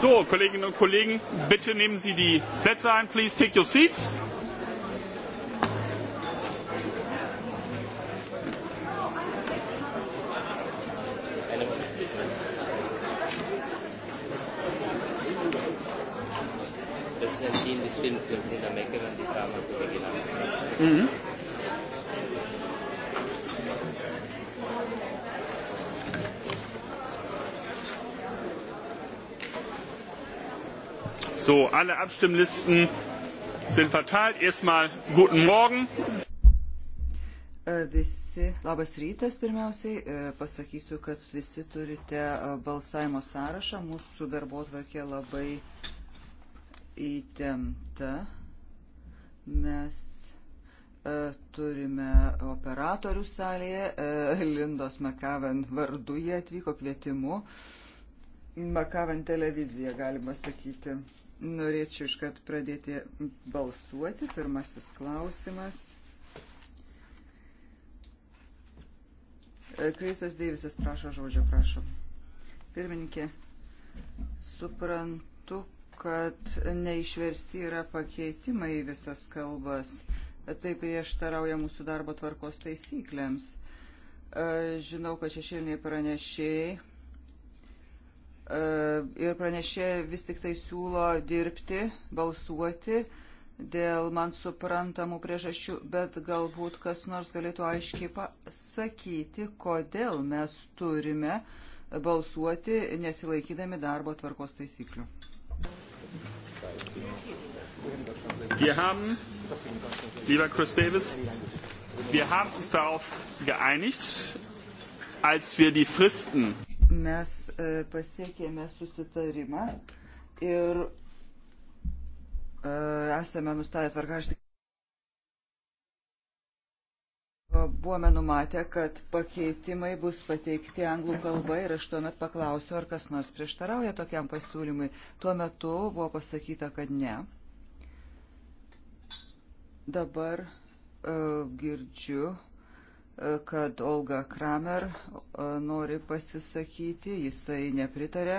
So, Kolleginnen und Kollegen, bitte nehmen Sie die Plätze ein. Please take your seats. Das ist ein Team, das Filmfilm hinter Meckerin, die Pharmakologin. Mhm. So, alle Abstimmlisten sind verteilt. Erstmal guten Morgen. Äh, visi, labas rytas pirmiausiai, äh, pasakysiu, kad visi turite äh, balsavimo sąrašą, mūsų darbo tvarkė labai įtempta. Mes turime operatorių salėje, Lindos Makaven vardu jie atvyko kvietimu. Makaven televizija, galima sakyti. Norėčiau iškart pradėti balsuoti. Pirmasis klausimas. Krisas Deivisas prašo žodžio, prašom. Pirmininkė, suprantu, kad neišversti yra pakeitimai į visas kalbas. Tai prieštarauja mūsų darbo tvarkos taisyklėms. Žinau, kad šešėliniai pranešėjai E, ir pranešė vis tik tai siūlo dirbti, balsuoti dėl man suprantamų priežasčių, bet galbūt kas nors galėtų aiškiai pasakyti, kodėl mes turime balsuoti nesilaikydami darbo tvarkos taisyklių. Wir haben, lieber Chris Davis, wir haben uns darauf geeinigt, als wir die Fristen mes e, pasiekėme susitarimą ir e, esame nustatę tvarkaštį. Buvome numatę, kad pakeitimai bus pateikti anglų kalba ir aš tuomet paklausiu, ar kas nors prieštarauja tokiam pasiūlymui. Tuo metu buvo pasakyta, kad ne. Dabar uh, girdžiu kad Olga Kramer e, nori pasisakyti, jisai nepritarė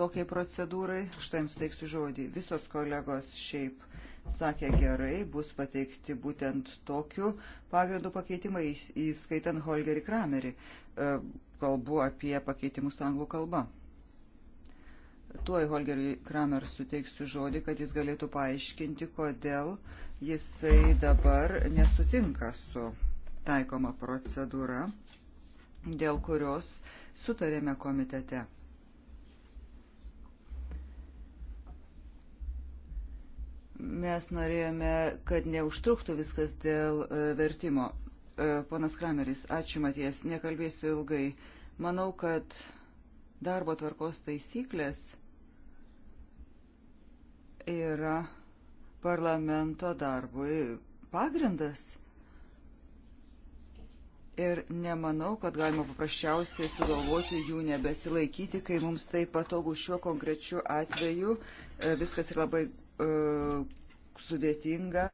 tokiai procedūrai. Štai jums teiksiu žodį. Visos kolegos šiaip sakė gerai, bus pateikti būtent tokiu pagrindu pakeitimai, įskaitant Holgerį Kramerį. E, kalbu apie pakeitimus anglų kalba. Tuoj Holgeriui Kramer suteiksiu žodį, kad jis galėtų paaiškinti, kodėl jisai dabar nesutinka su taikoma procedūra, dėl kurios sutarėme komitete. Mes norėjome, kad neužtruktų viskas dėl e, vertimo. E, ponas Krameris, ačiū Maties, nekalbėsiu ilgai. Manau, kad darbo tvarkos taisyklės yra parlamento darbui pagrindas ir nemanau, kad galima paprasčiausiai sugalvoti jų nebesilaikyti, kai mums tai patogu šiuo konkrečiu atveju. E, viskas yra labai uh, sudėtinga.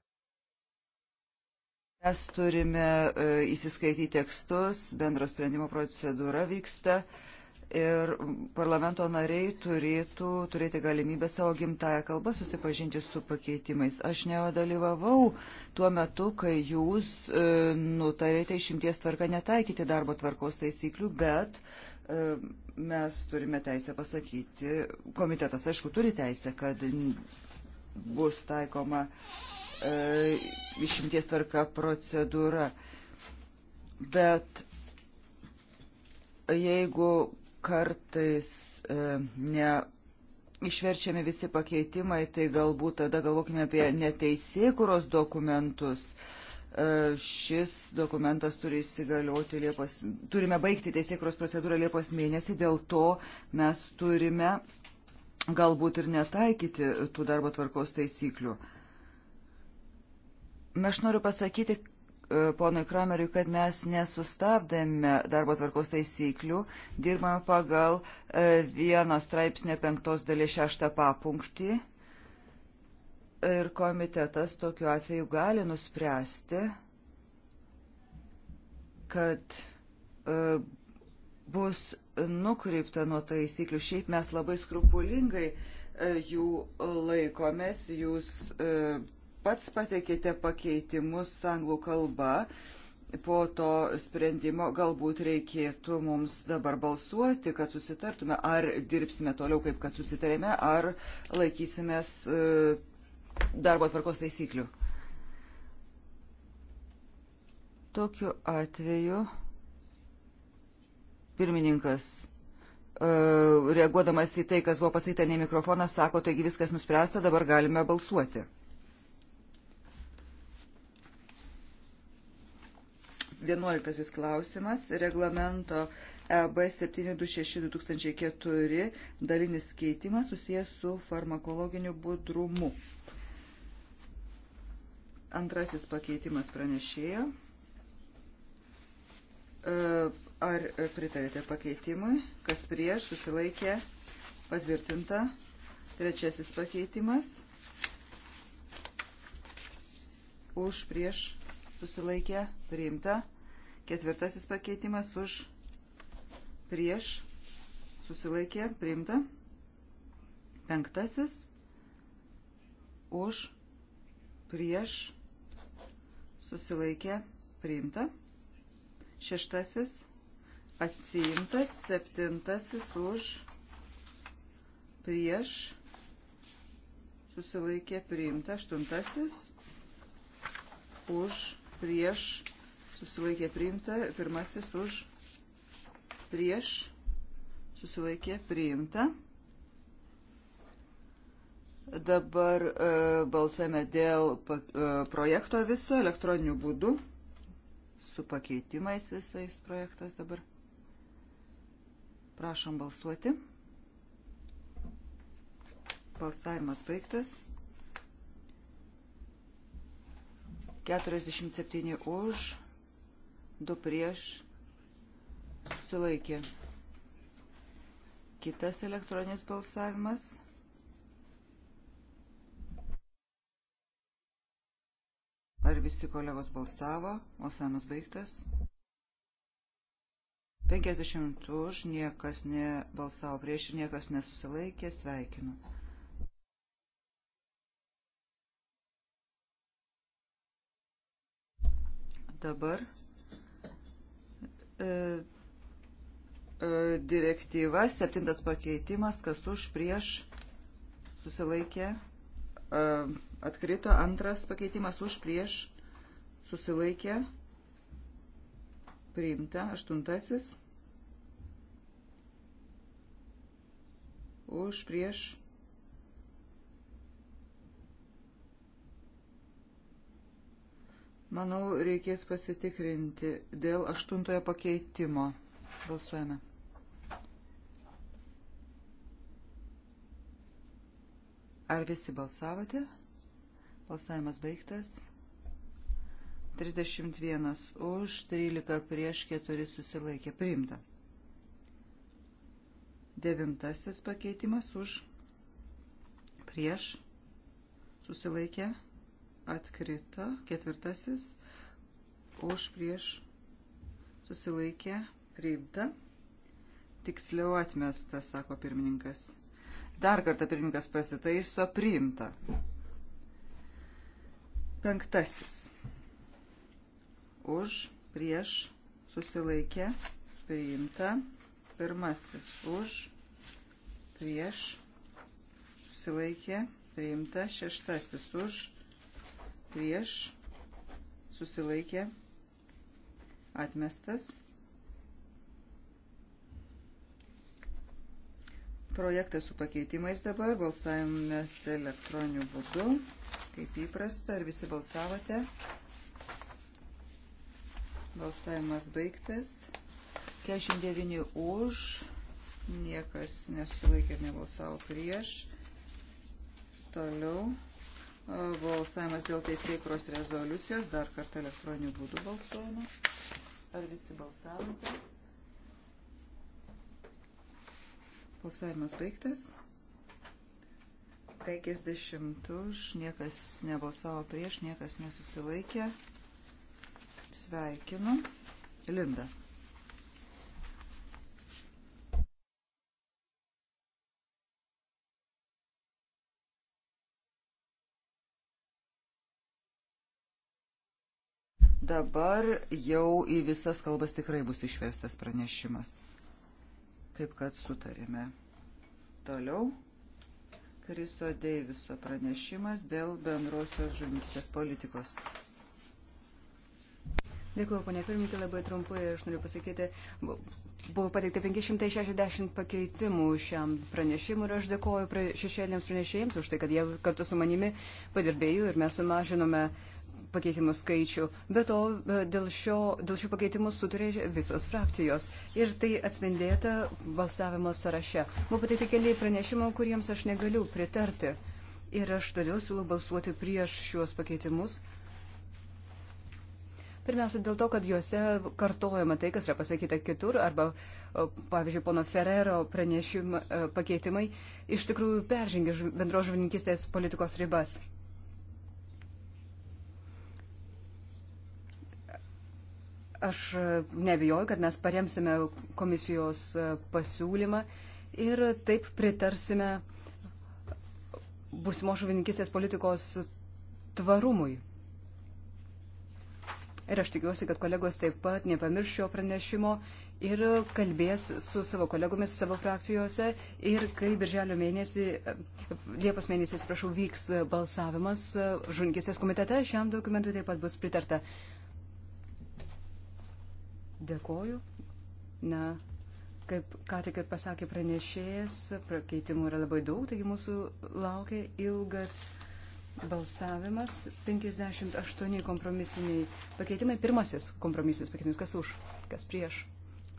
Mes turime uh, įsiskaityti tekstus, bendro sprendimo procedūra vyksta. Uh, ir parlamento nariai turėtų turėti galimybę savo gimtają kalbą susipažinti su pakeitimais. Aš nedalyvavau tuo metu, kai jūs e, nutarėte išimties tvarką netaikyti darbo tvarkos taisyklių, bet e, mes turime teisę pasakyti, komitetas aišku turi teisę, kad bus taikoma e, išimties tvarka procedūra. Bet jeigu kartais e, ne išverčiami visi pakeitimai, tai galbūt tada galvokime apie neteisėkuros dokumentus. E, šis dokumentas turi įsigalioti Liepos, turime baigti teisėkuros procedūrą Liepos mėnesį, dėl to mes turime galbūt ir netaikyti tų darbo tvarkos taisyklių. Aš noriu pasakyti, ponui Krameriui, kad mes nesustabdėme darbo tvarkos taisyklių, dirbame pagal e, vieno straipsnio penktos dalį šeštą papunktį. Ir komitetas tokiu atveju gali nuspręsti, kad e, bus nukreipta nuo taisyklių. Šiaip mes labai skrupulingai e, jų laikomės, jūs pats patekėte pakeitimus anglų kalba. Po to sprendimo galbūt reikėtų mums dabar balsuoti, kad susitartume, ar dirbsime toliau, kaip kad susitarėme, ar laikysimės e, darbo tvarkos taisyklių. Tokiu atveju pirmininkas e, reaguodamas į tai, kas buvo pasakyta ne mikrofonas, sako, taigi viskas nuspręsta, dabar galime balsuoti. 11 klausimas, reglamento EB 726-2004 dalinis keitimas susijęs su farmakologiniu budrumu. Antrasis pakeitimas pranešėjo. E, ar pritarėte pakeitimui? Kas prieš? Susilaikė? Patvirtinta. Trečiasis pakeitimas. Už prieš susilaikė, priimta. Ketvirtasis pakeitimas už, prieš, susilaikė, priimta. Penktasis už, prieš, susilaikė, priimta. Šeštasis atsiimtas, septintasis už, prieš, susilaikė, priimta. Aštuntasis už, prieš, susilaikė priimta, pirmasis už, prieš, susilaikė priimta. Dabar e, balsuojame dėl pa, e, projekto viso elektroniniu būdu, su pakeitimais visais projektas dabar. Prašom balsuoti. Balsavimas baigtas. 47 už, 2 prieš, sulaikė. Kitas elektroninis balsavimas. Ar visi kolegos balsavo? Balsavimas baigtas. 50 už, niekas nebalsavo prieš ir niekas nesusilaikė. Sveikinu. Dabar e, e, direktyva, septintas pakeitimas, kas už prieš susilaikė, e, atkrito, antras pakeitimas už prieš susilaikė, priimta, aštuntasis, už prieš susilaikė Manau, reikės pasitikrinti dėl aštuntojo pakeitimo. Balsuojame. Ar visi balsavote? Balsavimas baigtas. 31 už, 13 prieš, 4 susilaikė. Priimta. Devintasis pakeitimas už, prieš, susilaikė. Priimta atkrito, ketvirtasis už prieš susilaikę priimta, tiksliau atmesta, sako pirmininkas. Dar kartą pirmininkas pasitaiso priimta. Penktasis. Už prieš susilaikę priimta. Pirmasis už prieš susilaikė priimta. Šeštasis už prieš, susilaikė, atmestas. Projektas su pakeitimais dabar, balsavimas elektroniniu būdu, kaip įprasta, ar visi balsavote. Balsavimas baigtas. 49 už, niekas nesulaikė ir nebalsavo prieš. Toliau. Balsavimas dėl teisėkros rezoliucijos. Dar kartą elektroniniu būdu balsuojama. Ar visi balsavote? Balsavimas baigtas. 50 už, niekas nebalsavo prieš, niekas nesusilaikė. Sveikinu. Linda. Dabar jau į visas kalbas tikrai bus išverstas pranešimas. Kaip kad sutarėme. Toliau. Kriso Deiviso pranešimas dėl bendrosios žuvininkystės politikos. Dėkuoju, ponė pirmininkė, labai trumpai aš noriu pasakyti, buvo pateikta 560 pakeitimų šiam pranešimui ir aš dėkuoju šešėlėms pranešėjams už tai, kad jie kartu su manimi padirbėjo ir mes sumažinome pakeitimų skaičių, bet to e, dėl, šio, dėl šių pakeitimų sutarė visos frakcijos. Ir tai atspindėta balsavimo sąraše. Buvo pateikti keliai pranešimų, kuriems aš negaliu pritarti. Ir aš todėl siūlau balsuoti prieš šiuos pakeitimus. Pirmiausia, dėl to, kad juose kartojama tai, kas yra pasakyta kitur, arba, pavyzdžiui, pono Ferrero pranešim e, pakeitimai iš tikrųjų peržengia bendro žuvininkistės politikos ribas. Aš nebijoju, kad mes paremsime komisijos e, pasiūlymą ir taip pritarsime būsimo žuvininkistės politikos tvarumui. Ir aš tikiuosi, kad kolegos taip pat nepamirš šio pranešimo ir kalbės su savo kolegomis savo frakcijose. Ir kai birželio mėnesį, Liepos mėnesį, atsiprašau, vyks balsavimas e, žunkistės komitete, šiam dokumentui taip pat bus pritarta. Dėkoju. Na, kaip ką tik pasakė pranešėjas, prakeitimų yra labai daug, taigi mūsų laukia ilgas balsavimas. 58 kompromisiniai pakeitimai. Pirmasis kompromisinis pakeitimas. Kas už? Kas prieš?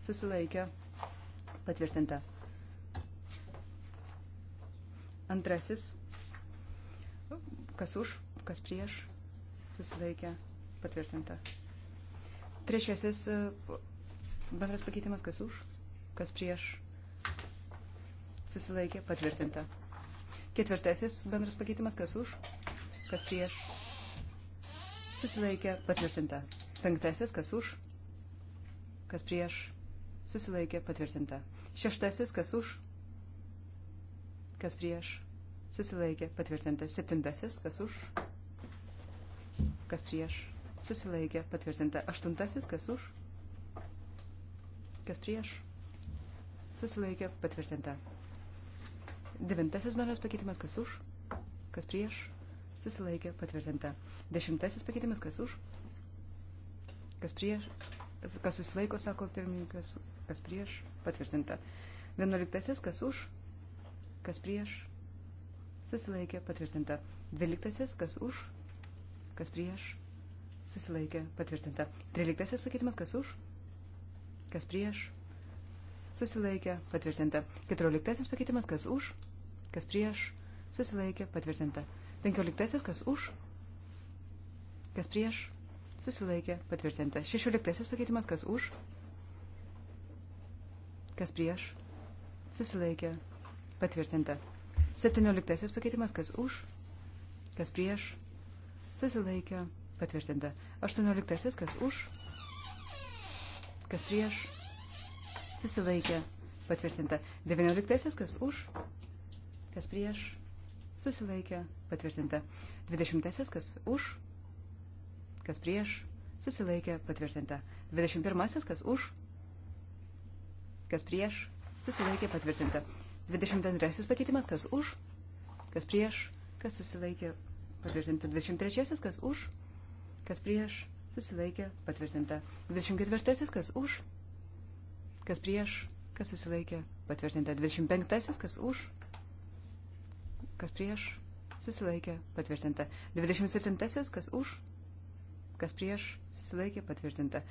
Susilaikė. Patvirtinta. Antrasis. Kas už? Kas prieš? Susilaikė. Patvirtinta. Trečiasis e, bendras pakeitimas, kas už, kas prieš, susilaikė, patvirtinta. Ketvirtasis bendras pakeitimas, kas už, kas prieš, susilaikė, patvirtinta. Penktasis, kas už, kas prieš, susilaikė, patvirtinta. Šeštasis, kas už, kas prieš, susilaikė, patvirtinta. Septintasis, kas už, kas prieš, susilaikė patvirtinta. Aštuntasis, kas už, kas prieš, susilaikė patvirtinta. Devintasis bendras pakeitimas, kas už, kas prieš, susilaikė patvirtinta. Dešimtasis pakeitimas, kas už, kas prieš, kas susilaiko, sako pirmininkas, kas prieš, patvirtinta. Vienuoliktasis, kas už, kas prieš, susilaikė patvirtinta. Dvyliktasis, kas už, kas prieš, Susilaikė. Patvirtinta. Tryliktasis pakeitimas. Kas už? Kas prieš? Susilaikė. Patvirtinta. Keturioliktasis pakeitimas. Kas už? Kas prieš? Susilaikė. Patvirtinta. Penkioliktasis. Kas už? Kas prieš? Susilaikė. Patvirtinta. Šešioliktasis pakeitimas. Kas už? Kas prieš? Susilaikė. Patvirtinta. Septynioliktasis pakeitimas. Kas už? Kas prieš? Susilaikė. Patvirtinta. 18. Kas už? Kas prieš? Susilaikė. Patvirtinta. 19. Kas už? Kas prieš? Susilaikė. Patvirtinta. 20. Kas už? Kas prieš? Susilaikė. Patvirtinta. 21. Kas už? Kas prieš? Susilaikė. Patvirtinta. 22. Pakeitimas. Kas už? Kas prieš? Kas susilaikė? Patvirtinta. 23. Kas už? kas prieš, susilaikė, patvirtinta. 24. kas už, kas prieš, kas susilaikė, patvirtinta. 25. kas už, kas prieš, susilaikė, patvirtinta. 27. kas už, kas prieš, susilaikė, patvirtinta.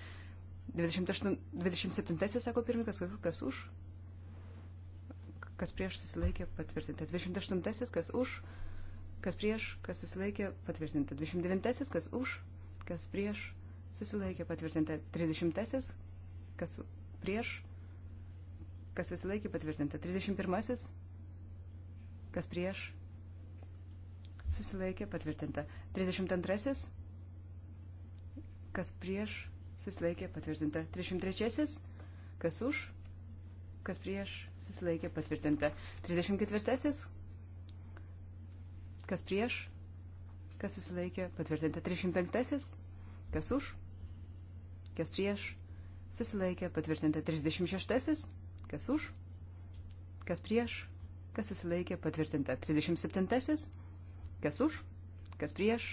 28, 27. sako pirmininkas, kas už, kas prieš, susilaikė, patvirtinta. 28. kas už, kas prieš, kas susilaikė, patvirtinta. 29. kas už, kas prieš, susilaikė patvirtinta 30, kas prieš, kas susilaikė patvirtinta 31, kas prieš, susilaikė patvirtinta 32, kas prieš, susilaikė patvirtinta 33, kas už, kas prieš, susilaikė patvirtinta 34, kas prieš, kas susilaikė patvirtinta 35 Kas už? Kas prieš? Susilaikė. Patvirtinta 36. Kas už? Kas prieš? Kas susilaikė? Patvirtinta 37. Kas už? Kas prieš?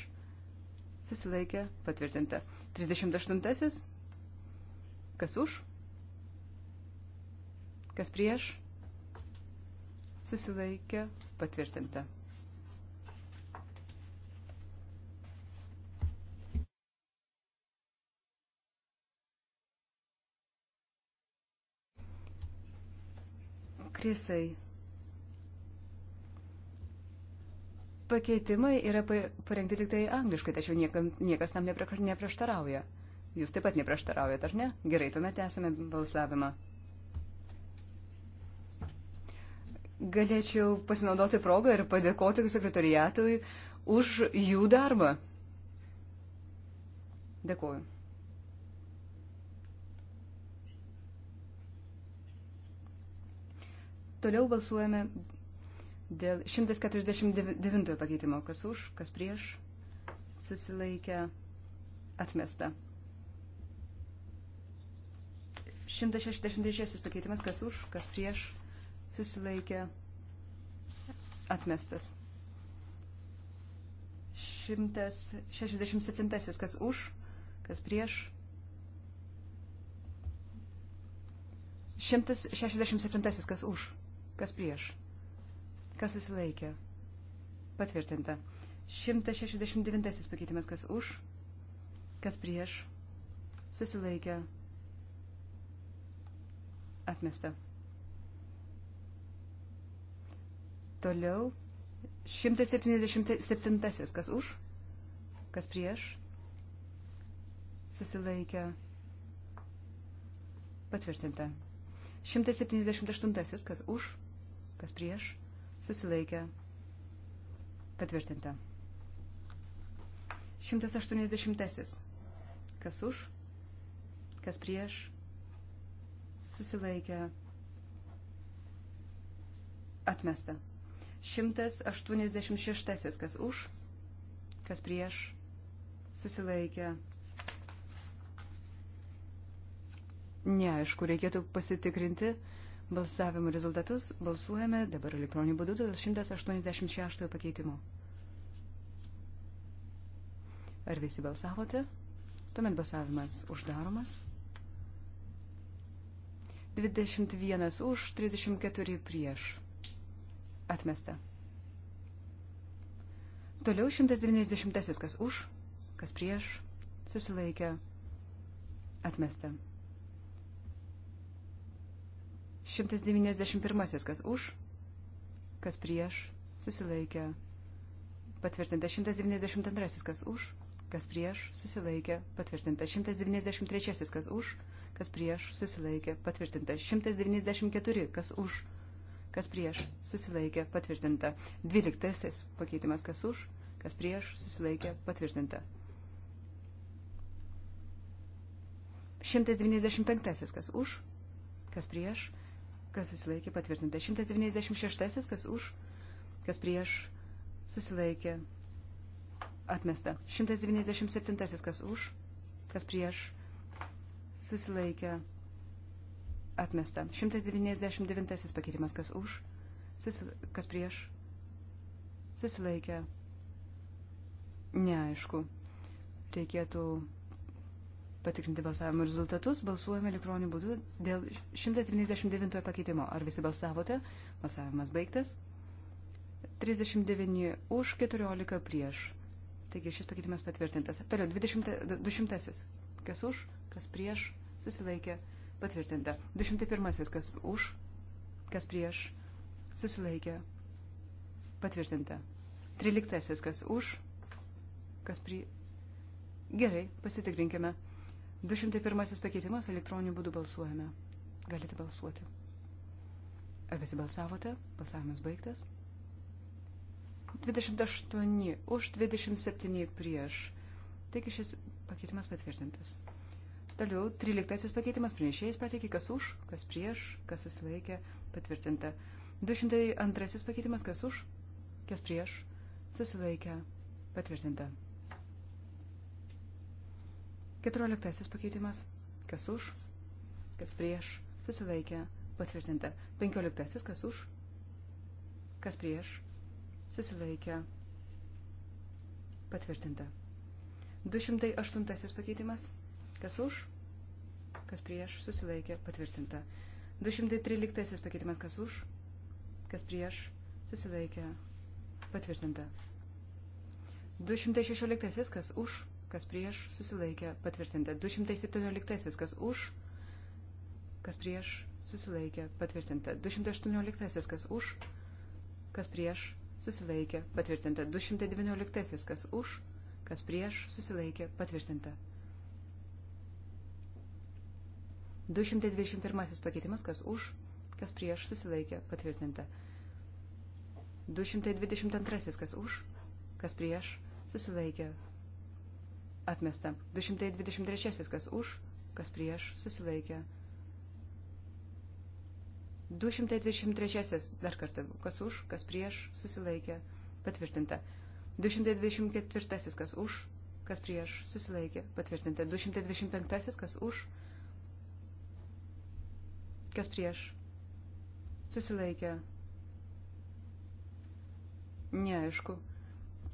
Susilaikė. Patvirtinta 38. Kas už? Kas prieš? Susilaikė. Patvirtinta krisai. Pakeitimai yra parengti tik tai angliškai, tačiau niekam, niekas tam neprieštarauja. Jūs taip pat neprieštaraujat, ar ne? Gerai, tuomet tęsime balsavimą. Galėčiau pasinaudoti progą ir padėkoti sekretariatui už jų darbą. Dėkuoju. Toliau balsuojame dėl 149 pakeitimo. Kas už, kas prieš, susilaikę, atmesta. 166 pakeitimas, kas už, kas prieš, susilaikė, atmestas. 167, kas už, kas prieš. 167, kas už, Kas prieš? Kas susilaikė? Patvirtinta. 169 pakeitimas. Kas už? Kas prieš? Susilaikė. Atmesta. Toliau 177. Kas už? Kas prieš? Susilaikė. Patvirtinta. 178. Kas už? kas prieš, susilaikė, patvirtinta. 180. Kas už, kas prieš, susilaikė, atmesta. 186. Kas už, kas prieš, susilaikė, Neaišku, reikėtų pasitikrinti. Balsavimo rezultatus balsuojame dabar elektroniniu būdu dėl 186 pakeitimo. Ar visi balsavote? Tuomet balsavimas uždaromas. 21 už, 34 prieš. Atmesta. Toliau 190 kas už, kas prieš, susilaikė, atmesta. 191. Kas už, kas prieš, susilaikė. Patvirtinta 192. Kas už, kas prieš, susilaikė. Patvirtinta 193. Kas už, kas prieš, susilaikė. Patvirtinta 194. Kas už, kas prieš, susilaikė. Patvirtinta 12. Pakeitimas. Kas už, kas prieš, susilaikė. Patvirtinta 195. Kas už, kas prieš, kas susilaikė patvirtinta. 196, kas už, kas prieš, susilaikė atmesta. 197, kas už, kas prieš, susilaikė atmesta. 199 pakeitimas, kas už, susil... kas prieš, susilaikė neaišku. Reikėtų patikrinti balsavimo rezultatus. Balsuojame elektroniniu būdu dėl 139 pakeitimo. Ar visi balsavote? Balsavimas baigtas. 39 už, 14 prieš. Taigi šis pakeitimas patvirtintas. Toliau, 20, 200. Kas už, kas prieš, susilaikė, patvirtinta. 201. Kas už, kas prieš, susilaikė, patvirtinta. 13. Kas už, kas prieš. Gerai, pasitikrinkime. 201 pakeitimas elektroniniu būdu balsuojame. Galite balsuoti. Ar visi balsavote? Balsavimas baigtas. 28 už 27 prieš. Taigi šis pakeitimas patvirtintas. Toliau 13 pakeitimas pranešėjas pateikė, kas už, kas prieš, kas susilaikė, patvirtinta. 202 pakeitimas, kas už, kas prieš, susilaikė, patvirtinta. Keturioliktasis pakeitimas. Kas už, kas prieš, susilaikė, patvirtinta. Penkioliktasis, kas už, kas prieš, susilaikė, patvirtinta. 208 pakeitimas. Kas už, kas prieš, susilaikė, patvirtinta. 213 pakeitimas. Kas už, kas prieš, susilaikė, patvirtinta. 216 kas už, kas prieš, susilaikė, patvirtinta. 217, kas už, kas prieš, susilaikė, patvirtinta. 218, kas už, kas prieš, susilaikė, patvirtinta. 219, kas už, kas prieš, susilaikė, patvirtinta. 221 pakeitimas, kas už, kas prieš, susilaikė, patvirtinta. 222, kas už, kas prieš, susilaikė, atmesta. 223 kas už, kas prieš, susilaikė. 223 dar kartą, kas už, kas prieš, susilaikė, patvirtinta. 224 kas už, kas prieš, susilaikė, patvirtinta. 225 kas už, kas prieš, susilaikė. Neaišku,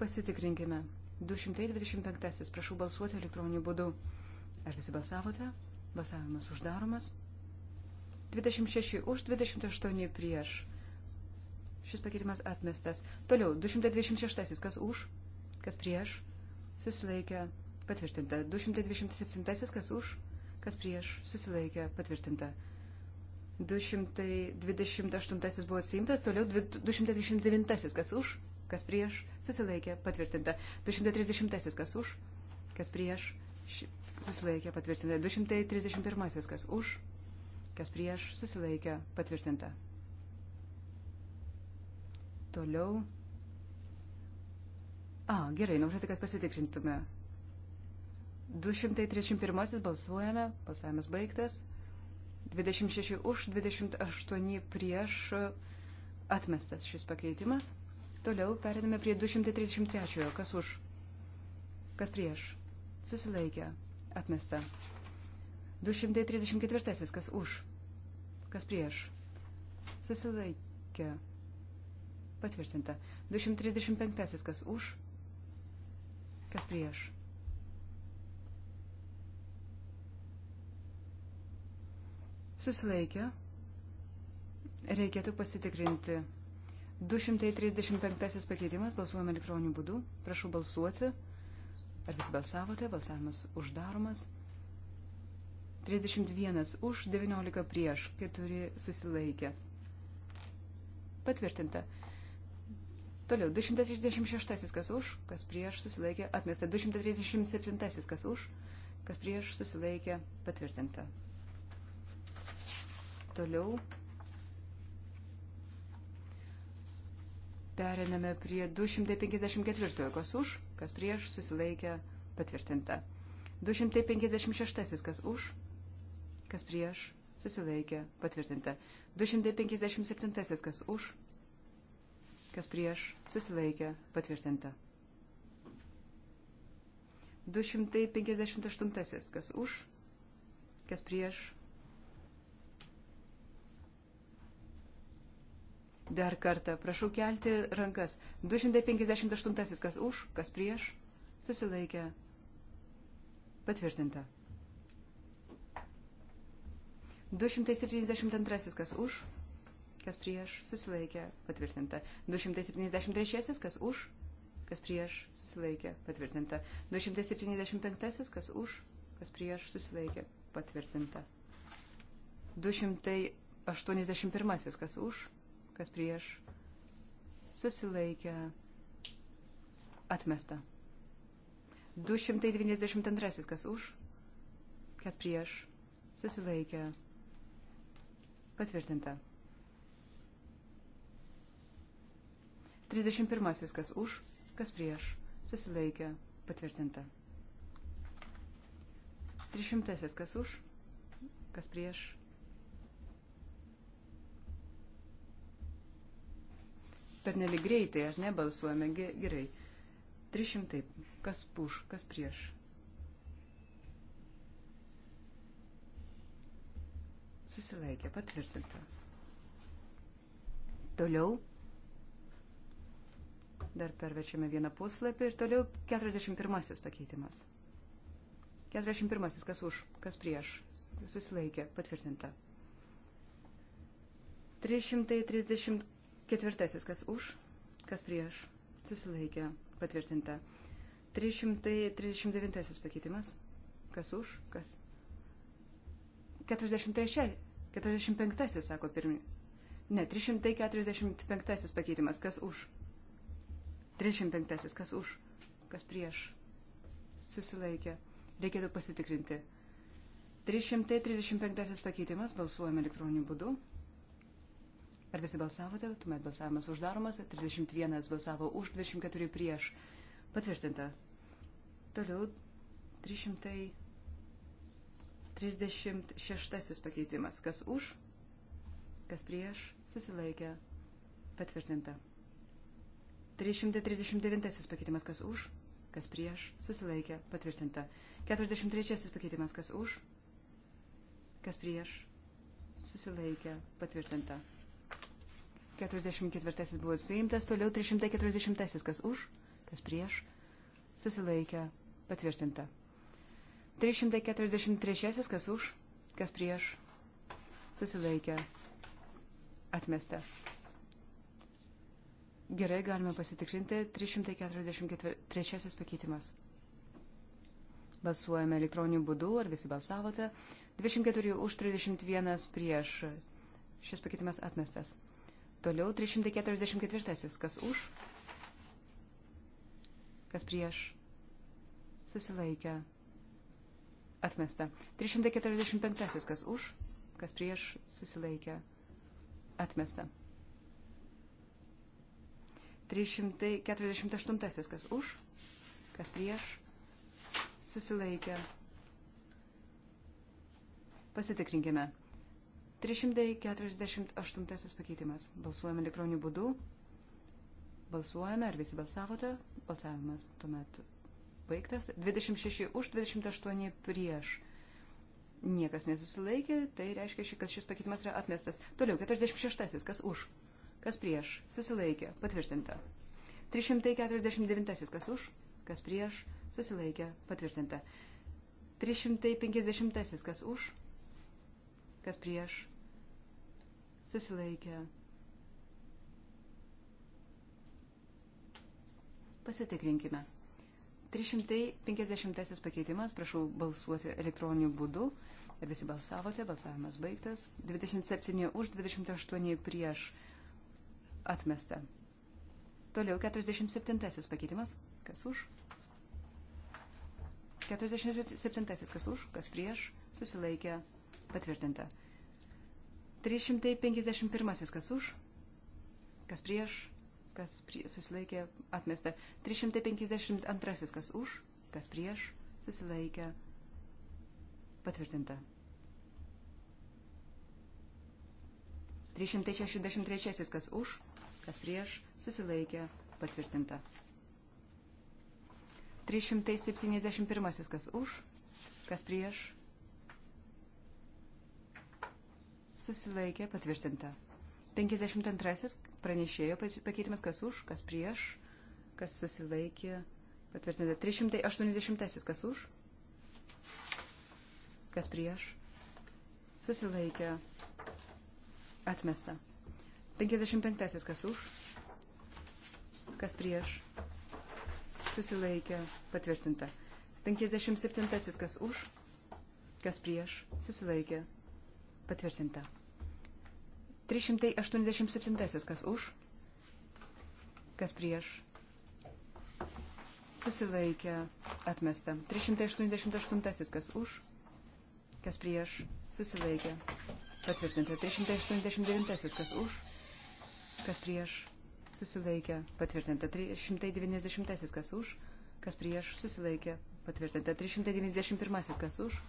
pasitikrinkime. 225. Prašau balsuoti elektroniniu būdu. Ar visi balsavote? Balsavimas uždaromas. 26 už, 28 prieš. Šis pakeitimas atmestas. Toliau, 226. Kas už, kas prieš. Susilaikė. Patvirtinta. 227. Kas už, kas prieš. Susilaikė. Patvirtinta. 228 buvo atsiimtas, toliau 229, kas už, kas prieš, susilaikė, patvirtinta. 230 kas už, kas prieš, susilaikė, patvirtinta. 231 kas už, kas prieš, susilaikė, patvirtinta. Toliau. A, gerai, norėtų, nu, kad pasitikrintume. 231 balsuojame, balsavimas baigtas. 26 už, 28 prieš atmestas šis pakeitimas. Toliau periname prie 233. Kas už? Kas prieš? Susilaikė. Atmesta. 234. Kas už? Kas prieš? Susilaikė. Patvirtinta. 235. Kas už? Kas prieš? Susilaikė. Reikėtų pasitikrinti 235 pakeitimas balsuojame elektroniniu būdu. Prašau balsuoti. Ar visi balsavote? Balsavimas uždaromas. 31 už, 19 prieš, 4 susilaikė. Patvirtinta. Toliau, 266 kas už, kas prieš susilaikė, atmesta. 237 kas už, kas prieš susilaikė, patvirtinta. Toliau, Periname prie 254, kas už, kas prieš, susilaikė, patvirtinta. 256, kas už, kas prieš, susilaikė, patvirtinta. 257, kas už, kas prieš, susilaikė, patvirtinta. 258, kas už, kas prieš, Dar kartą, prašau kelti rankas. 258. Kas už, kas prieš? Susilaikė. Patvirtinta. 272. Kas už, kas prieš? Susilaikė. Patvirtinta. 273. Kas už, kas prieš? Susilaikė. Patvirtinta. 275. Kas už, kas prieš? Susilaikė. Patvirtinta. 281. Kas už, kas prieš, susilaikė, atmesta. 292, kas už, kas prieš, susilaikė, patvirtinta. 31, kas už, kas prieš, susilaikė, patvirtinta. 300, kas už, kas prieš, per nelį greitai, ar ne, balsuojame gerai. 300. Kas už, kas prieš? Susilaikė, patvirtinta. Toliau. Dar pervečiame vieną puslapį ir toliau 41 pakeitimas. 41. Kas už, kas prieš? Susilaikė, patvirtinta. 334. Ketvirtasis, kas už, kas prieš, susilaikė, patvirtinta. 339 pakeitimas, kas už, kas. 46, 45, sako pirmi. Ne, 345 pakeitimas, kas už. 305, kas už, kas prieš, susilaikė. Reikėtų pasitikrinti. 335 pakeitimas, balsuojame elektroniniu būdu. Ar visi balsavote? Tuomet balsavimas uždaromas. 31 balsavo už, 24 prieš. Patvirtinta. Toliau 336 pakeitimas. Kas už, kas prieš, susilaikė. Patvirtinta. 339 pakeitimas. Kas už, kas prieš, susilaikė. Patvirtinta. 43 pakeitimas. Kas už, kas prieš, susilaikė. Patvirtinta. 44 buvo suimtas, toliau 340, kas už, kas prieš, susilaikė, patvirtinta. 343, kas už, kas prieš, susilaikė, atmesta. Gerai, galime pasitikrinti 343 pakeitimas. Balsuojame elektroniniu būdu, ar visi balsavote. 24 už 31 prieš. Šis pakeitimas atmestas. Toliau 344. Kas už? Kas prieš? Susilaikę. Atmesta. 345. Kas už? Kas prieš? Susilaikę. Atmesta. 348. Kas už? Kas prieš? Susilaikę. Pasitikrinkime. 348 pakeitimas. Balsuojame elektroniniu būdu. Balsuojame, ar visi balsavote. Balsavimas tuomet baigtas. 26 už, 28 prieš. Niekas nesusilaikė, tai reiškia, kad šis pakeitimas yra atmestas. Toliau, 46. Kas už? Kas prieš? Susilaikė. Patvirtinta. 349. Kas už? Kas prieš? Susilaikė. Patvirtinta. 350. Kas už? Kas prieš? susilaikė. Pasitikrinkime. 350 pakeitimas, prašau balsuoti elektroniniu būdu. Ar visi balsavote? Balsavimas baigtas. 27 už, 28 prieš atmesta. Toliau 47 pakeitimas. Kas už? 47 kas už, kas prieš, susilaikė, patvirtinta. 351. Kas už? Kas prieš? Kas prie, susilaikė? Atmesta. 352. Kas už? Kas prieš? Susilaikė. Patvirtinta. 363. Kas už? Kas prieš? Susilaikė. Patvirtinta. 371. Kas už? Kas prieš? susilaikė patvirtinta. 52 pranešėjo pakeitimas, kas už, kas prieš, kas susilaikė patvirtinta. 380 kas už, kas prieš, susilaikė atmesta. 55 kas už, kas prieš, susilaikė patvirtinta. 57 kas už, kas prieš, susilaikė Patvirtinta. 387. Kas už? Kas prieš? Susilaikė. Atmesta. 388. Kas už? Kas prieš? Susilaikė. Patvirtinta. 389. Kas už? Kas prieš? Susilaikė. Patvirtinta. 390. Kas už? Kas prieš? Susilaikė. Patvirtinta. 391. Kas už?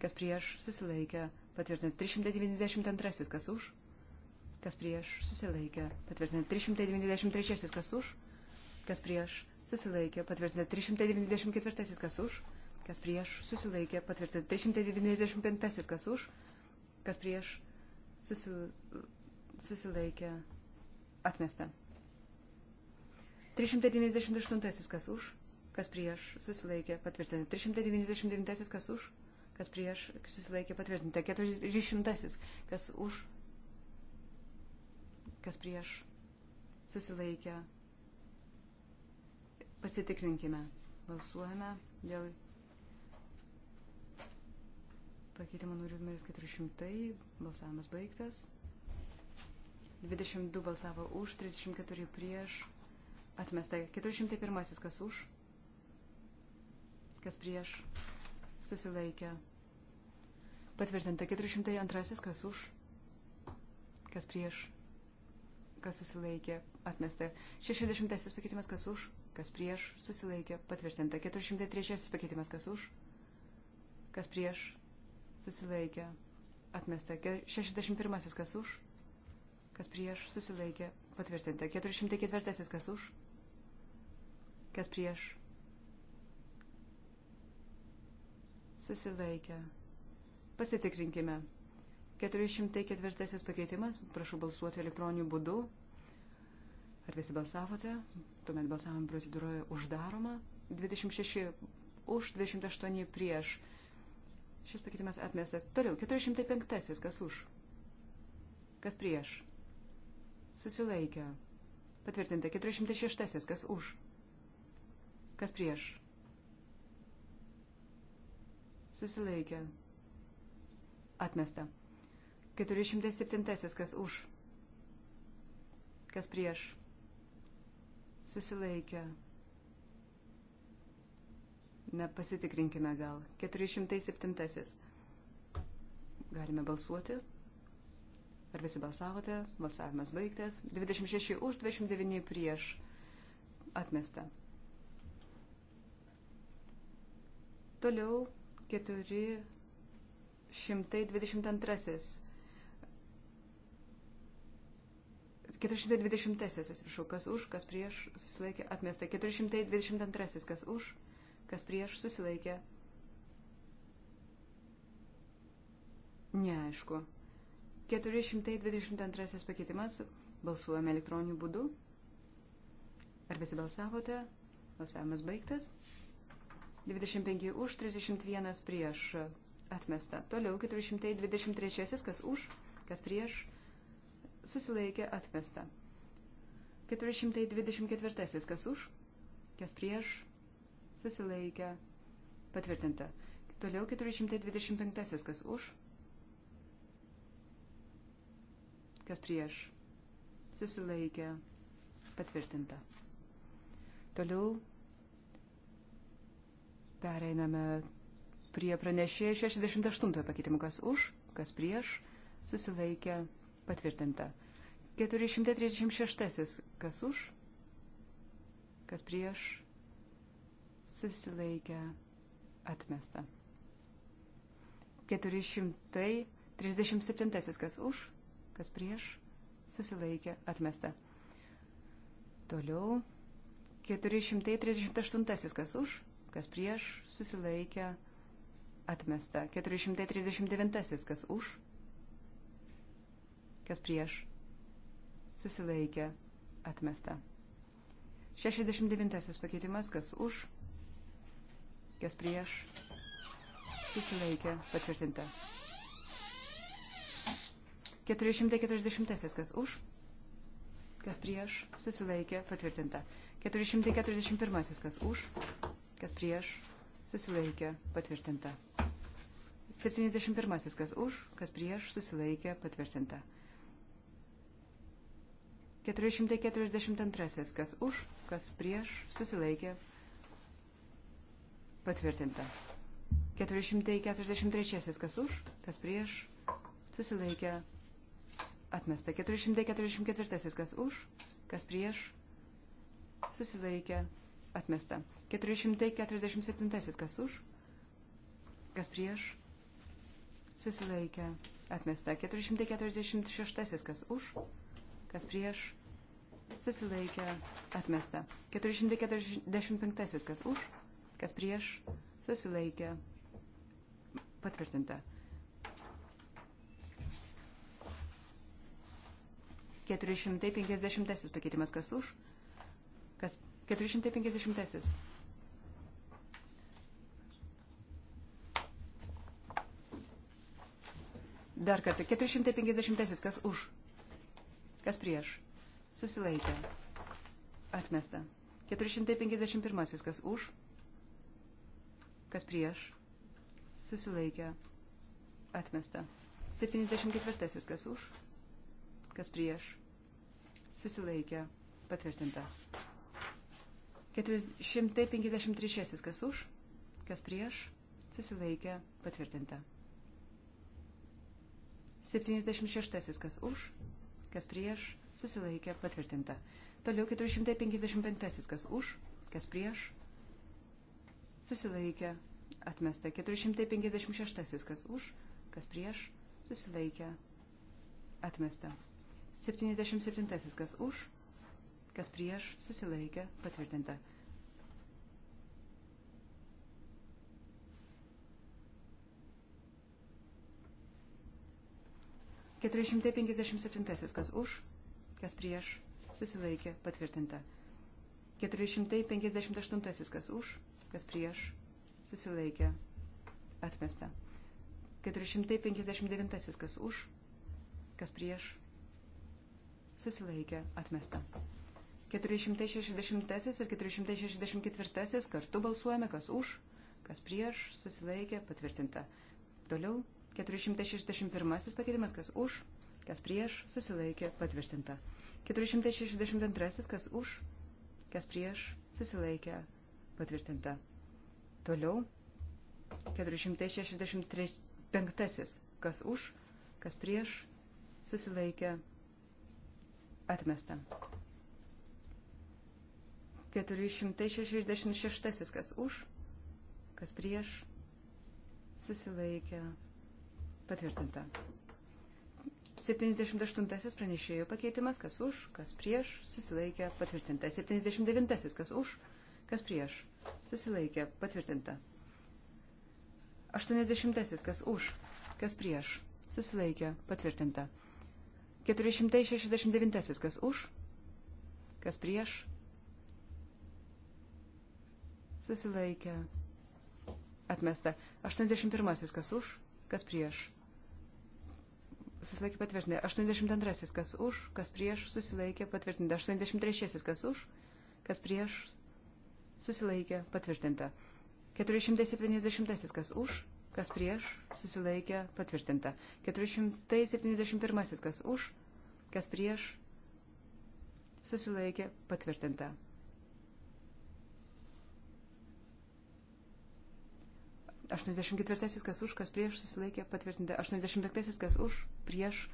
Kas prieš? Susilaikė patvirtinta 392, kas už, kas prieš, susilaikė, patvirtinta 393, kas už, kas prieš, susilaikė, patvirtinta 394, kas už, kas prieš, susilaikė, patvirtinta 395, kas už, kas prieš, susilaikė, atmesta. 398, kas už, kas prieš, susilaikė, patvirtinta 399, kas už, kas prieš, kas susilaikė patvirtinta. 400, kas už, kas prieš, susilaikė. Pasitikrinkime. Balsuojame dėl pakeitimo numeris 400. Balsavimas baigtas. 22 balsavo už, 34 prieš. Atmesta 401, kas už, kas prieš, susilaikė Patvirtinta 402, kas už, kas prieš, kas susilaikė, atmesta. 60 pakeitimas, kas už, kas prieš, susilaikė, patvirtinta. 403 pakeitimas, kas už, kas prieš, susilaikė, atmesta. 61 kas už, kas prieš, susilaikė, patvirtinta. 404 kas už, kas prieš, susilaikė. Pasitikrinkime. 404 pakeitimas. Prašau balsuoti elektroniniu būdu. Ar visi balsavote? Tuomet balsavimo procedūra uždaroma. 26 už, 28 prieš. Šis pakeitimas atmestas. Toliau, 405. Kas už? Kas prieš? Susilaikė. Patvirtinta. 406. Kas už? Kas prieš? Susilaikė atmesta. 407. Kas už? Kas prieš? Susilaikė. Na, pasitikrinkime gal. 407. Galime balsuoti. Ar visi balsavote? Balsavimas baigtas. 26 už, 29 prieš. Atmesta. Toliau 4. 422. 420, atsiprašau, kas už, kas prieš, susilaikė, atmesta. 422, kas už, kas prieš, susilaikė. Neaišku. 422 pakeitimas. Balsuojame elektroniniu būdu. Ar visi balsavote? Balsavimas baigtas. 25 už, 31 prieš atmesta. Toliau 423, kas už, kas prieš, susilaikė atmesta. 424, kas už, kas prieš, susilaikė patvirtinta. Toliau 425, kas už, kas prieš, susilaikė patvirtinta. Toliau pereiname prie pranešėjo 68 pakeitimų, kas už, kas prieš, susilaikė patvirtinta. 436, kas už, kas prieš, susilaikė atmesta. 437, kas už, kas prieš, susilaikė atmesta. Toliau 438, kas už, kas prieš, susilaikė atmesta atmesta. 439. Kas už? Kas prieš? Susilaikė. Atmesta. 69. Pakeitimas. Kas už? Kas prieš? Susilaikė. Patvirtinta. 440. Kas už? Kas prieš? Susilaikė. Patvirtinta. 441. Kas už? Kas prieš? Susilaikė. Patvirtinta. 71. Kas už, kas prieš, susilaikė, patvirtinta. 442. Kas už, kas prieš, susilaikė, patvirtinta. 443. Kas už, kas prieš, susilaikė, atmesta. 444. Kas už, kas prieš, susilaikė, atmesta. 447. Kas už, kas prieš, susilaikė, atmesta. 446, kas už, kas prieš, susilaikė, atmesta. 445, kas už, kas prieš, susilaikė, patvirtinta. 450 pakeitimas, kas už, kas 450. Dar kartą, 450, kas už, kas prieš, susilaikė, atmesta. 451, kas už, kas prieš, susilaikė, atmesta. 74, kas už, kas prieš, susilaikė, patvirtinta. 453, kas už, kas prieš, susilaikė, patvirtinta. 76. Kas už, kas prieš, susilaikė, patvirtinta. Toliau 455. Kas už, kas prieš, susilaikė, atmesta. 456. Kas už, kas prieš, susilaikė, atmesta. 77. Kas už, kas prieš, susilaikė, patvirtinta. 457. Kas už, kas prieš, susilaikė, patvirtinta. 458. Kas už, kas prieš, susilaikė, atmesta. 459. Kas už, kas prieš, susilaikė, atmesta. 460 ir 464 kartu balsuojame, kas už, kas prieš, susilaikė, patvirtinta. Toliau 461 pakeitimas, kas už, kas prieš, susilaikė, patvirtinta. 462, kas už, kas prieš, susilaikė, patvirtinta. Toliau, 465, kas už, kas prieš, susilaikė, atmesta. 466, kas už, kas prieš, susilaikė, atmesta Patvirtinta. 78 pranešėjų pakeitimas, kas už, kas prieš, susilaikė, patvirtinta. 79 kas už, kas prieš, susilaikė, patvirtinta. 80 kas už, kas prieš, susilaikė, patvirtinta. 469 kas už, kas prieš, susilaikė, atmesta. 81 kas už, kas prieš, susilaikė patvirtinti. 82 kas už, kas prieš susilaikė patvirtinti. 83 kas už, kas prieš susilaikė patvirtinta. 470 kas už, kas prieš susilaikė patvirtinta. 471 kas už, kas prieš susilaikė patvirtinta. 84 kas už, kas prieš susilaikė patvirtinta. 85 kas už, prieš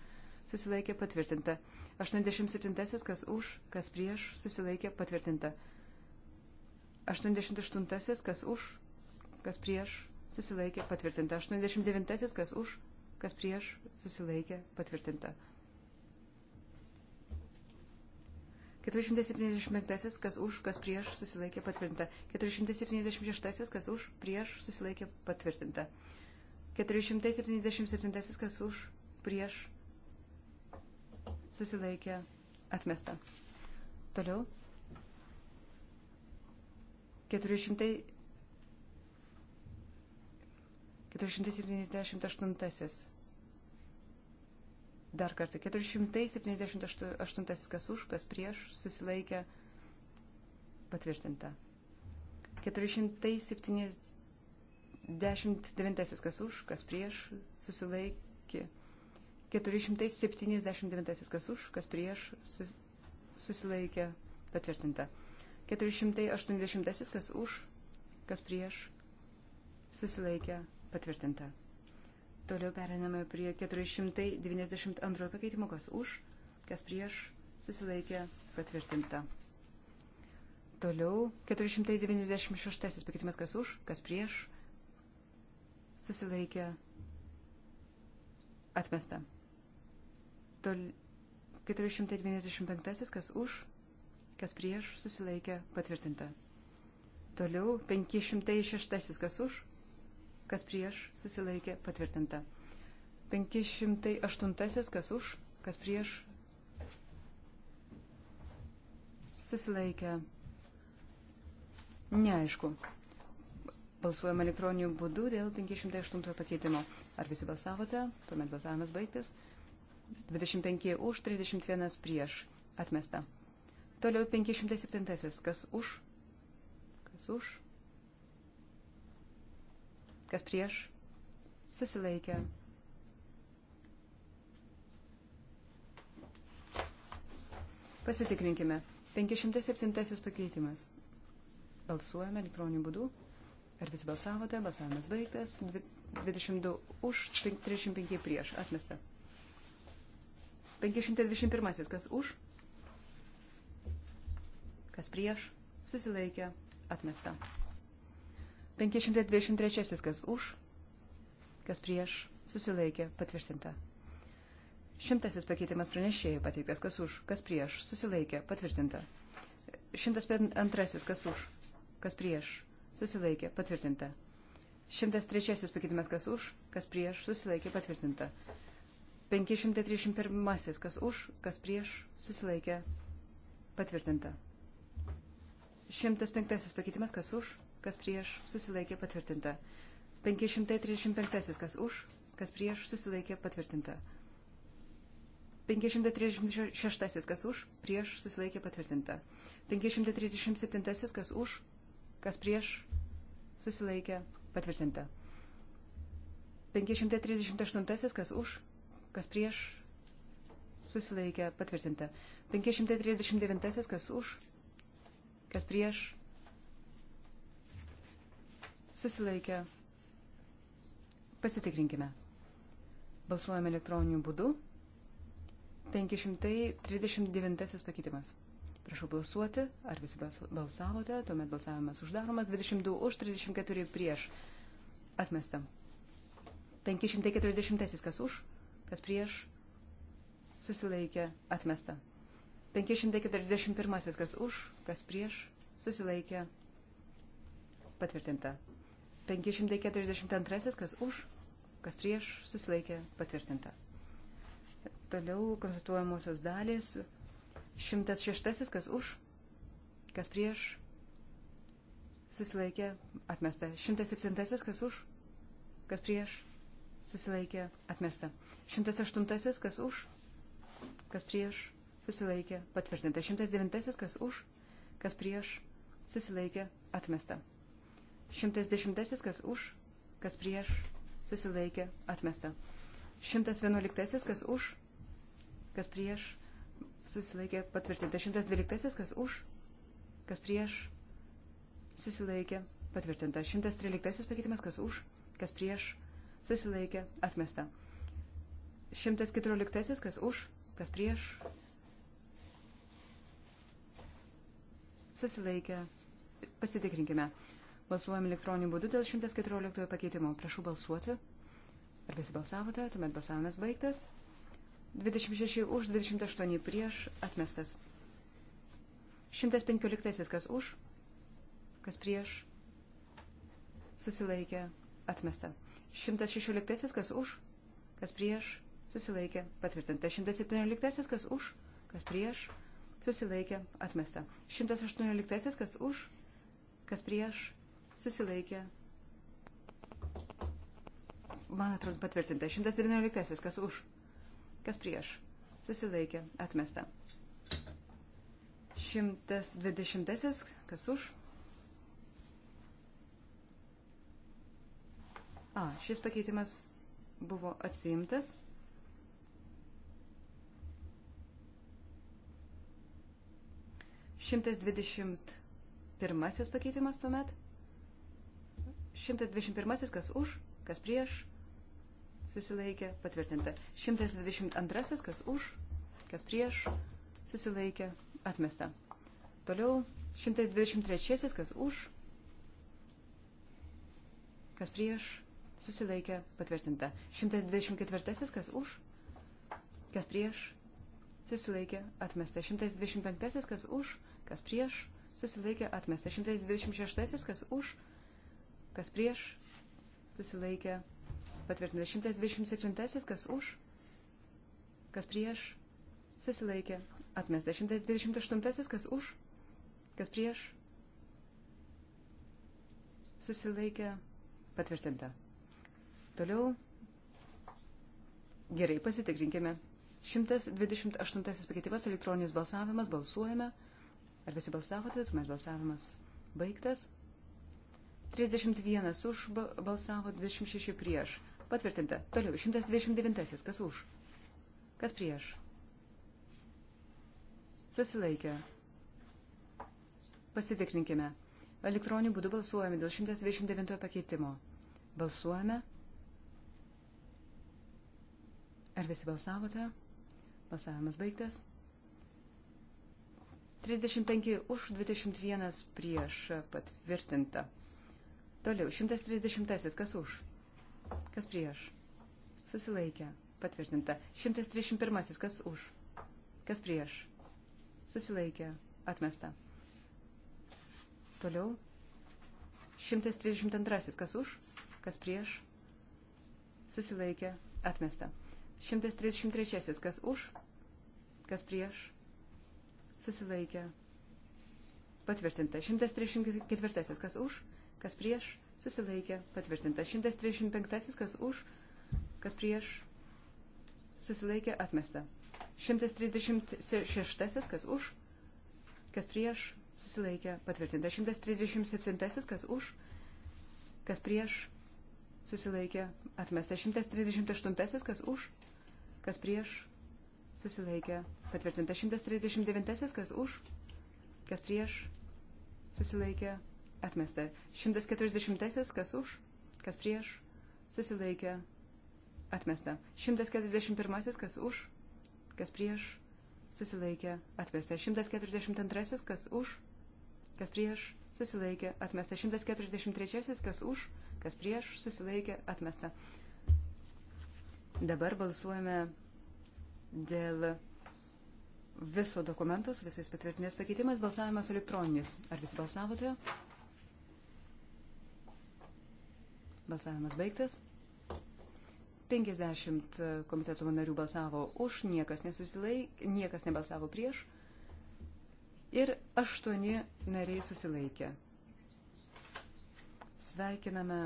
susilaikė patvirtinta. 87 kas už, kas prieš susilaikė patvirtinta. 88 kas už, kas prieš susilaikė patvirtinta. 89 kas už, kas prieš susilaikė patvirtinta. 475, kas už, kas prieš susilaikė patvirtinta. 476, kas už, prieš susilaikė patvirtinta. 477, kas už, prieš susilaikė atmesta. Toliau. 400. 478. Dar kartą 478 kas už, kas prieš susilaikė patvirtinta. 479 kas už, kas prieš susilaikė. 479 kas už, kas prieš susilaikė patvirtinta. 480 kas už, kas prieš susilaikė patvirtinta. Toliau periname prie 492 pakeitimo, kas už, kas prieš, susilaikė, patvirtinta. Toliau 496 pakeitimas, kas už, kas prieš, susilaikė, atmesta. Tol 495, kas už, kas prieš, susilaikė, patvirtinta. Toliau 506, kas už, kas prieš, susilaikė, patvirtinta. 508, kas už, kas prieš, susilaikė, neaišku. Balsuojama elektroniniu būdu dėl 508 pakeitimo. Ar visi balsavote? Tuomet balsavimas baigtas. 25 už, 31 prieš. Atmesta. Toliau 507. Kas už? Kas už? Kas prieš? Susilaikė. Pasitikrinkime. 507 pakeitimas. Balsuojame elektroniniu būdu. Ar visi balsavote? Balsavimas baigtas. 22 už, 35 prieš. Atmesta. 521. Kas už? Kas prieš? Susilaikė. Atmesta. 523 kas už, kas prieš, susilaikė, patvirtinta. Šimtasis pakeitimas pranešėjai pateiktas kas už, kas prieš, susilaikė, patvirtinta. Šimtas antrasis kas už, kas prieš, susilaikė, patvirtinta. Šimtas trečiasis pakeitimas kas už, kas prieš, susilaikė, patvirtinta. 531 kas už, kas prieš, susilaikė, patvirtinta. 105 pakeitimas kas už, kas prieš, susilaikė patvirtinta. 535, kas už, kas prieš, susilaikė patvirtinta. 536, kas už, prieš, susilaikė patvirtinta. 537, kas už, kas prieš, susilaikė patvirtinta. 538, kas už, kas prieš, susilaikė patvirtinta. 539, kas už, kas prieš, susilaikė. Pasitikrinkime. Balsuojame elektroniniu būdu. 539 pakeitimas. Prašau balsuoti, ar visi balsavote, tuomet balsavimas uždaromas, 22 už, 34 prieš. Atmestam. 540 kas už, kas prieš, susilaikė, atmesta. 541 kas už, kas prieš, susilaikė, patvirtinta. 542, kas už, kas prieš, susilaikė patvirtinta. Toliau konstatuojamosios dalys. 106, kas už, kas prieš, susilaikė atmesta. 107, kas už, kas prieš, susilaikė atmesta. 108, kas už, kas prieš, susilaikė patvirtinta. 109, kas už, kas prieš, susilaikė atmesta. 110, kas už, kas prieš, susilaikė, atmesta. 111, kas už, kas prieš, susilaikė, patvirtinta. 112, kas už, kas prieš, susilaikė, patvirtinta. 113 pakeitimas, kas už, kas prieš, susilaikė, atmesta. 114, kas už, kas prieš, susilaikė, pasitikrinkime. Balsuojam elektroniniu būdu dėl 114 pakeitimo. Prašau balsuoti. Ar visi balsavote? Tuomet balsavimas baigtas. 26 už, 28 prieš, atmestas. 115 kas už, kas prieš, susilaikė, atmesta. 116 kas už, kas prieš, susilaikė, patvirtinta. 117 kas už, kas prieš, susilaikė, atmesta. 118 kas už, kas prieš, susilaikė. Man atrodo patvirtinta. 119. Kas už? Kas prieš? Susilaikė. Atmesta. 120. Kas už? A, šis pakeitimas buvo atsiimtas. Šimtas dvidešimt pirmasis pakeitimas tuomet. 121 kas už, kas prieš, susilaikė, patvirtinta. 122 kas už, kas prieš, susilaikė, atmesta. Toliau 123 kas už, kas prieš, susilaikė, patvirtinta. 124 kas už, kas prieš, susilaikė, atmesta. 125 kas už, kas prieš, susilaikė, atmesta. 126 kas už, kas prieš, susilaikė, patvirtintas 127, kas už, kas prieš, susilaikė, atmestas 128, kas už, kas prieš, susilaikė, patvirtinta. Toliau, gerai, pasitikrinkime. 128 pakeitimas, elektroninis balsavimas, balsuojame. Ar visi balsavote, tuomet balsavimas baigtas. 31 už balsavo, 26 prieš. Patvirtinta. Toliau, 129. Kas už? Kas prieš? Susilaikė. Pasitikrinkime. Elektroniniu būdu balsuojame dėl 129 pakeitimo. Balsuojame. Ar visi balsavote? Balsavimas baigtas. 35 už 21 prieš patvirtinta. Toliau, 130. Kas už? Kas prieš? Susilaikė. Patvirtinta. 131. Kas už? Kas prieš? Susilaikė. Atmesta. Toliau. 132. Kas už? Kas prieš? Susilaikė. Atmesta. 133. Kas už? Kas prieš? Susilaikė. Patvirtinta. 134. Kas už? kas prieš, susilaikė, patvirtintas. 135, kas už, kas prieš, susilaikė, atmesta. 136, kas už, kas prieš, susilaikė, patvirtintas. 137, kas už, kas prieš, susilaikė, atmesta. 138, kas už, kas prieš, susilaikė, patvirtintas. 139, kas už, kas prieš, susilaikė, atmesta. 140 kas už, kas prieš, susilaikė, atmesta. 141 kas už, kas prieš, susilaikė, atmesta. 142 kas už, kas prieš, susilaikė, atmesta. 143 kas už, kas prieš, susilaikė, atmesta. Dabar balsuojame dėl viso dokumento su visais patvirtinės pakeitimas. Balsavimas elektroninis. Ar visi balsavote? Tai? Balsavimas baigtas. 50 e, komiteto narių balsavo už, niekas nesusilaikė, niekas nebalsavo prieš ir 8 nariai susilaikė. Sveikiname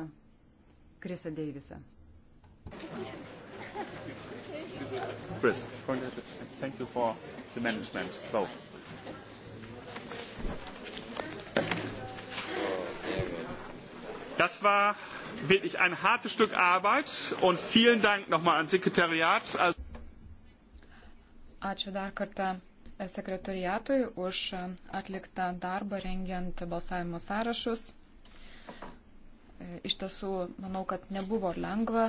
Krisa Deivisą. Chris, thank you for the management, both. Das war wirklich ein hartes Stück Arbeit und vielen Dank nochmal ans Sekretariat. Ačiū dar kartą sekretariatui už atliktą darbą rengiant balsavimo sąrašus. Iš tiesų, manau, kad nebuvo lengva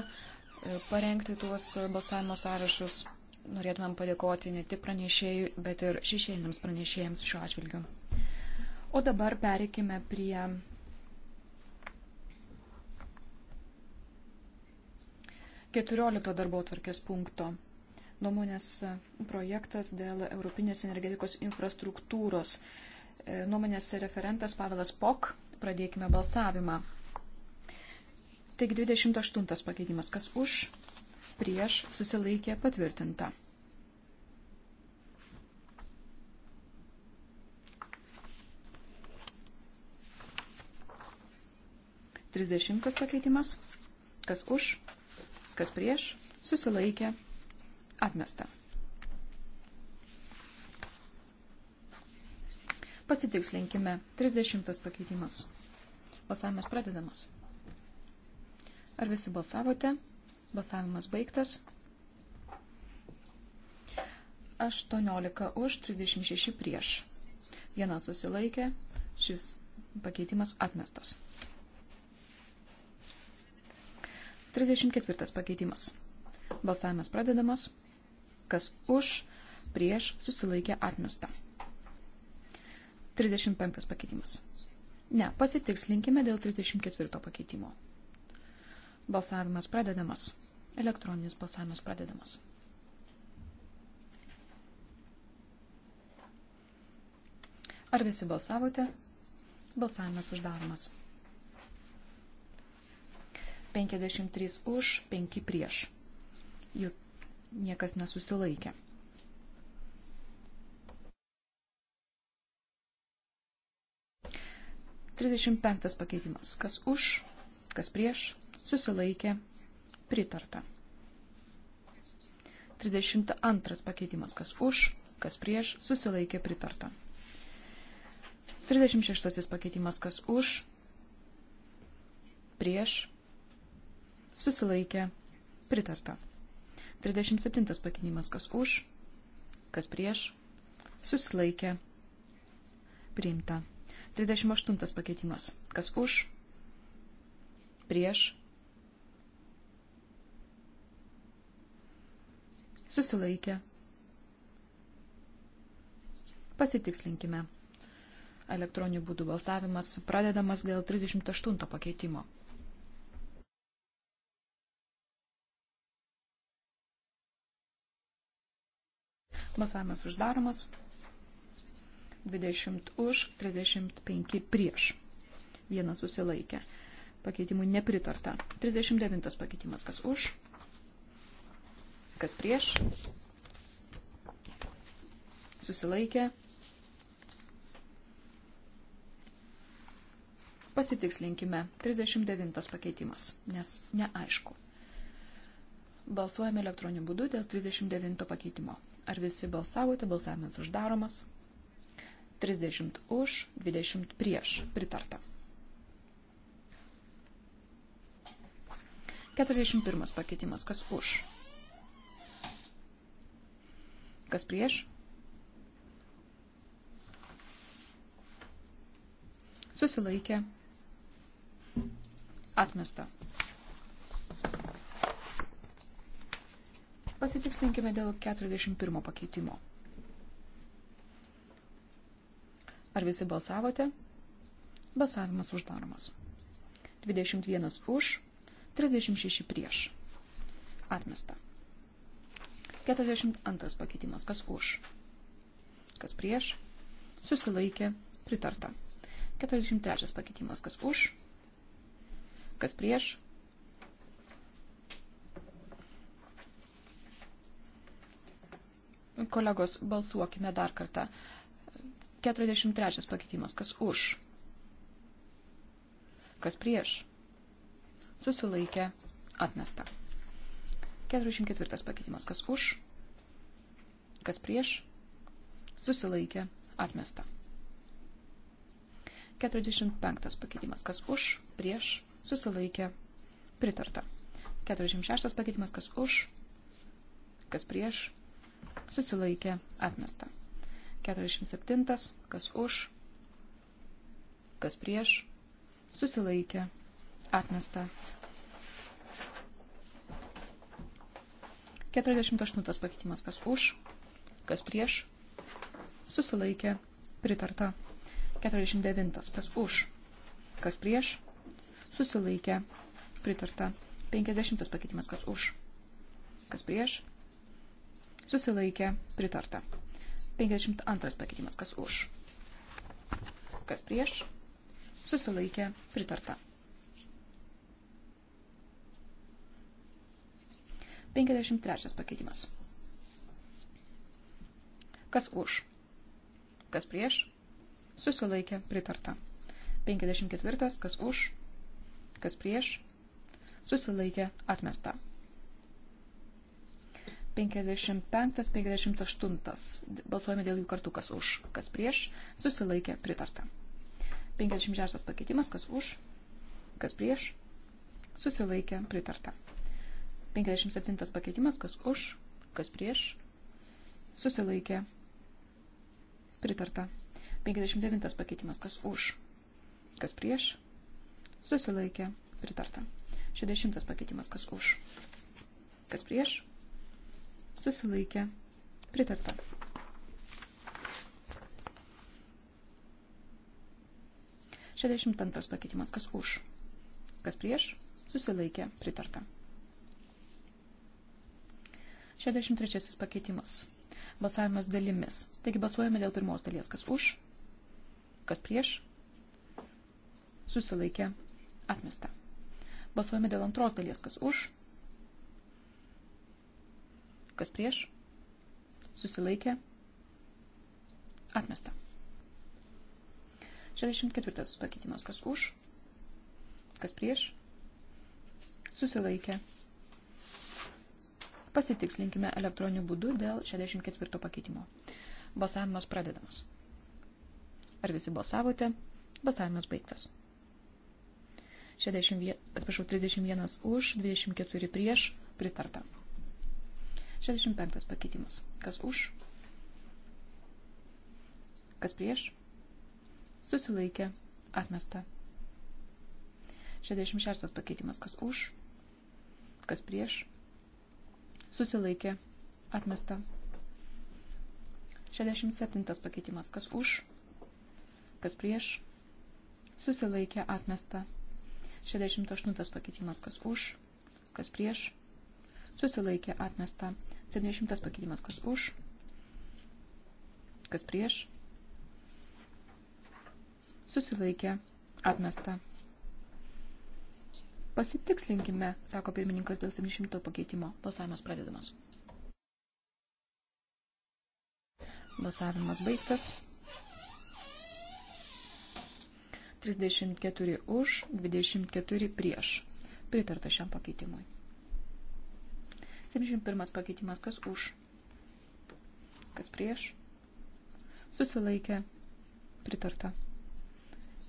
parengti tuos balsavimo sąrašus. Norėtumėm padėkoti ne tik pranešėjui, bet ir šešėliniams pranešėjams šiuo atžvilgiu. O dabar pereikime prie 14 darbo tvarkės punkto nuomonės projektas dėl Europinės energetikos infrastruktūros. E, nuomonės referentas Pavelas Pok. Pradėkime balsavimą. Taigi 28 pakeitimas. Kas už? Prieš susilaikė patvirtinta. Trisdešimtas pakeitimas. Kas už? kas prieš, susilaikė, atmesta. Pasitikslinkime, 30 pakeitimas. Balsavimas pradedamas. Ar visi balsavote? Balsavimas baigtas. 18 už, 36 prieš. Viena susilaikė, šis pakeitimas atmestas. 34 pakeitimas. Balsavimas pradedamas. Kas už, prieš, susilaikė atmesta. 35 pakeitimas. Ne, pasitikslinkime dėl 34 pakeitimo. Balsavimas pradedamas. Elektroninis balsavimas pradedamas. Ar visi balsavote? Balsavimas uždaromas. 53 už, 5 prieš. Juk niekas nesusilaikė. Trisdešimt penktas pakeitimas. Kas už, kas prieš, susilaikė, pritarta. Trisdešimt antras pakeitimas. Kas už, kas prieš, susilaikė, pritarta. Trisdešimt šeštasis pakeitimas. Kas už, prieš, susilaikė, pritarta. 37 pakinimas kas už, kas prieš, susilaikė, priimta. 38 pakeitimas kas už, prieš, susilaikė. Pasitikslinkime. Elektroniniu būdu balsavimas pradedamas dėl 38 pakeitimo. Balsavimas uždaromas. 20 už, 35 prieš. Vienas susilaikė. Pakeitimui nepritarta. 39 pakeitimas. Kas už? Kas prieš? Susilaikė. Pasitikslinkime 39 pakeitimas, nes neaišku. Balsuojame elektroniniu būdu dėl 39 pakeitimo. Ar visi balsavote? Balsavimas uždaromas. 30 už, 20 prieš. Pritarta. 41 pakeitimas. Kas už? Kas prieš? Susilaikė. Atmesta. Pasitikslinkime dėl 41 pakeitimo. Ar visi balsavote? Balsavimas uždaromas. 21 už, 36 prieš. Atmesta. 42 pakeitimas. Kas už? Kas prieš? Susilaikė. Pritarta. 43 pakeitimas. Kas už? Kas prieš? Kolegos, balsuokime dar kartą. 43 pakeitimas. Kas už? Kas prieš? Susilaikė. Atmesta. 44 pakeitimas. Kas už? Kas prieš? Susilaikė. Atmesta. 45 pakeitimas. Kas už? Prieš? Susilaikė. Pritarta. 46 pakeitimas. Kas už? Kas prieš? susilaikė atmesta. 47. Kas už, kas prieš, susilaikė atmesta. 48. Pakeitimas. Kas už, kas prieš, susilaikė pritarta. 49. Kas už, kas prieš, susilaikė pritarta. 50. Pakeitimas. Kas už, kas prieš, susilaikė, pritarta. 52 pakeitimas, kas už, kas prieš, susilaikė, pritarta. 53 pakeitimas. Kas už? Kas prieš? Susilaikė, pritarta. 54. Kas už? Kas prieš? Susilaikė, atmesta. 55, 58. Balsuojame dėl jų kartų, kas už, kas prieš, susilaikė, pritarta. 56 pakeitimas, kas už, kas prieš, susilaikė, pritarta. 57 pakeitimas, kas už, kas prieš, susilaikė, pritarta. 59 pakeitimas, kas už, kas prieš, susilaikė, pritarta. 60 pakeitimas, kas už, kas prieš, susilaikė, pritarta. Šešiasdešimt antras pakeitimas, kas už, kas prieš, susilaikė, pritarta. Šešiasdešimt trečiasis pakeitimas, balsavimas dalimis. Taigi balsuojame dėl pirmos dalies, kas už, kas prieš, susilaikė, atmesta. Balsuojame dėl antros dalies, kas už, Kas prieš? Susilaikė. Atmesta. 64 pakeitimas. Kas už? Kas prieš? Susilaikė. Pasitikslinkime elektroniniu būdu dėl 64 pakeitimo. Balsavimas pradedamas. Ar visi balsavote? Balsavimas baigtas. 61, atsiprašau, 31 už, 24 prieš, pritarta. 65 pakeitimas. Kas už? Kas prieš? Susilaikė. Atmesta. 66 pakeitimas. Kas už? Kas prieš? Susilaikė. Atmesta. 67 pakeitimas. Kas už? Kas prieš? Susilaikė. Atmesta. 68 pakeitimas. Kas už? Kas prieš? susilaikė atmesta. 70 pakeitimas kas už, kas prieš, susilaikė atmesta. Pasitikslinkime, sako pirmininkas dėl 70 pakeitimo. Balsavimas pradedamas. Balsavimas baigtas. 34 už, 24 prieš. Pritarta šiam pakeitimui. 71 pakeitimas, kas už, kas prieš, susilaikė, pritarta.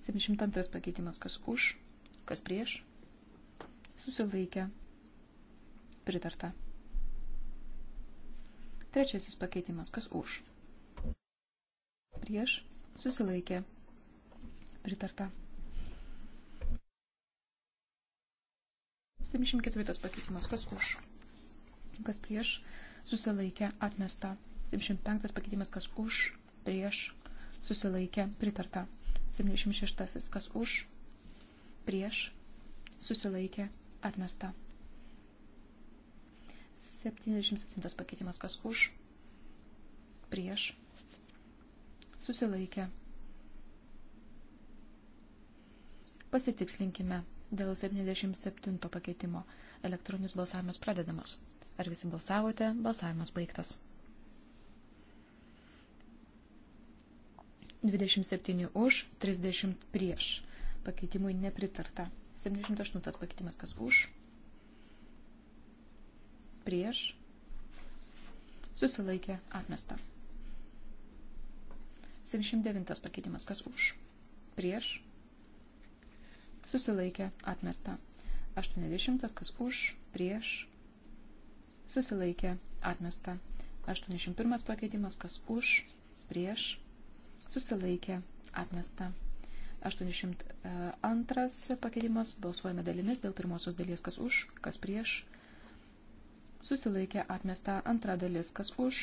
72 pakeitimas, kas už, kas prieš, susilaikė, pritarta. Trečiasis pakeitimas, kas už, prieš, susilaikė, pritarta. 74 pakeitimas, kas už, kas prieš, susilaikė, atmesta. 75 pakeitimas, kas už, prieš, susilaikė, pritarta. 76 kas už, prieš, susilaikė, atmesta. 77 pakeitimas, kas už, prieš, susilaikė. Pasitikslinkime dėl 77 pakeitimo. Elektroninis balsavimas pradedamas. Ar visi balsavote? Balsavimas baigtas. 27 už, 30 prieš. Pakeitimui nepritarta. 78 pakeitimas kas už. Prieš. Susilaikė atmesta. 79 pakeitimas kas už. Prieš. Susilaikė atmesta. 80 kas už. Prieš susilaikė atmesta. 81 pakeitimas, kas už, prieš, susilaikė atmesta. 82 pakeitimas, balsuojame dalimis dėl pirmosios dalies, kas už, kas prieš, susilaikė atmesta antra dalis, kas už,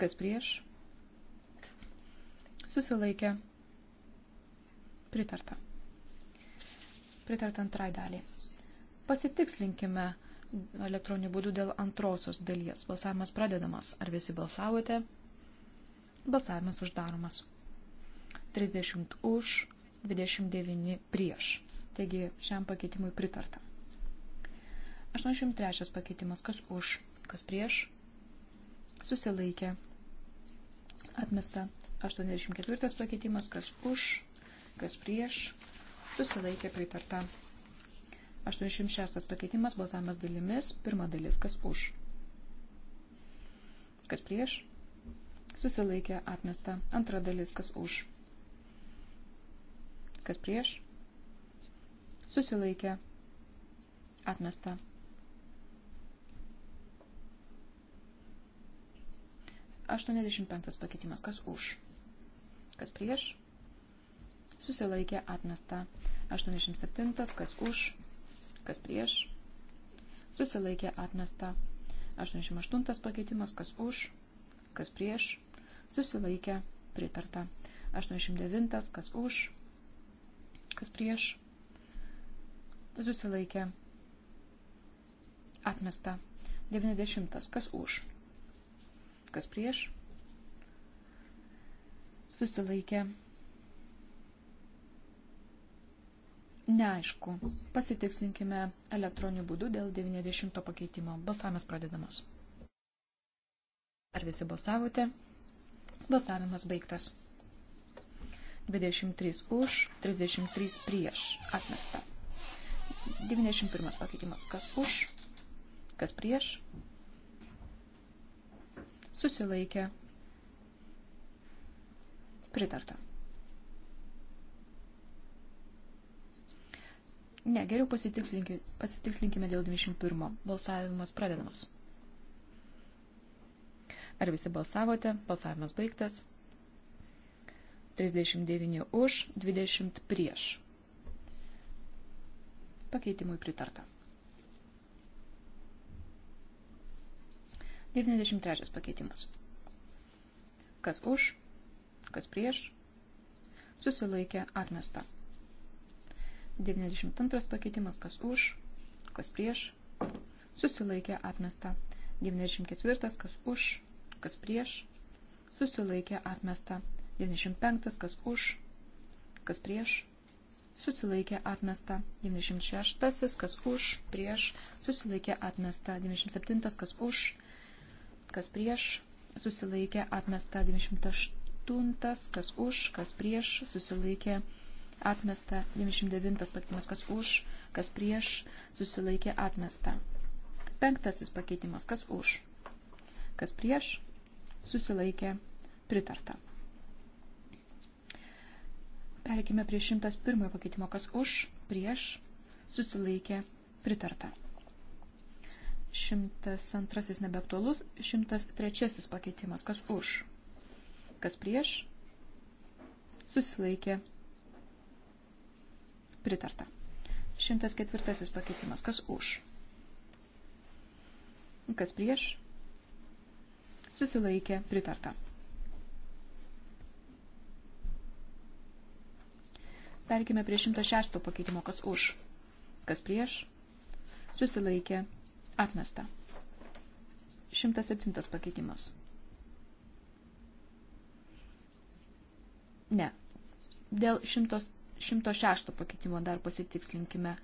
kas prieš, susilaikė pritarta. Pritarta antrai daliai. Pasitikslinkime elektroniniu būdu dėl antrosios dalies. Balsavimas pradedamas. Ar visi balsavote? Balsavimas uždaromas. 30 už, 29 prieš. Taigi šiam pakeitimui pritarta. 83 pakeitimas. Kas už, kas prieš? Susilaikė. Atmesta. 84 pakeitimas. Kas už, kas prieš? Susilaikė pritarta. 86 pakeitimas balsavimas dalimis. Pirma dalis, kas už. Kas prieš? Susilaikė atmesta. Antra dalis, kas už. Kas prieš? Susilaikė atmesta. Aštuoniasdešimt penktas pakeitimas, kas už. Kas prieš? Susilaikė atmesta. 87, kas už, kas prieš, susilaikė atmesta. 88 pakeitimas, kas už, kas prieš, susilaikė pritarta. 89, kas už, kas prieš, susilaikė atmesta. 90, kas už, kas prieš, susilaikė pritarta Neaišku. Pasitiksinkime elektroniniu būdu dėl 90 pakeitimo. Balsavimas pradedamas. Ar visi balsavote? Balsavimas baigtas. 23 už, 33 prieš. Atmesta. 91 pakeitimas. Kas už, kas prieš. Susilaikė. Pritarta. Ne, geriau pasitikslinkime, pasitikslinkime dėl 21. Balsavimas pradedamas. Ar visi balsavote? Balsavimas baigtas. 39 už, 20 prieš. Pakeitimui pritarta. 93 pakeitimas. Kas už, kas prieš, susilaikė atmesta. 92 pakeitimas, kas už, kas prieš, susilaikė atmesta. 94, kas už, kas prieš, susilaikė atmesta. 95, kas už, kas prieš, susilaikė atmesta. 96, kas už, prieš, susilaikė atmesta. 97, kas už, kas prieš, susilaikė atmesta. 98, kas už, kas prieš, susilaikė atmesta atmesta, 99 pakeitimas, kas už, kas prieš, susilaikė atmesta. Penktasis pakeitimas, kas už, kas prieš, susilaikė pritarta. Pereikime prie 101 pakeitimo, kas už, prieš, susilaikė pritarta. 102 nebeaktualus, 103 pakeitimas, kas už, kas prieš, susilaikė pritarta Pritarta. 104 pakeitimas. Kas už? Kas prieš? Susilaikė. Pritarta. Perkime prie 106 pakeitimo. Kas už? Kas prieš? Susilaikė. Atmesta. 107 pakeitimas. Ne. Dėl 100 106 pakeitimo dar pasitikslinkime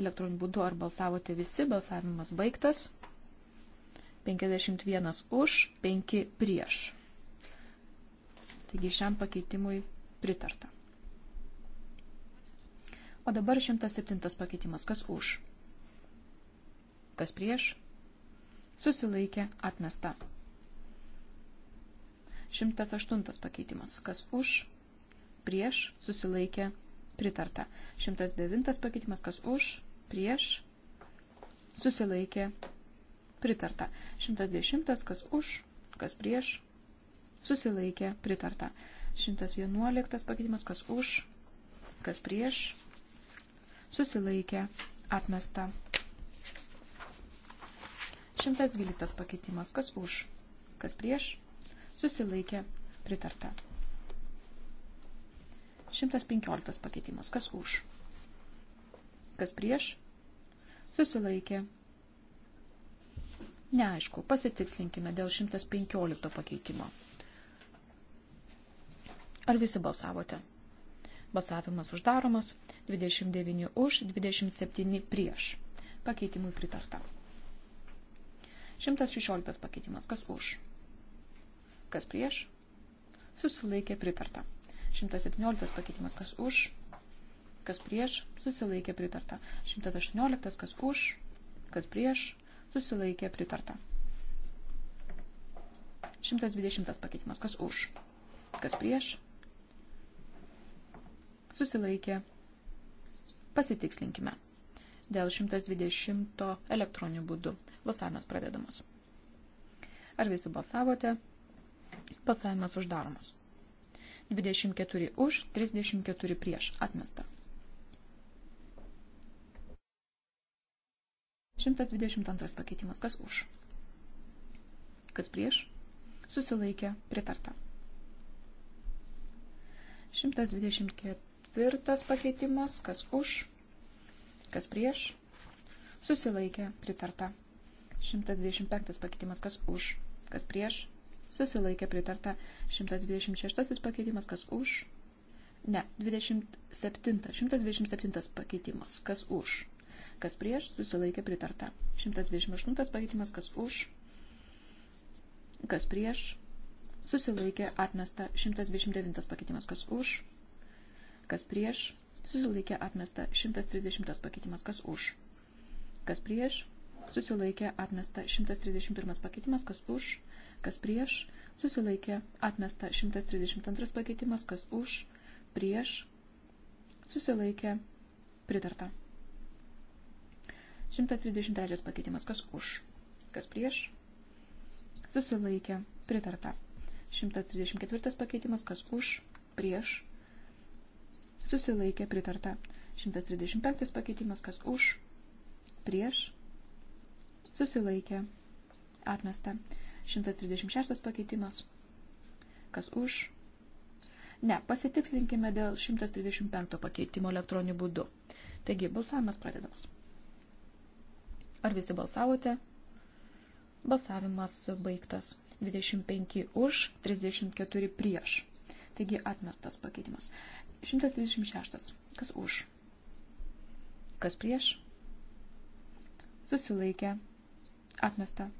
elektroniniu būdu, ar balsavote visi, balsavimas baigtas. 51 už, 5 prieš. Taigi šiam pakeitimui pritarta. O dabar 107 pakeitimas. Kas už? Kas prieš? Susilaikė atmesta. 108 pakeitimas. Kas už? Prieš susilaikė pritarta. 109 pakeitimas, kas už, prieš, susilaikė, pritarta. 110, kas už, kas prieš, susilaikė, pritarta. 111 pakeitimas, kas už, kas prieš, susilaikė, atmesta. 112 pakeitimas, kas už, kas prieš, susilaikė, pritarta. 115 pakeitimas. Kas už? Kas prieš? Susilaikė. Neaišku, pasitikslinkime dėl 115 pakeitimo. Ar visi balsavote? Balsavimas uždaromas 29 už, 27 prieš. Pakeitimui pritarta. 116 pakeitimas. Kas už? Kas prieš? Susilaikė pritarta. 117 pakeitimas kas už, kas prieš, susilaikė pritarta. 118 kas už, kas prieš, susilaikė pritarta. 120 pakeitimas kas už, kas prieš, susilaikė. Pasitikslinkime. Dėl 120 elektroninių būdų. Balsavimas pradedamas. Ar visi balsavote? Balsavimas uždaromas. 24 už, 34 prieš atmesta. 122 pakeitimas. Kas už? Kas prieš? Susilaikė pritarta. 124 pakeitimas. Kas už? Kas prieš? Susilaikė pritarta. 125 pakeitimas. Kas už? Kas prieš? susilaikė pritarta 126 pakeitimas, kas už, ne, 27, 127 pakeitimas, kas už, kas prieš, susilaikė pritarta 128 pakeitimas, kas už, kas prieš, susilaikė atmesta 129 pakeitimas, kas už, kas prieš, susilaikė atmesta 130 pakeitimas, kas už, kas prieš, susilaikė atmesta 131 pakeitimas, kas už, kas prieš, susilaikė atmesta 132 pakeitimas, kas už, prieš, susilaikė pritarta. 133 pakeitimas, kas už, kas prieš, susilaikė pritarta. 134 pakeitimas, kas už, prieš, susilaikė pritarta. 135 pakeitimas, kas už, prieš, susilaikė, atmesta. 136 pakeitimas, kas už. Ne, pasitikslinkime dėl 135 pakeitimo elektroniniu būdu. Taigi, balsavimas pradedamas. Ar visi balsavote? Balsavimas baigtas. 25 už, 34 prieš. Taigi atmestas pakeitimas. 136. Kas už? Kas prieš? Susilaikė. Atmesta.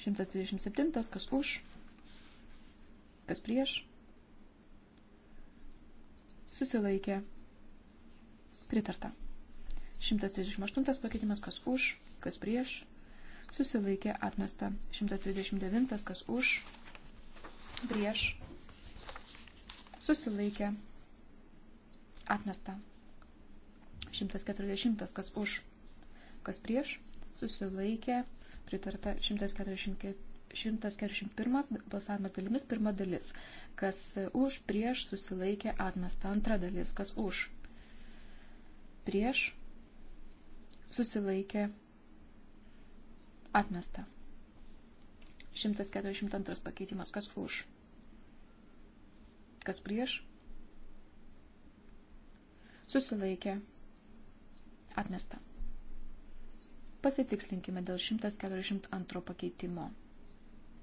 137. Kas už? Kas prieš? Susilaikė. Pritarta. 138 pakeitimas, kas už, kas prieš. Susilaikė atmesta. 139, kas už, prieš. Susilaikė atmesta. 140, kas už, kas prieš, susilaikė, pritarta 144, 141 balsavimas dalimis, pirma dalis, kas už, prieš, susilaikė, atmesta antra dalis, kas už, prieš, susilaikė, atmesta. 142 pakeitimas, kas už, kas prieš, susilaikė, atmesta. Pasitikslinkime dėl 142 pakeitimo.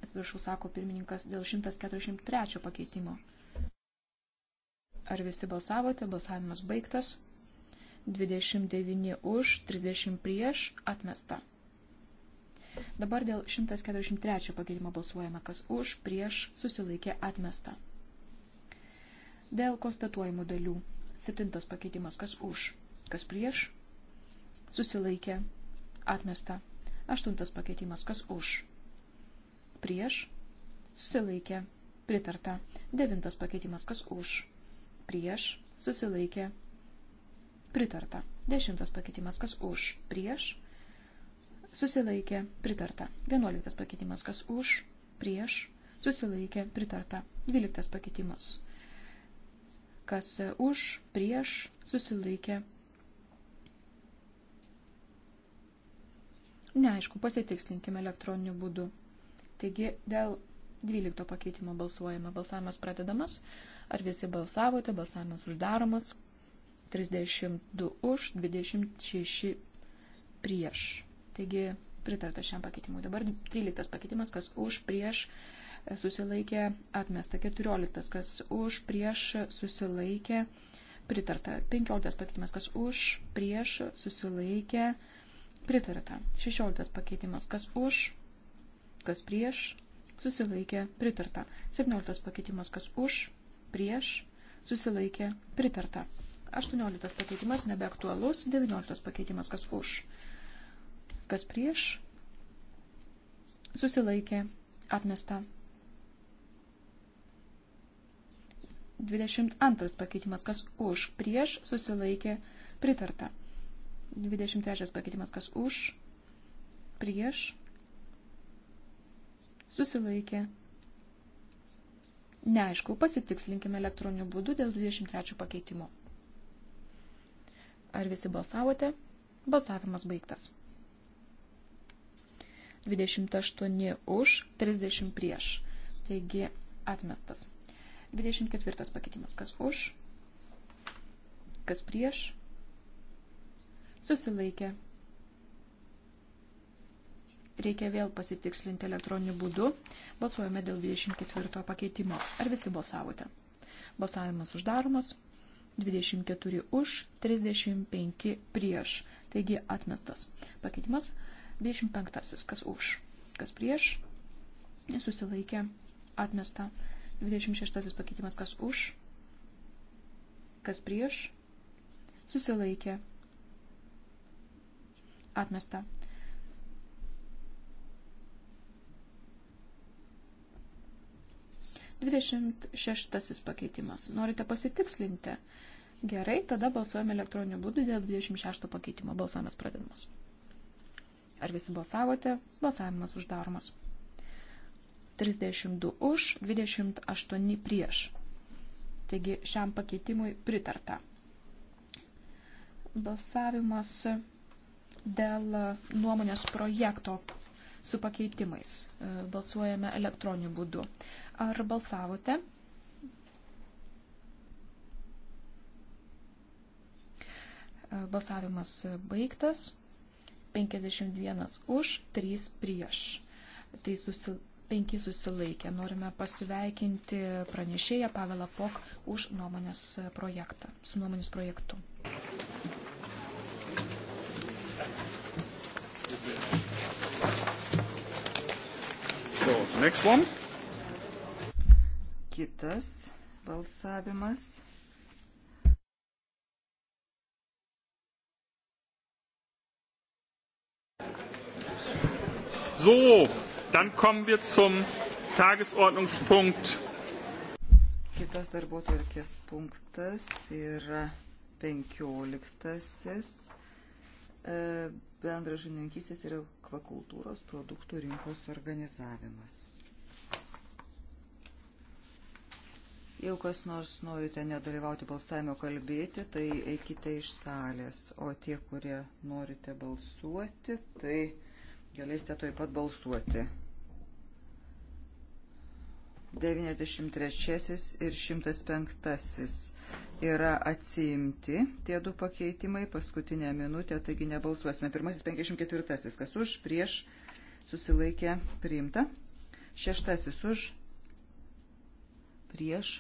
Atsiprašau, sako pirmininkas, dėl 143 pakeitimo. Ar visi balsavote? Balsavimas baigtas. 29 už, 30 prieš, atmesta. Dabar dėl 143 pakeitimo balsuojame, kas už, prieš, susilaikė, atmesta. Dėl konstatuojimų dalių. Septintas pakeitimas, kas už, kas prieš, susilaikė, Atmesta. Aštuntas pakeitimas. Kas už? Prieš. Susilaikė. Pritarta. Devintas pakeitimas. Kas už? Prieš. Susilaikė. Pritarta. Dešimtas pakeitimas. Kas už? Prieš. Susilaikė. Pritarta. Vienuoliktas pakeitimas. Kas už? Prieš. Susilaikė. Pritarta. Dvyliktas pakeitimas. Kas už? Prieš. Susilaikė. Neaišku, pasitikslinkime elektroniniu būdu. Taigi dėl 12 pakeitimo balsuojame. Balsavimas pradedamas. Ar visi balsavote? Balsavimas uždaromas. 32 už, 26 prieš. Taigi pritarta šiam pakeitimui. Dabar 13 pakeitimas, kas už, prieš susilaikė, atmesta 14, kas už, prieš susilaikė, pritarta 15 pakeitimas, kas už, prieš susilaikė, atmesta Pritarta. 16 pakeitimas. Kas už, kas prieš, susilaikė, pritarta. 17 pakeitimas. Kas už, prieš, susilaikė, pritarta. 18 pakeitimas nebeaktualus. 19 pakeitimas. Kas už, kas prieš, susilaikė, atmesta. 22 pakeitimas. Kas už, prieš, susilaikė, pritarta. 23 pakeitimas kas už, prieš, susilaikė. Neaišku, pasitikslinkime elektroniniu būdu dėl 23 pakeitimo. Ar visi balsavote? Balsavimas baigtas. 28 už, 30 prieš. Taigi atmestas. 24 pakeitimas kas už, kas prieš, Susilaikė. Reikia vėl pasitikslinti elektroniniu būdu. Balsuojame dėl 24 pakeitimo. Ar visi balsavote? Balsavimas uždaromas. 24 už, 35 prieš. Taigi atmestas pakeitimas. 25. Kas už? Kas prieš? Susilaikė. Atmesta. 26. pakeitimas. Kas už? Kas prieš? Susilaikė Atmesta. Dvidešimt šeštasis pakeitimas. Norite pasitikslinti? Gerai, tada balsuojame elektroniniu būdu dėl 26 pakeitimo. Balsavimas pradedamas. Ar visi balsavote? Balsavimas uždaromas. 32 už, 28 prieš. Taigi šiam pakeitimui pritarta. Balsavimas dėl e, nuomonės projekto su pakeitimais. E, balsuojame elektroniniu būdu. Ar balsavote? E, balsavimas baigtas. 51 už, 3 prieš. 3 susil... 5 susilaikė. Norime pasveikinti pranešėją Pavelą Pok už nuomonės projektą, su nuomonės projektu. Next one. Kitas balsavimas. So, dann kommen wir zum Tagesordnungspunkt. Kitas darbotvarkės punktas yra penkioliktasis e, bendras žininkystės ir akvakultūros produktų rinkos organizavimas. Jeigu kas nors norite nedalyvauti balsavimo kalbėti, tai eikite iš salės, o tie, kurie norite balsuoti, tai galėsite toj pat balsuoti. 93 ir 105 yra atsiimti tie du pakeitimai paskutinę minutę, taigi nebalsuosime. Pirmasis 54, kas už, prieš, susilaikė, priimta. Šeštasis už, prieš,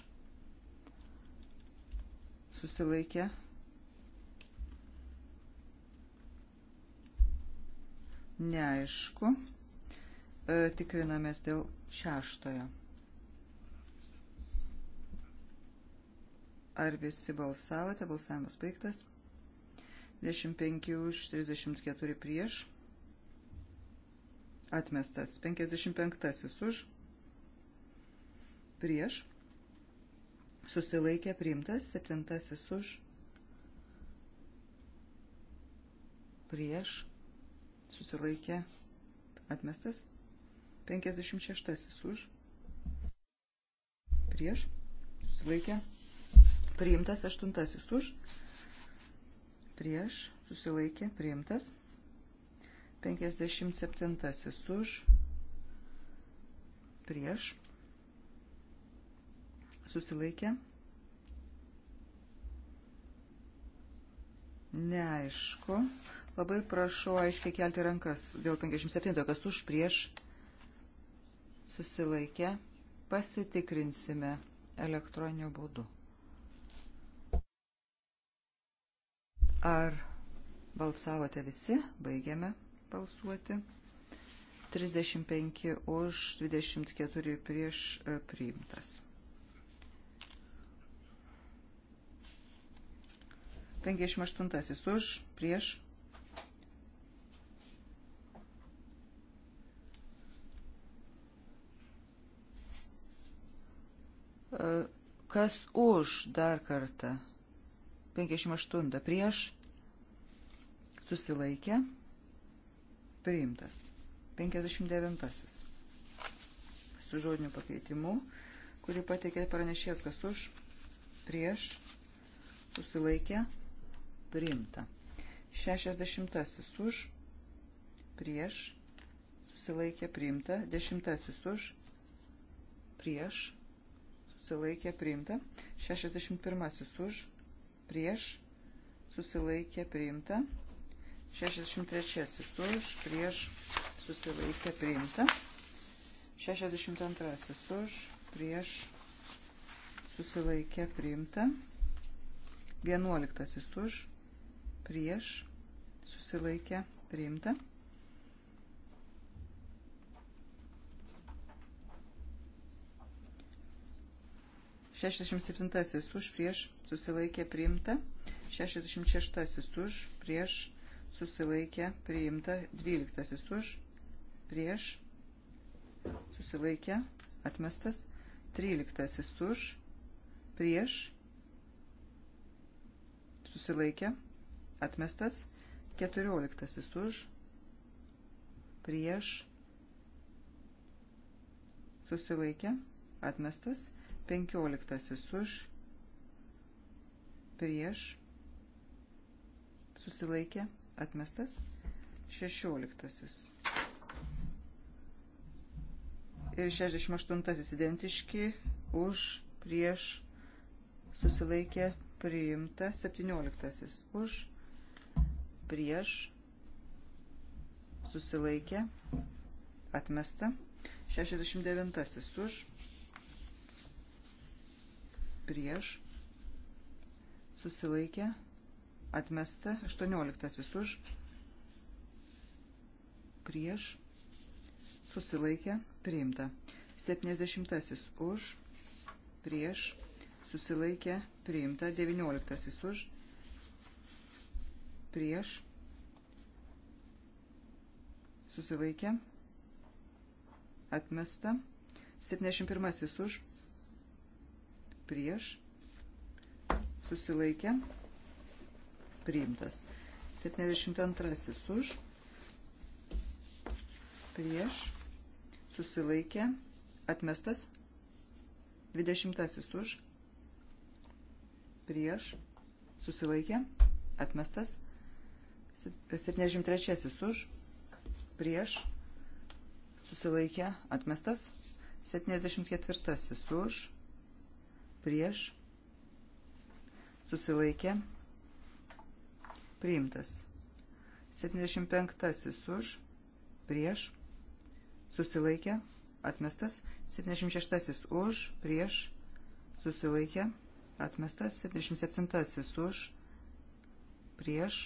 susilaikė. Neaišku. E, tikrinamės dėl šeštojo. Ar visi balsavote? Balsavimas baigtas. 25 už 34 prieš. Atmestas. 55 už. Prieš. Susilaikė priimtas. 7 už. Prieš. Susilaikė atmestas. 56 už. Prieš. Susilaikė priimtas, aštuntasis už, prieš, susilaikė, priimtas, penkiasdešimt septintasis už, prieš, susilaikė, neaišku, labai prašau aiškiai kelti rankas dėl 57, kas už, prieš, susilaikė, pasitikrinsime elektroniniu būdu. Ar balsavote visi? Baigiame balsuoti. 35 už, 24 prieš e, priimtas. 58 už, prieš. E, kas už dar kartą? 58 prieš, susilaikė, priimtas. 59 su žodiniu pakeitimu, kurį pateikė pranešės, kas už, prieš, susilaikė, priimta. 60 už, prieš, susilaikė, priimta. 10 už, prieš, susilaikė, priimta. 61 už, prieš, susilaikė priimta. 63 už, prieš, susilaikė priimta. 62 už, prieš, susilaikė priimta. 11 už, prieš, susilaikė priimta. 67 už prieš susilaikė priimta, 66 už prieš susilaikė priimta, 12 už prieš susilaikė atmestas, 13 už prieš susilaikė atmestas, 14 už prieš susilaikė atmestas, Penkioliktasis už, prieš, susilaikė, atmestas. Šešioliktasis. Ir 68 identiški už, prieš, susilaikė, priimta. 17 už, prieš, susilaikė, atmesta. 69 už, prieš, susilaikė, atmesta, 18 už, prieš, susilaikė, priimta, 70 už, prieš, susilaikė, priimta, 19 už, prieš, susilaikė, atmesta, 71 už, prieš, susilaikė, priimtas. 72 už, prieš, susilaikė, atmestas. 20 už, prieš, susilaikė, atmestas. 73 už, prieš, susilaikė, atmestas. 74 už, prieš, susilaikė, priimtas. 75 už, prieš, susilaikė, atmestas. 76 už, prieš, susilaikė, atmestas. 77 už, prieš,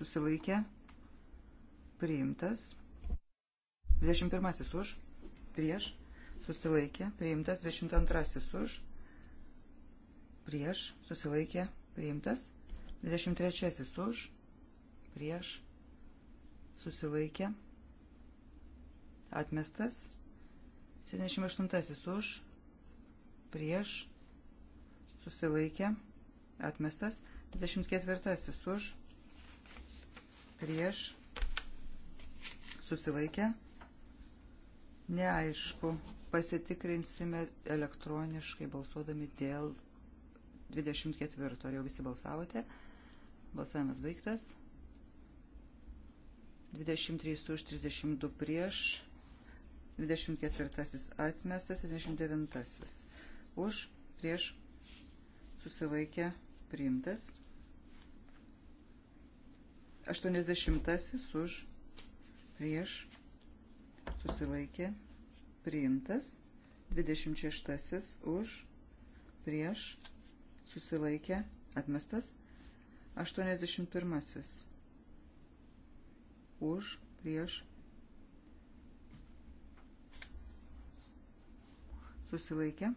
susilaikė, priimtas. 21 už, prieš, susilaikė, priimtas 22 už, prieš, susilaikė, priimtas 23 už, prieš, susilaikė, atmestas 78 už, prieš, susilaikė, atmestas 24 už, prieš, susilaikė, neaišku. Pasitikrinsime elektroniškai balsuodami dėl 24. Ar jau visi balsavote? Balsavimas baigtas. 23 už 32 prieš. 24 atmestas, 29 už prieš susilaikė priimtas. 80 už prieš susilaikė priimtas priimtas, 26 už, prieš, susilaikė, atmestas, 81 už, prieš, susilaikė,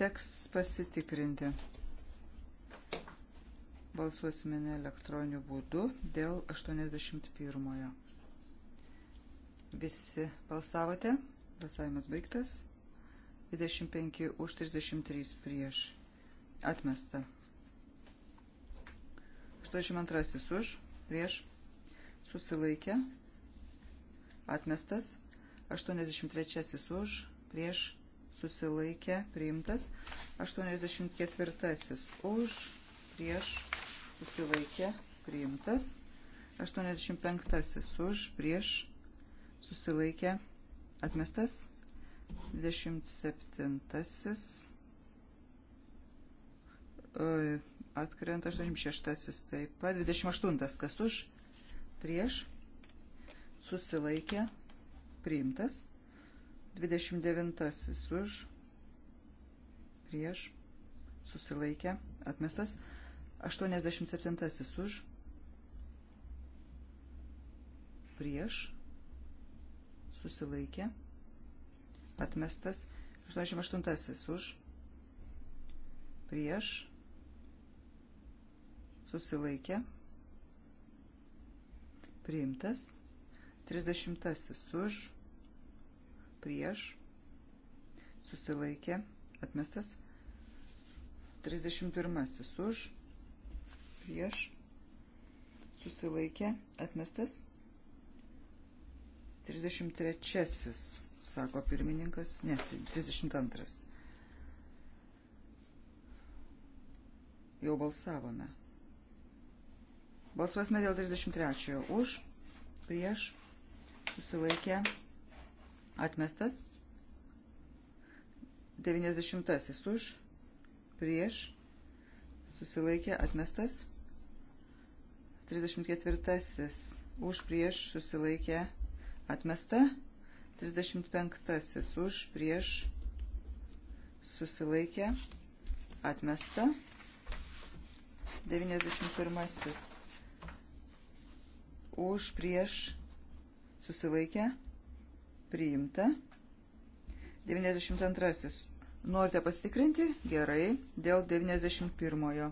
teks pasitikrinti. Balsuosime ne elektroniniu būdu dėl 81. -ojo. Visi balsavote. Balsavimas baigtas. 25 už 33 prieš. Atmesta. 82 už prieš. Susilaikė. Atmestas. 83 už prieš. Susilaikė. Priimtas. 84 už prieš. Susilaikė. Priimtas. 85 už prieš susilaikė atmestas. 27. E, Atkrenta 86. Taip pat 28. Kas už? Prieš. Susilaikė. Priimtas. 29. Už. Prieš. Susilaikė. Atmestas. 87. Už. Prieš susilaikė, atmestas. 88 už, prieš, susilaikė, priimtas. 30 už, prieš, susilaikė, atmestas. 31 už, prieš, susilaikė, atmestas. 33, sako pirmininkas, ne, 32. Jau balsavome. Balsuosime dėl 33. Už, prieš, susilaikę, atmestas. 90. Už, prieš, susilaikė, atmestas. 34. Už, prieš, susilaikė, atmestas. Atmesta. 35 už prieš susilaikė. Atmesta. 91 už prieš susilaikė. Priimta. 92 Norite pasitikrinti? Gerai. Dėl 91.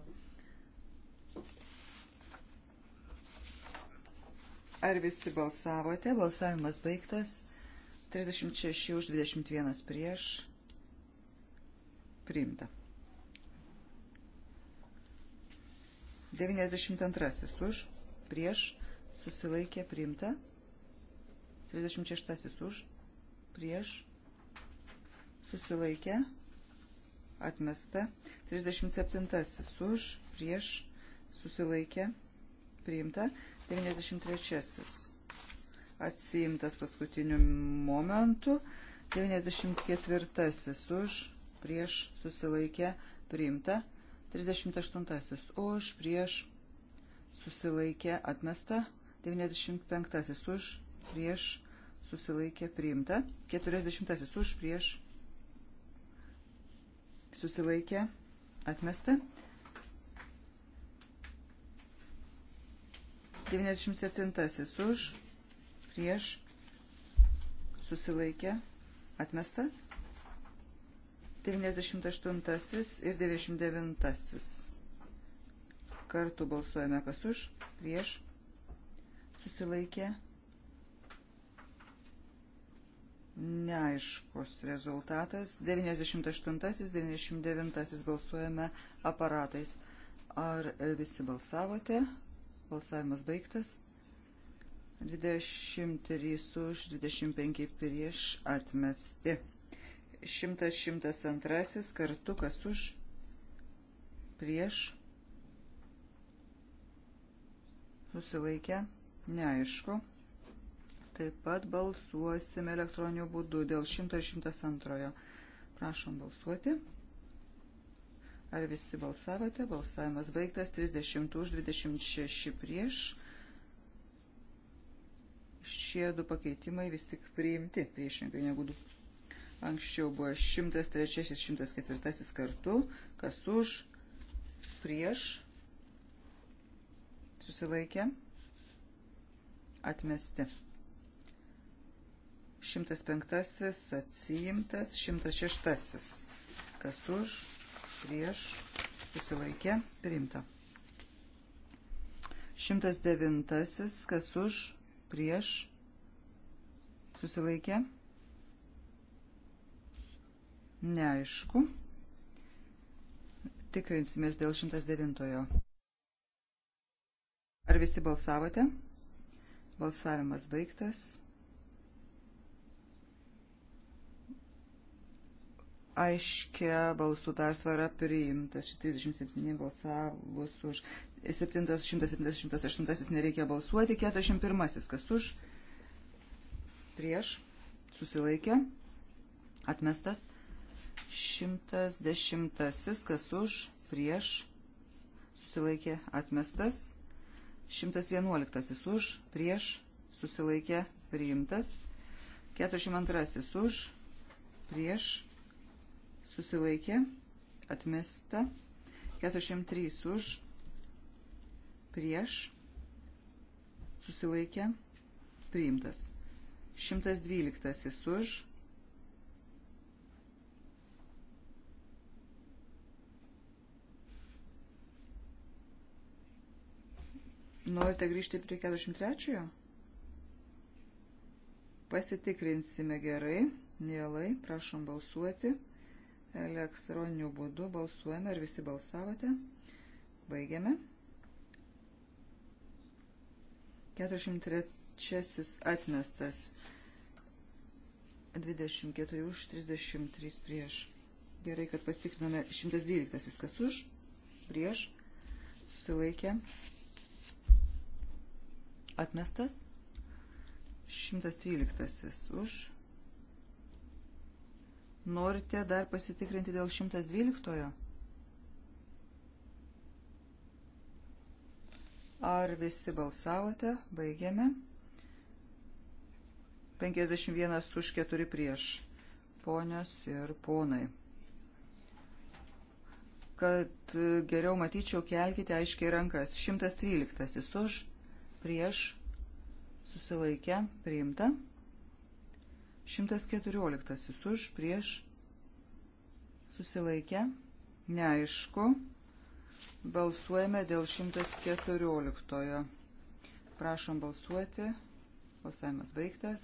Ar visi balsavote? Balsavimas baigtas. 36 už 21 prieš. Priimta. 92 už. Prieš. Susilaikė. Priimta. 36 už. Prieš. Susilaikė. Atmesta. 37 už. Prieš. Susilaikė. Priimta. 93. Atsiimtas paskutiniu momentu. 94. Už prieš susilaikė priimta. 38. Už prieš susilaikė atmesta. 95. Už prieš susilaikė priimta. 40. Už prieš susilaikė atmesta. 97 už, prieš, susilaikė, atmesta. 98 ir 99. Kartu balsuojame kas už, prieš, susilaikė. Neaiškus rezultatas. 98-99 balsuojame aparatais. Ar visi balsavote? Balsavimas baigtas. 23 už, 25 prieš atmesti. 102 kartu kas už, prieš, susilaikę, neaišku. Taip pat balsuosime elektroniniu būdu dėl 100 ir 102. Prašom balsuoti. Ar visi balsavote? Balsavimas baigtas. 30 už, 26 prieš. Šie du pakeitimai vis tik priimti priešingai negu du. Anksčiau buvo 103 ir 104 kartu. Kas už? Prieš. Susilaikė. Atmesti. 105 atsiimtas. 106. Kas už? prieš susilaikė priimta. 109. Kas už prieš susilaikė? Neaišku. Tikrinsimės dėl 109. Ar visi balsavote? Balsavimas baigtas. aiškia balsų persvara priimtas. 37 balsavus už 778 nereikia balsuoti. 41 kas už, prieš, susilaikė, atmestas. 110 kas už, prieš, susilaikė, atmestas. 111 už, prieš, susilaikė, priimtas. 42 už, prieš, susilaikė, atmesta, 403 už, prieš, susilaikė, priimtas, 112 už, Norite grįžti prie 43-ojo? Pasitikrinsime gerai, mielai, prašom balsuoti. 43 elektroniniu būdu balsuojame. Ar visi balsavote? Baigiame. 43 atmestas. 24 už, 33 prieš. Gerai, kad pastikrinome 112 viskas už, prieš, susilaikė, atmestas, 113 už, Norite dar pasitikrinti dėl 112? Ar visi balsavote? Baigiame. 51 už 4 prieš. Ponios ir ponai. Kad geriau matyčiau, kelkite aiškiai rankas. 113 už prieš susilaikę priimta. 114 už prieš susilaikę. Neaišku. Balsuojame dėl 114. Prašom balsuoti. Balsavimas baigtas.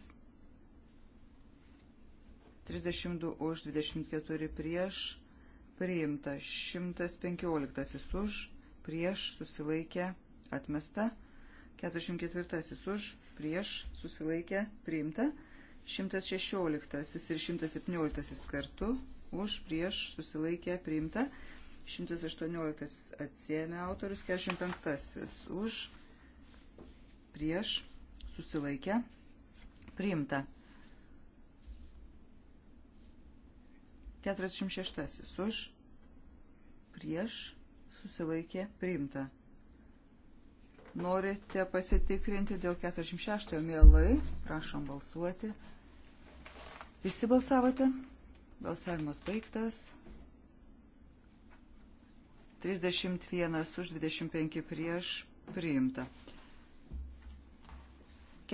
32 už, 24 prieš. Priimta 115 už, prieš susilaikę atmesta. 44 už, prieš susilaikę priimta. 116 ir 117 kartu už prieš susilaikę priimta. 118 atsiemė autorius, 45 už prieš susilaikę priimta. 46 už prieš susilaikė priimta. Norite pasitikrinti dėl 46 mielai, prašom balsuoti. Visi balsavote? Balsavimas baigtas. 31 už 25 prieš priimta.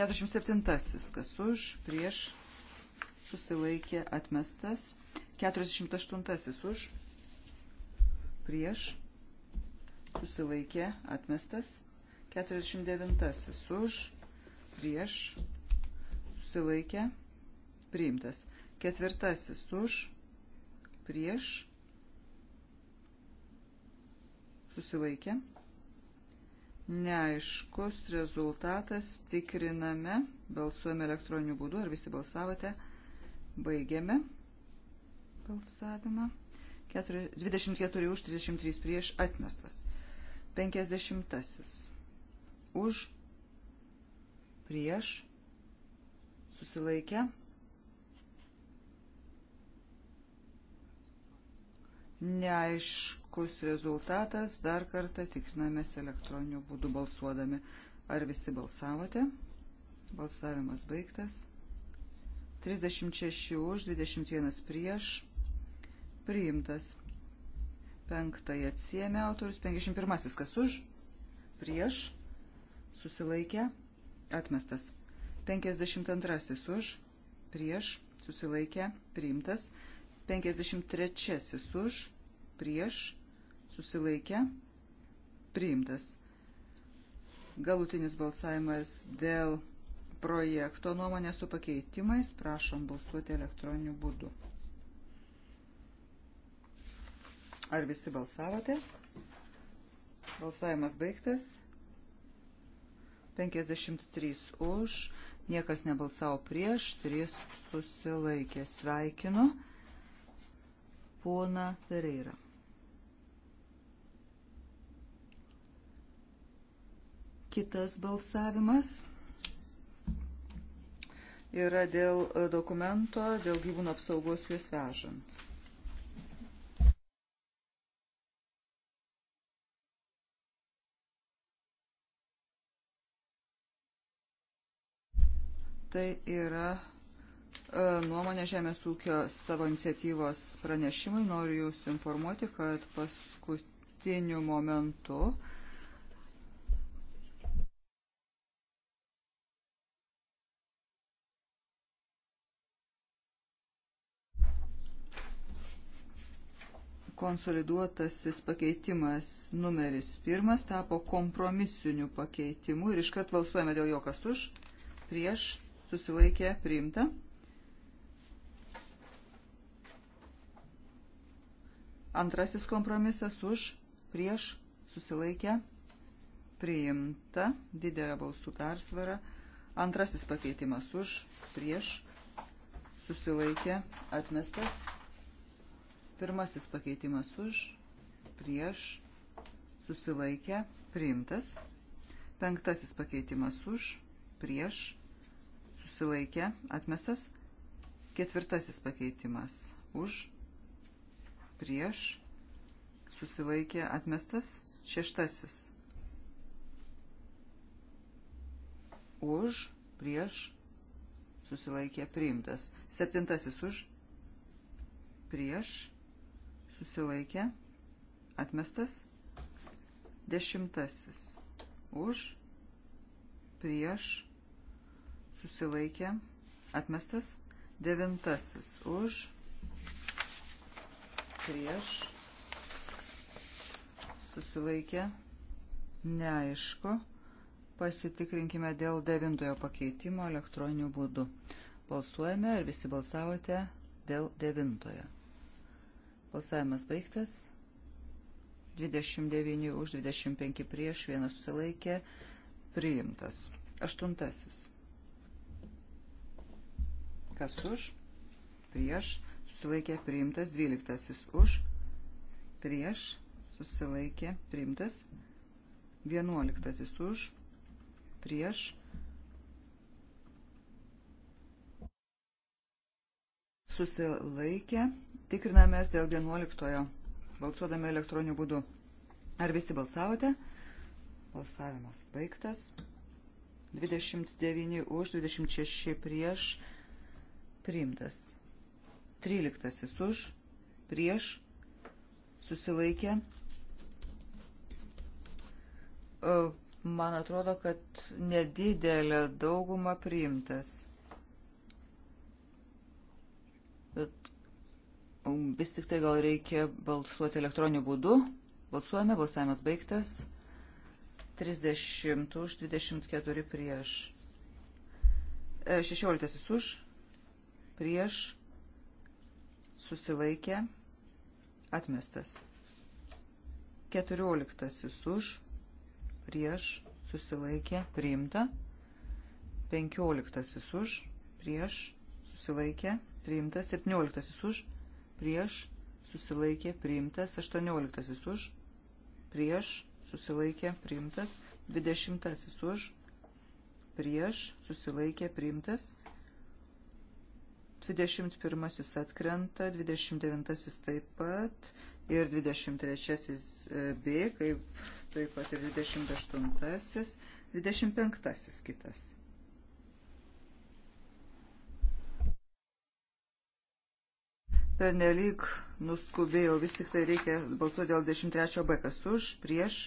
47. Kas už, prieš, susilaikė, atmestas. 48. Už, prieš, susilaikė, atmestas. 49. Už, prieš, susilaikė, atmestas priimtas. Ketvirtasis už, prieš, susilaikė. Neaiškus rezultatas tikriname, balsuojame elektroniniu būdu, ar visi balsavote, baigiame balsavimą. 24 už, 33 prieš, atmestas. 50 už, prieš, susilaikę, neaiškus rezultatas. Dar kartą tikrinamės elektroniniu būdu balsuodami. Ar visi balsavote? Balsavimas baigtas. 36 už, 21 prieš. Priimtas. Penktąjį atsiemė autorius. 51 kas už? Prieš. Susilaikė. Atmestas. 52 už. Prieš. Susilaikė. Priimtas. 53 už, prieš, susilaikę, priimtas. Galutinis balsavimas dėl projekto nuomonė su pakeitimais. Prašom balsuoti elektroniniu būdu. Ar visi balsavote? Balsavimas baigtas. 53 už, niekas nebalsavo prieš, 3 susilaikė. Sveikinu pona Pereira. Kitas balsavimas yra dėl e, dokumento, dėl gyvūnų apsaugos juos vežant. Tai yra E, nuomonę Žemės ūkio savo iniciatyvos pranešimui. Noriu Jūs informuoti, kad paskutiniu momentu konsoliduotasis pakeitimas numeris pirmas tapo kompromisiniu pakeitimu ir iškart valsuojame dėl jo kas už, prieš, susilaikė, priimta. Antrasis kompromisas už, prieš, susilaikę, priimta, didelė balsų persvara. Antrasis pakeitimas už, prieš, susilaikė, atmestas. Pirmasis pakeitimas už, prieš, susilaikė, priimtas. Penktasis pakeitimas už, prieš, susilaikė, atmestas. Ketvirtasis pakeitimas už, prieš prieš, susilaikė atmestas, šeštasis už, prieš, susilaikė priimtas, septintasis už, prieš, susilaikė atmestas, dešimtasis už, prieš, susilaikė atmestas, devintasis už, prieš, prieš, susilaikė, neaišku. Pasitikrinkime dėl devintojo pakeitimo elektroniniu būdu. Balsuojame, ar visi balsavote dėl devintojo. Balsavimas baigtas. 29 už 25 prieš, vienas susilaikė, priimtas. Aštuntasis. Kas už? Prieš susilaikė priimtas, 12 už, prieš, susilaikė priimtas, 11 už, prieš, susilaikė, tikrinamės dėl 11, balsuodami elektroniniu būdu. Ar visi balsavote? Balsavimas baigtas. 29 už, 26 prieš, priimtas. 13 už, prieš, susilaikė. E, man atrodo, kad nedidelė dauguma priimtas. Bet um, vis tik tai gal reikia balsuoti elektroniniu būdu. Balsuojame, balsavimas baigtas. 30 už, 24 prieš. 16 e, už, prieš susilaikė, atmestas. Keturioliktasis už, prieš, susilaikė, priimta. Penkioliktasis už, prieš, susilaikė, priimta. Septynioliktasis už, prieš, susilaikė, priimtas. Aštuonioliktasis už, prieš, susilaikė, priimtas. Dvidešimtasis už, prieš, susilaikė, priimtas. 21 atkrenta, 29 taip pat ir 23 e, B, kaip taip pat ir 28, 25 kitas. Pernelyg nuskubėjau, vis tik tai reikia balsuoti dėl 13 B, kas už, prieš,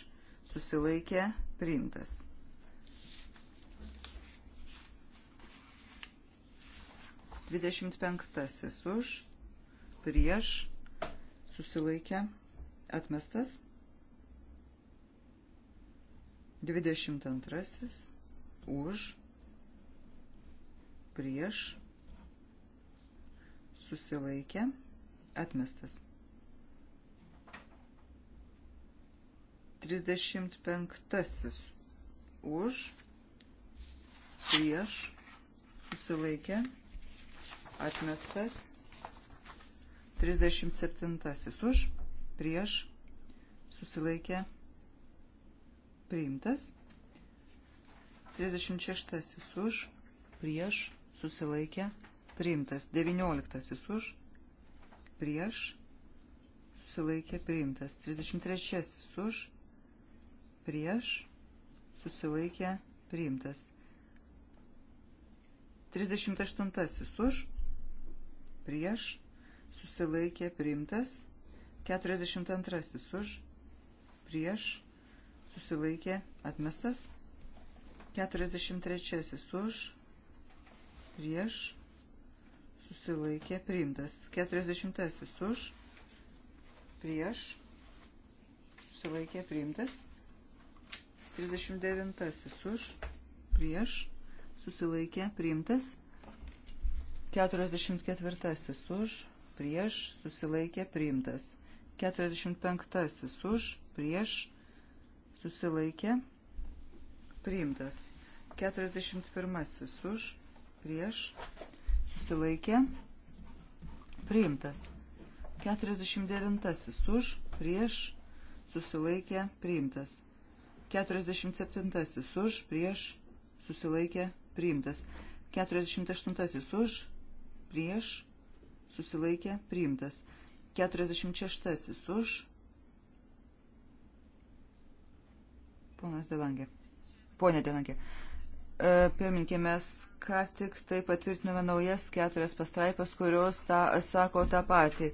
susilaikė, priimtas. 25 už, prieš, susilaikė, atmestas. 22 už, prieš, susilaikė, atmestas. 35 už, prieš, susilaikė, atmestas atmestas. 37 už, prieš, susilaikė, priimtas. 36 už, prieš, susilaikė, priimtas. 19 už, prieš, susilaikė, priimtas. 33 už, prieš, susilaikė, priimtas. 38 už, prieš, susilaikė priimtas, 42 už, prieš, susilaikė atmestas, 43 už, prieš, susilaikė priimtas, 40 už, prieš, susilaikė priimtas, 39 už, prieš, susilaikė priimtas, 44 už, prieš, susilaikė priimtas. 45 už, prieš, susilaikė priimtas. 41 už, prieš, susilaikė priimtas. 49 už, prieš, susilaikė priimtas. 47 už, prieš, susilaikė priimtas. 48 už, prieš, susilaikė, priimtas. 46 už, ponas Delangė. Pone Delangė. E, Pirminkė, mes ką tik tai patvirtinome naujas keturias pastraipas, kurios ta, sako tą patį.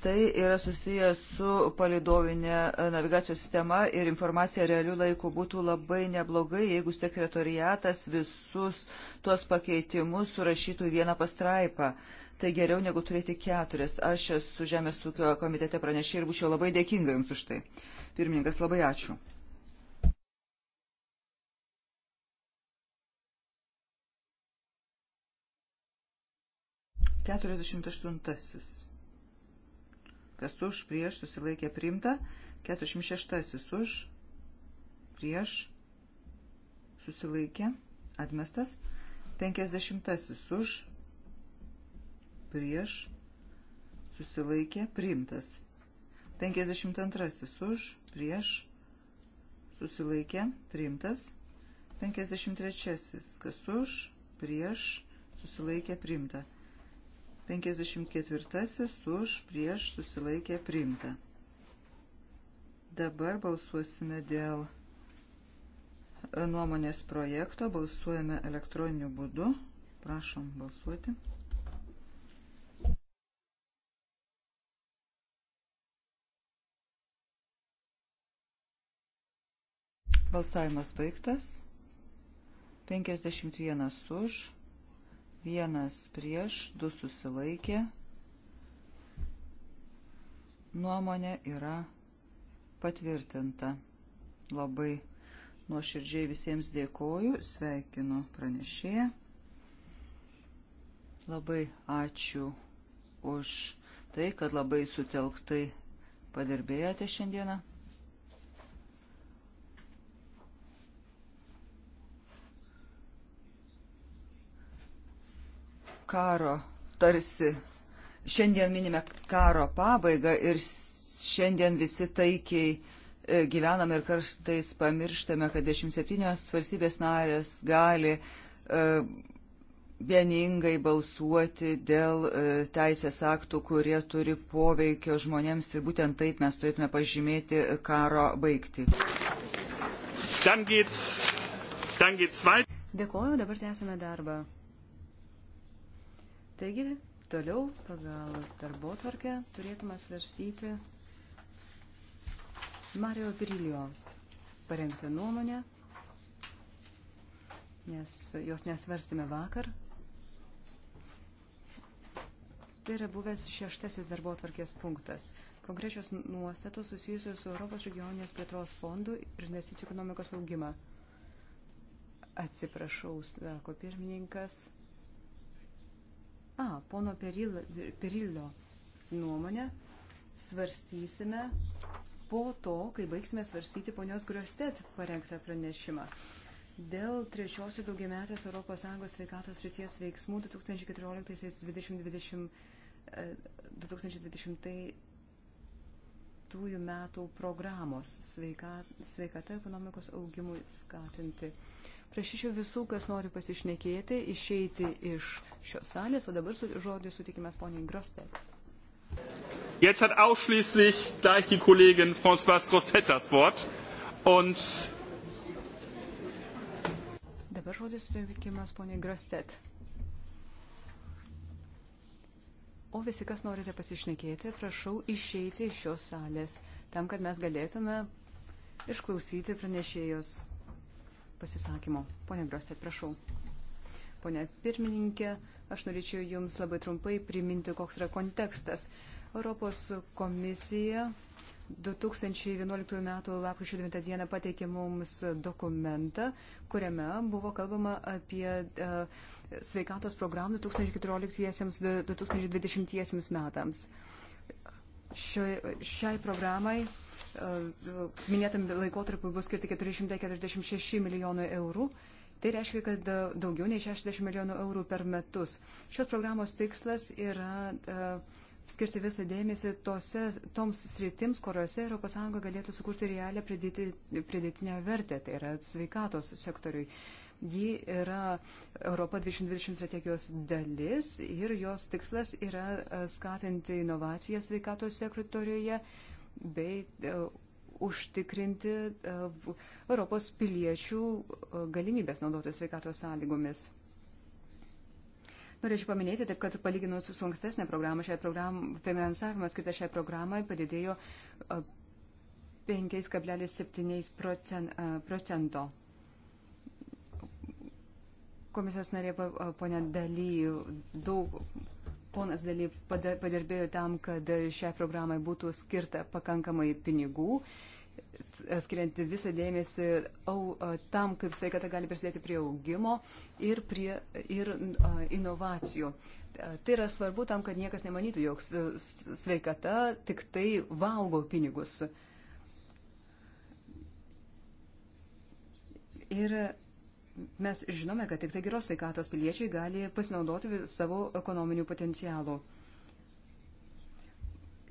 Tai yra susijęs su palidovinė e, navigacijos sistema ir informacija realių laikų būtų labai neblogai, jeigu sekretoriatas visus tuos pakeitimus surašytų į vieną pastraipą tai geriau negu turėti keturias. Aš esu Žemės ūkio komitete pranešė ir būčiau labai dėkinga Jums už tai. Pirmininkas, labai ačiū. Keturiasdešimt aštuntasis kas už, prieš, susilaikė priimta, 46 už, prieš, susilaikė, atmestas, 50 už, prieš, susilaikė, priimtas, 52 už, prieš, susilaikė, priimtas, 53 kas už, prieš, susilaikė, priimta. 54 už prieš susilaikė priimta. Dabar balsuosime dėl e, nuomonės projekto. Balsuojame elektroniniu būdu. Prašom balsuoti. Balsavimas baigtas. 51 už, vienas prieš, du susilaikė. Nuomonė yra patvirtinta. Labai nuoširdžiai visiems dėkoju, sveikinu pranešėją. Labai ačiū už tai, kad labai sutelktai padirbėjote šiandieną. karo tarsi. Šiandien minime karo pabaigą ir šiandien visi taikiai e, gyvename ir kartais pamirštame, kad 27 valstybės narės gali e, vieningai balsuoti dėl e, teisės aktų, kurie turi poveikio žmonėms ir būtent taip mes turėtume pažymėti karo baigti. Dėkoju, dabar tęsime darbą. Taigi, toliau pagal darbo tvarkę turėtume svarstyti Mario Pirilio parengtą nuomonę, nes jos nesvarstėme vakar. Tai yra buvęs šeštasis darbo tvarkės punktas konkrečios nuostatos susijusios su Europos regioninės plėtros fondu ir investicijų ekonomikos augimą. Atsiprašau, sako pirmininkas. A, pono Perilio nuomonę svarstysime po to, kai baigsime svarstyti ponios Griostet parengtą pranešimą. Dėl trečiosios daugiametės ES sveikatos ryties veiksmų 2014-2020 2020 e, metų programos sveika, sveikata ekonomikos augimui skatinti. Prašyčiau visų, kas nori pasišnekėti, išeiti iš šios salės, o dabar žodį sutikime poniai Grostet. Jetzt hat ausschließlich gleich die Kollegin Françoise Grosset das Wort. Und Dabar žodis sutikimas poniai Grostet. O visi, kas norite pasišnekėti, prašau išeiti iš šios salės, tam, kad mes galėtume išklausyti pranešėjus pasisakymo. Pone Grostet, prašau. Pone pirmininkė, aš norėčiau Jums labai trumpai priminti, koks yra kontekstas. Europos komisija 2011 m. lapkričio 9 d. pateikė mums dokumentą, kuriame buvo kalbama apie e, sveikatos programą 2014-2020 metams šio, šiai programai e, minėtam laikotarpiu bus skirti 446 milijonų eurų. Tai reiškia, kad e, daugiau nei 60 milijonų eurų per metus. Šios programos tikslas yra e, skirti visą dėmesį tose, toms sritims, kuriuose ES galėtų sukurti realią pridėtinę vertę, tai yra sveikatos sektoriui. Ji yra Europa 2020 strategijos dalis ir jos tikslas yra e, skatinti inovacijas sveikatos sekretorijoje bei e, užtikrinti e, Europos piliečių galimybės naudotis sveikatos sąlygomis. Norėčiau paminėti, taip, kad palyginus su ankstesnė programa, program, finansavimas skirtas šiai programai padidėjo 5,7 procento. Komisijos narė ponė Daly daug. Ponas Daly padirbėjo tam, kad šiai programai būtų skirta pakankamai pinigų, skiriant visą dėmesį au, tam, kaip sveikata gali prisidėti prie augimo ir, prie, ir a, inovacijų. Tai yra svarbu tam, kad niekas nemanytų, jog sveikata tik tai valgo pinigus. Ir mes žinome, kad tik tai geros sveikatos piliečiai gali pasinaudoti savo ekonominių potencialų.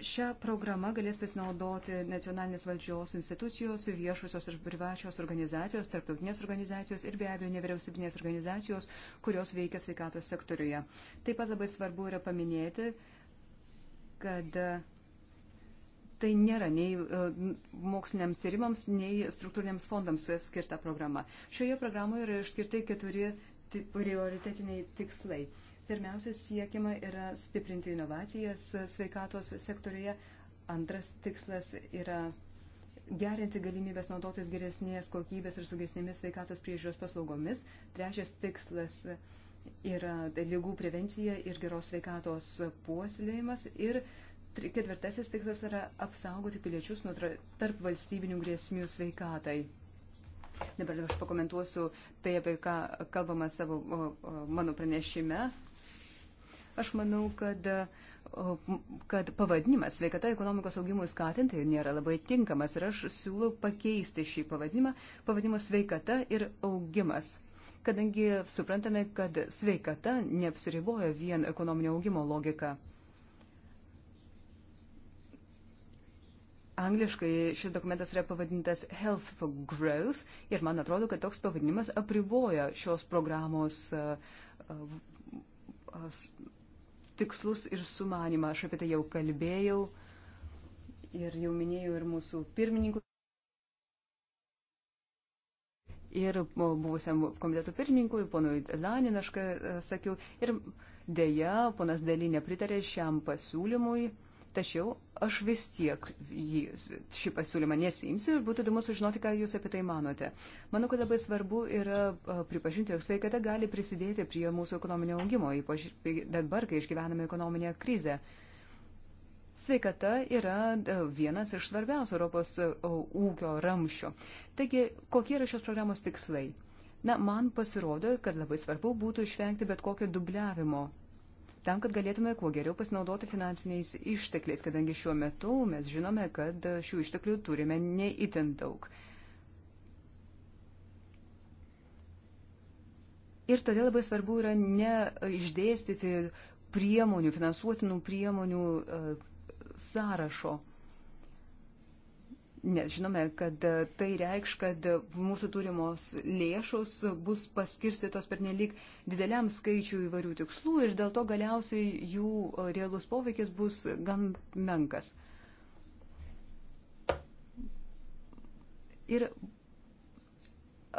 Šią programą galės pasinaudoti nacionalinės valdžios institucijos, viešosios ir privačios organizacijos, tarptautinės organizacijos ir be abejo nevyriausybinės organizacijos, kurios veikia sveikatos sektoriuje. Taip pat labai svarbu yra paminėti, kad uh, tai nėra nei e, moksliniams tyrimams, nei struktūriniams fondams skirta programa. Šioje programoje yra išskirti keturi prioritetiniai tikslai. Pirmiausia, siekiama yra stiprinti inovacijas sveikatos sektorioje. Antras tikslas yra gerinti galimybės naudotis geresnės kokybės ir sugesnėmis sveikatos priežiūros paslaugomis. Trečias tikslas yra lygų prevencija ir geros sveikatos puoselėjimas. Ir uh, Ketvirtasis tikslas yra apsaugoti piliečius nuo tarp valstybinių grėsmių sveikatai. Dabar aš pakomentuosiu tai, apie ką kalbama savo o, o, mano pranešime. Aš manau, kad, o, kad pavadinimas sveikata ekonomikos augimui skatinti nėra labai tinkamas ir aš siūlau pakeisti šį pavadinimą pavadinimu sveikata ir augimas kadangi suprantame, kad sveikata neapsiriboja vien ekonominio augimo logika. Angliškai šis dokumentas yra pavadintas Health for Growth ir man atrodo, kad toks pavadinimas apriboja šios programos tikslus ir sumanimą. Aš apie tai jau kalbėjau ir jau minėjau ir mūsų pirmininkų. Ir buvusiam komiteto pirmininkui, ponui Laninaškai, sakiau, ir dėja, ponas Daly nepritarė šiam pasiūlymui. Tačiau aš vis tiek jį, šį pasiūlymą nesimsiu ir būtų įdomu sužinoti, ką Jūs apie tai manote. Manau, kad labai svarbu yra pripažinti, jog sveikata gali prisidėti prie mūsų ekonominio augimo, ypač dabar, kai išgyvename ekonominę krizę. Sveikata yra vienas iš svarbiausių Europos ūkio ramščių. Taigi, kokie yra šios programos tikslai? Na, man pasirodo, kad labai svarbu būtų išvengti bet kokio dubliavimo tam, kad galėtume kuo geriau pasinaudoti finansiniais ištekliais, kadangi šiuo metu mes žinome, kad šių išteklių turime neįtin daug. Ir todėl labai svarbu yra neišdėstyti priemonių, finansuotinų priemonių e, sąrašo. Nes žinome, kad e, tai reikš, kad e, mūsų turimos lėšos bus paskirstytos per nelik dideliam skaičiu įvairių tikslų ir dėl to galiausiai jų e, realus poveikis bus gan menkas. Ir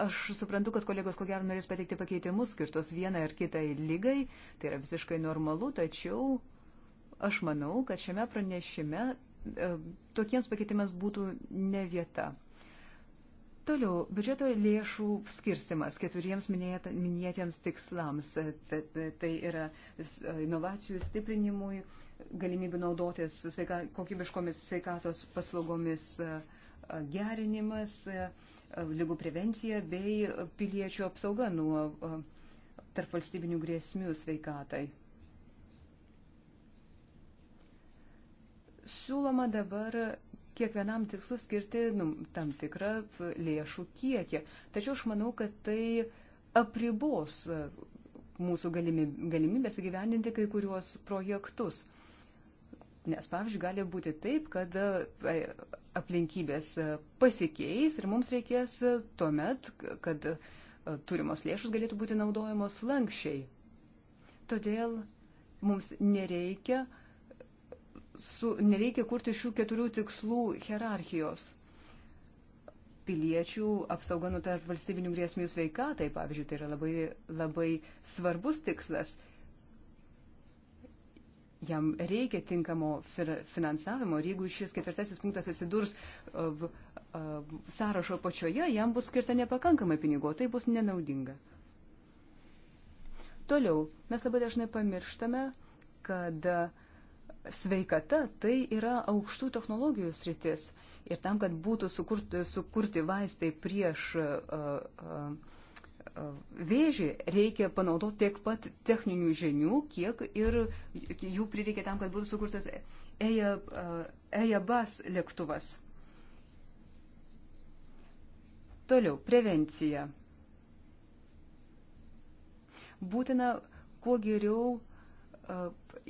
aš suprantu, kad kolegos ko gero norės pateikti pakeitimus skirtos vienai ar kitai lygai, tai yra visiškai normalu, tačiau aš manau, kad šiame pranešime E, tokiems pakeitimams būtų ne vieta. Toliau, biudžeto lėšų skirstimas keturiems minėtiems tikslams. E, tai yra e, inovacijų stiprinimui, galimybių naudotis sveika, kokybiškomis sveikatos paslaugomis gerinimas, lygų prevencija bei piliečių apsauga nuo tarpvalstybinių grėsmių sveikatai. siūloma dabar kiekvienam tikslu skirti nu, tam tikrą lėšų kiekį. Tačiau aš manau, kad tai apribos mūsų galimybės įgyvendinti kai kuriuos projektus. Nes, pavyzdžiui, gali būti taip, kad e, aplinkybės pasikeis ir mums reikės tuomet, kad e, turimos lėšus galėtų būti naudojamos lankščiai. Todėl mums nereikia uh, su, nereikia kurti šių keturių tikslų hierarchijos. Piliečių apsauga nuo tarp valstybinių grėsmių sveikatai, pavyzdžiui, tai yra labai, labai svarbus tikslas. Jam reikia tinkamo finansavimo ir jeigu šis ketvirtasis punktas atsidurs uh, uh, sąrašo pačioje, jam bus skirta nepakankamai pinigų, tai bus nenaudinga. Toliau, mes labai dažnai pamirštame, kad uh, sveikata tai yra aukštų technologijų sritis. Ir tam, kad būtų sukurti, sukurti vaistai prieš uh, uh, uh, vėžį, reikia panaudoti tiek pat techninių žinių, kiek ir jų prireikia tam, kad būtų sukurtas EJABAS lėktuvas. Toliau, prevencija. Būtina kuo geriau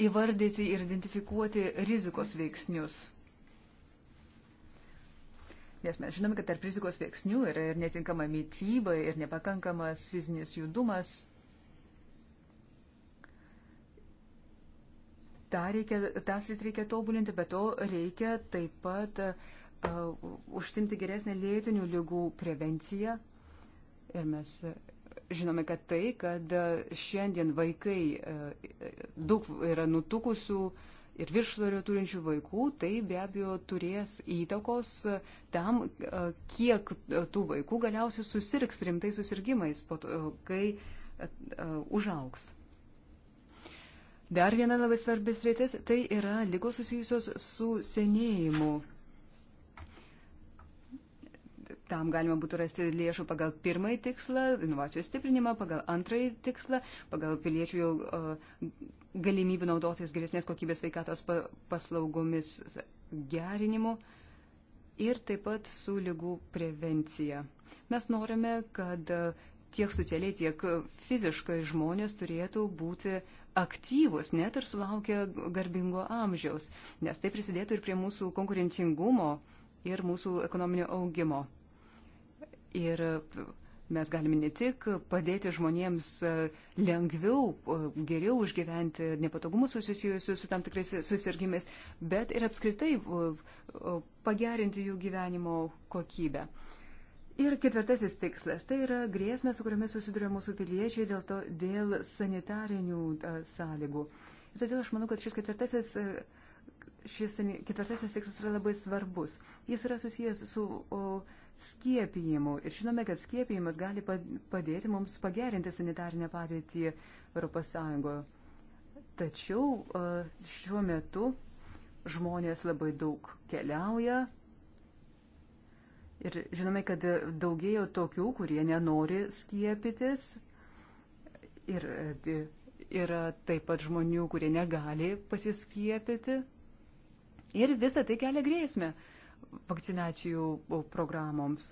įvardyti ir identifikuoti rizikos veiksnius. Nes mes žinome, kad tarp rizikos veiksnių yra ir netinkama mytyba, ir nepakankamas fizinis judumas. Ta reikia, tas reikia tobulinti, bet to reikia taip pat uh, užsimti geresnę lėtinių lygų prevenciją. Ir mes žinome, kad tai, kad e, šiandien vaikai e, e, daug yra nutukusių ir viršsvorio turinčių vaikų, tai be abejo turės įtakos tam, kiek tų vaikų galiausiai susirgs rimtai susirgymais, kai užaugs. Dar viena labai svarbis rytis - tai yra lygos susijusios su senėjimu. Tam galima būtų rasti lėšų pagal pirmąjį tikslą, inovacijų stiprinimą, pagal antrąjį tikslą, pagal piliečių galimybių naudotis geresnės kokybės veikatos paslaugomis gerinimu ir taip pat su lygų prevencija. Mes norime, kad tiek socialiai, tiek fiziškai žmonės turėtų būti aktyvus, net ir sulaukę garbingo amžiaus, nes tai prisidėtų ir prie mūsų konkurencingumo ir mūsų ekonominio augimo. Ir mes galime ne tik padėti žmonėms e, lengviau, e, geriau užgyventi nepatogumus susijusius su tam tikrais susirgymais, bet ir apskritai e, pagerinti jų gyvenimo kokybę. Ir ketvirtasis tikslas - tai yra grėsmė, su kuriomis susiduria mūsų piliečiai dėl, to, dėl sanitarinių a, sąlygų. Ir todėl aš manau, kad šis ketvirtasis, šis ketvirtasis tikslas yra labai svarbus. Jis yra susijęs su. O, skiepijimu. Ir žinome, kad skiepijimas gali padėti mums pagerinti sanitarinę padėtį ES. Tačiau šiuo metu žmonės labai daug keliauja. Ir žinome, kad daugėjo tokių, kurie nenori skiepytis. Ir yra taip pat žmonių, kurie negali pasiskiepyti. Ir visa tai kelia grėsmę. Uh, vakcinacijų programoms.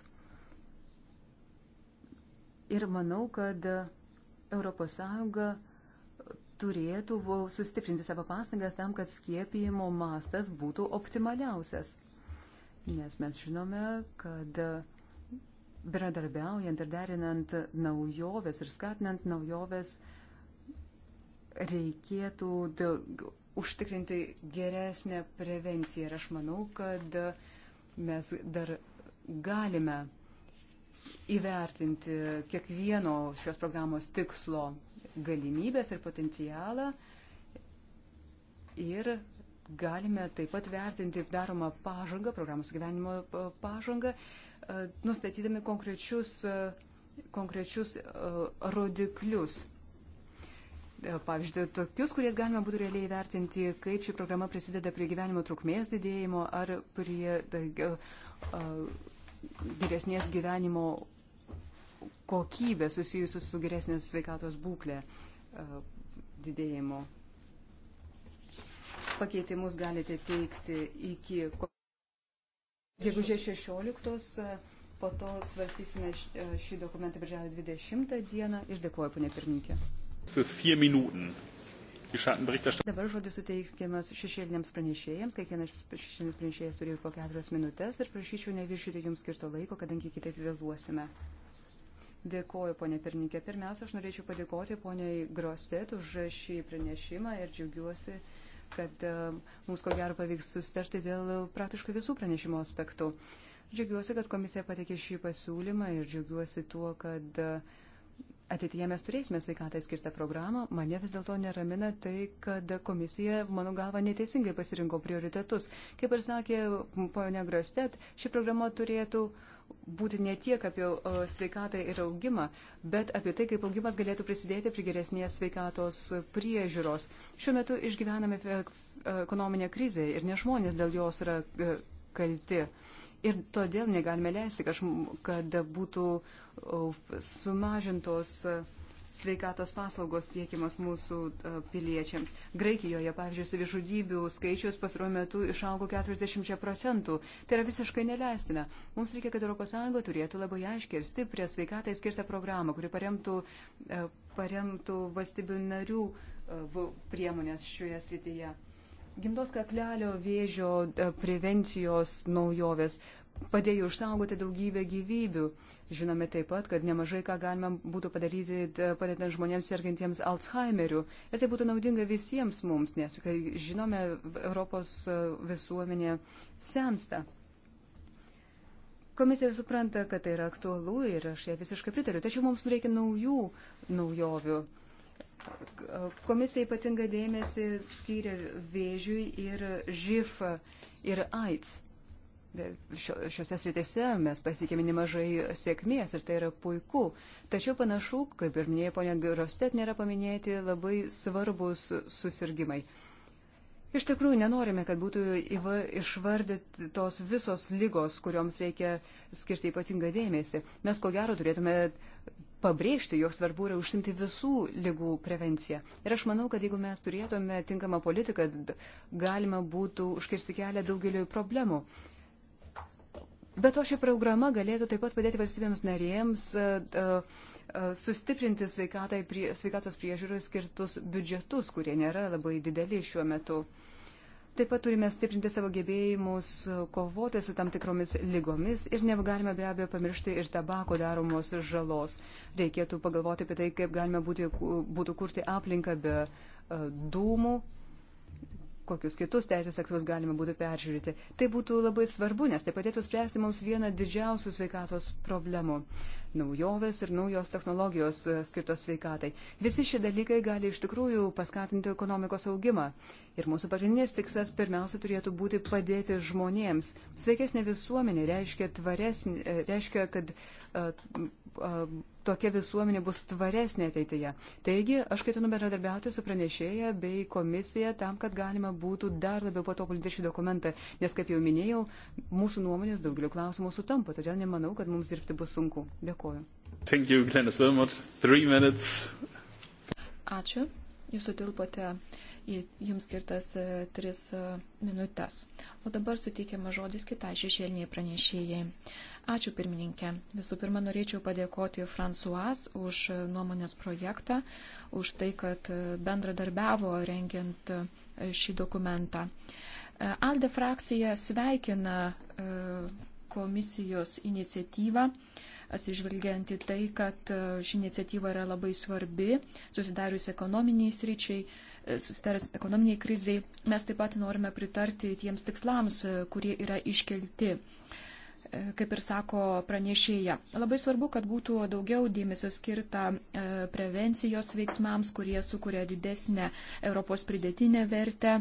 Ir manau, kad ES turėtų sustiprinti savo pastangas tam, kad skiepijimo mastas būtų optimaliausias. Nes mes žinome, kad bendradarbiaujant ir derinant naujoves ir skatinant naujoves, reikėtų užtikrinti geresnę prevenciją. Ir aš manau, kad Mes dar galime įvertinti kiekvieno šios programos tikslo galimybės ir potencialą ir galime taip pat vertinti daromą pažangą, programos gyvenimo e, pažangą, e, nustatydami konkrečius, e, konkrečius rodiklius E, pavyzdžiui, tokius, kuriais galima būtų realiai įvertinti, kaip ši programa prisideda prie gyvenimo trukmės didėjimo ar prie tai, e, e, geresnės gyvenimo kokybės susijusius su geresnės sveikatos būklė didėjimo. Pakeitimus galite teikti iki gegužės 16. Po to svarstysime šį dokumentą birželio 20 dieną ir dėkuoju, ponė pirmininkė. Dabar žodis suteikiamas šešėliniams pranešėjams. Kiekvienas šešėlinis pranešėjas turi po keturias minutės ir prašyčiau neviršyti jums skirto laiko, kadangi kitaip vėluosime. Dėkoju, ponė Pernikė. Pirmiausia, aš norėčiau padėkoti poniai Grostet už šį pranešimą ir džiaugiuosi, kad e, mums ko gero pavyks sustarti dėl praktiškai visų pranešimo aspektų. Džiaugiuosi, kad komisija pateikė šį pasiūlymą ir džiaugiuosi tuo, kad uh, Ateityje mes turėsime sveikatai skirtą programą. Mane vis dėlto neramina tai, kad komisija, mano galva, neteisingai pasirinko prioritetus. Kaip ir sakė ponia Grostet, ši programa turėtų būti ne tiek apie sveikatą ir augimą, bet apie tai, kaip augimas galėtų prisidėti prie geresnės sveikatos priežiūros. Šiuo metu išgyvename e, e, ekonominę krizę ir ne žmonės dėl jos yra e, kalti. Uh, Ir todėl negalime leisti, kad būtų sumažintos e, sveikatos paslaugos tiekimas mūsų e, piliečiams. Graikijoje, pavyzdžiui, savižudybių skaičius pastaruoju metu išaugo 40 procentų. Tai yra visiškai neleistina. Mums reikia, kad ES turėtų labai aiškiai ir stiprią sveikatai skirtą programą, kuri paremtų, e, paremtų valstybių narių priemonės šioje srityje. Gimdos kaklelio vėžio e, prevencijos naujovės padėjo išsaugoti daugybę gyvybių. Žinome taip pat, kad nemažai ką galima būtų padaryti e, padedant žmonėms sergantiems Alzheimeriu. Ir tai būtų naudinga visiems mums, nes, kai žinome, Europos e, visuomenė sensta. Komisija supranta, kad tai yra aktualu ir aš ją visiškai pritariu. Tačiau mums reikia naujų naujovių. Komisija ypatinga dėmesį skyrė vėžiui ir žif ir AIDS. Šiuose sritise mes pasiekėme nemažai sėkmės ir tai yra puiku. Tačiau panašu, kaip ir minėjo ponia Rostet, nėra paminėti labai svarbus susirgymai. Iš tikrųjų, nenorime, kad būtų išvardyti tos visos lygos, kurioms reikia skirti ypatingą dėmesį. Mes ko gero turėtume pabrėžti, jog svarbu yra užsimti visų lygų prevenciją. Ir aš manau, kad jeigu mes turėtume tinkamą politiką, galima būtų užkirsti kelią daugeliu problemų. Bet o ši programa galėtų taip pat padėti valstybėms narėms sustiprinti sveikatos priežiūros skirtus biudžetus, kurie nėra labai dideli šiuo metu. Taip pat turime stiprinti savo gebėjimus kovoti su tam tikromis lygomis ir negalime be abejo pamiršti ir tabako daromos žalos. Reikėtų pagalvoti apie tai, kaip galima būti, būtų kurti aplinką be e, dūmų kokius kitus teisės aktus galima būtų peržiūrėti. Tai būtų labai svarbu, nes tai padėtų spręsti mums vieną didžiausių sveikatos problemų - naujovės ir naujos technologijos e, skirtos sveikatai. Visi šie dalykai gali iš tikrųjų paskatinti ekonomikos augimą. Ir mūsų pagrindinis tikslas pirmiausia turėtų būti padėti žmonėms. Sveikesnė visuomenė reiškia, tvaresnė, e, reiškia kad e, tokia visuomenė bus tvaresnė ateityje. Taigi, aš ketinu bendradarbiauti su pranešėja bei komisija tam, kad galima būtų dar labiau patobulinti šį dokumentą, nes, kaip jau minėjau, mūsų nuomonės daugeliu klausimų sutampa, todėl nemanau, kad mums dirbti bus sunku. Dėkuoju. Thank you, Glenis Wilmot. Three minutes. Ačiū. Jūs sutilpote jums skirtas e, tris e, minutės. O dabar suteikiama žodis kitai šešėliniai pranešėjai. Ačiū pirmininkė. Visų pirma, norėčiau padėkoti Fransuas už e, nuomonės projektą, už tai, kad bendradarbiavo rengiant šį dokumentą. Alde frakcija sveikina komisijos iniciatyvą atsižvelgianti tai, kad ši iniciatyva yra labai svarbi, susidarius ekonominiai sryčiai, susitaręs ekonominiai kriziai, mes taip pat norime pritarti tiems tikslams, e, kurie yra iškelti. E, kaip ir sako pranešėja, labai svarbu, kad būtų daugiau dėmesio skirta e, prevencijos veiksmams, kurie sukuria didesnę Europos pridėtinę vertę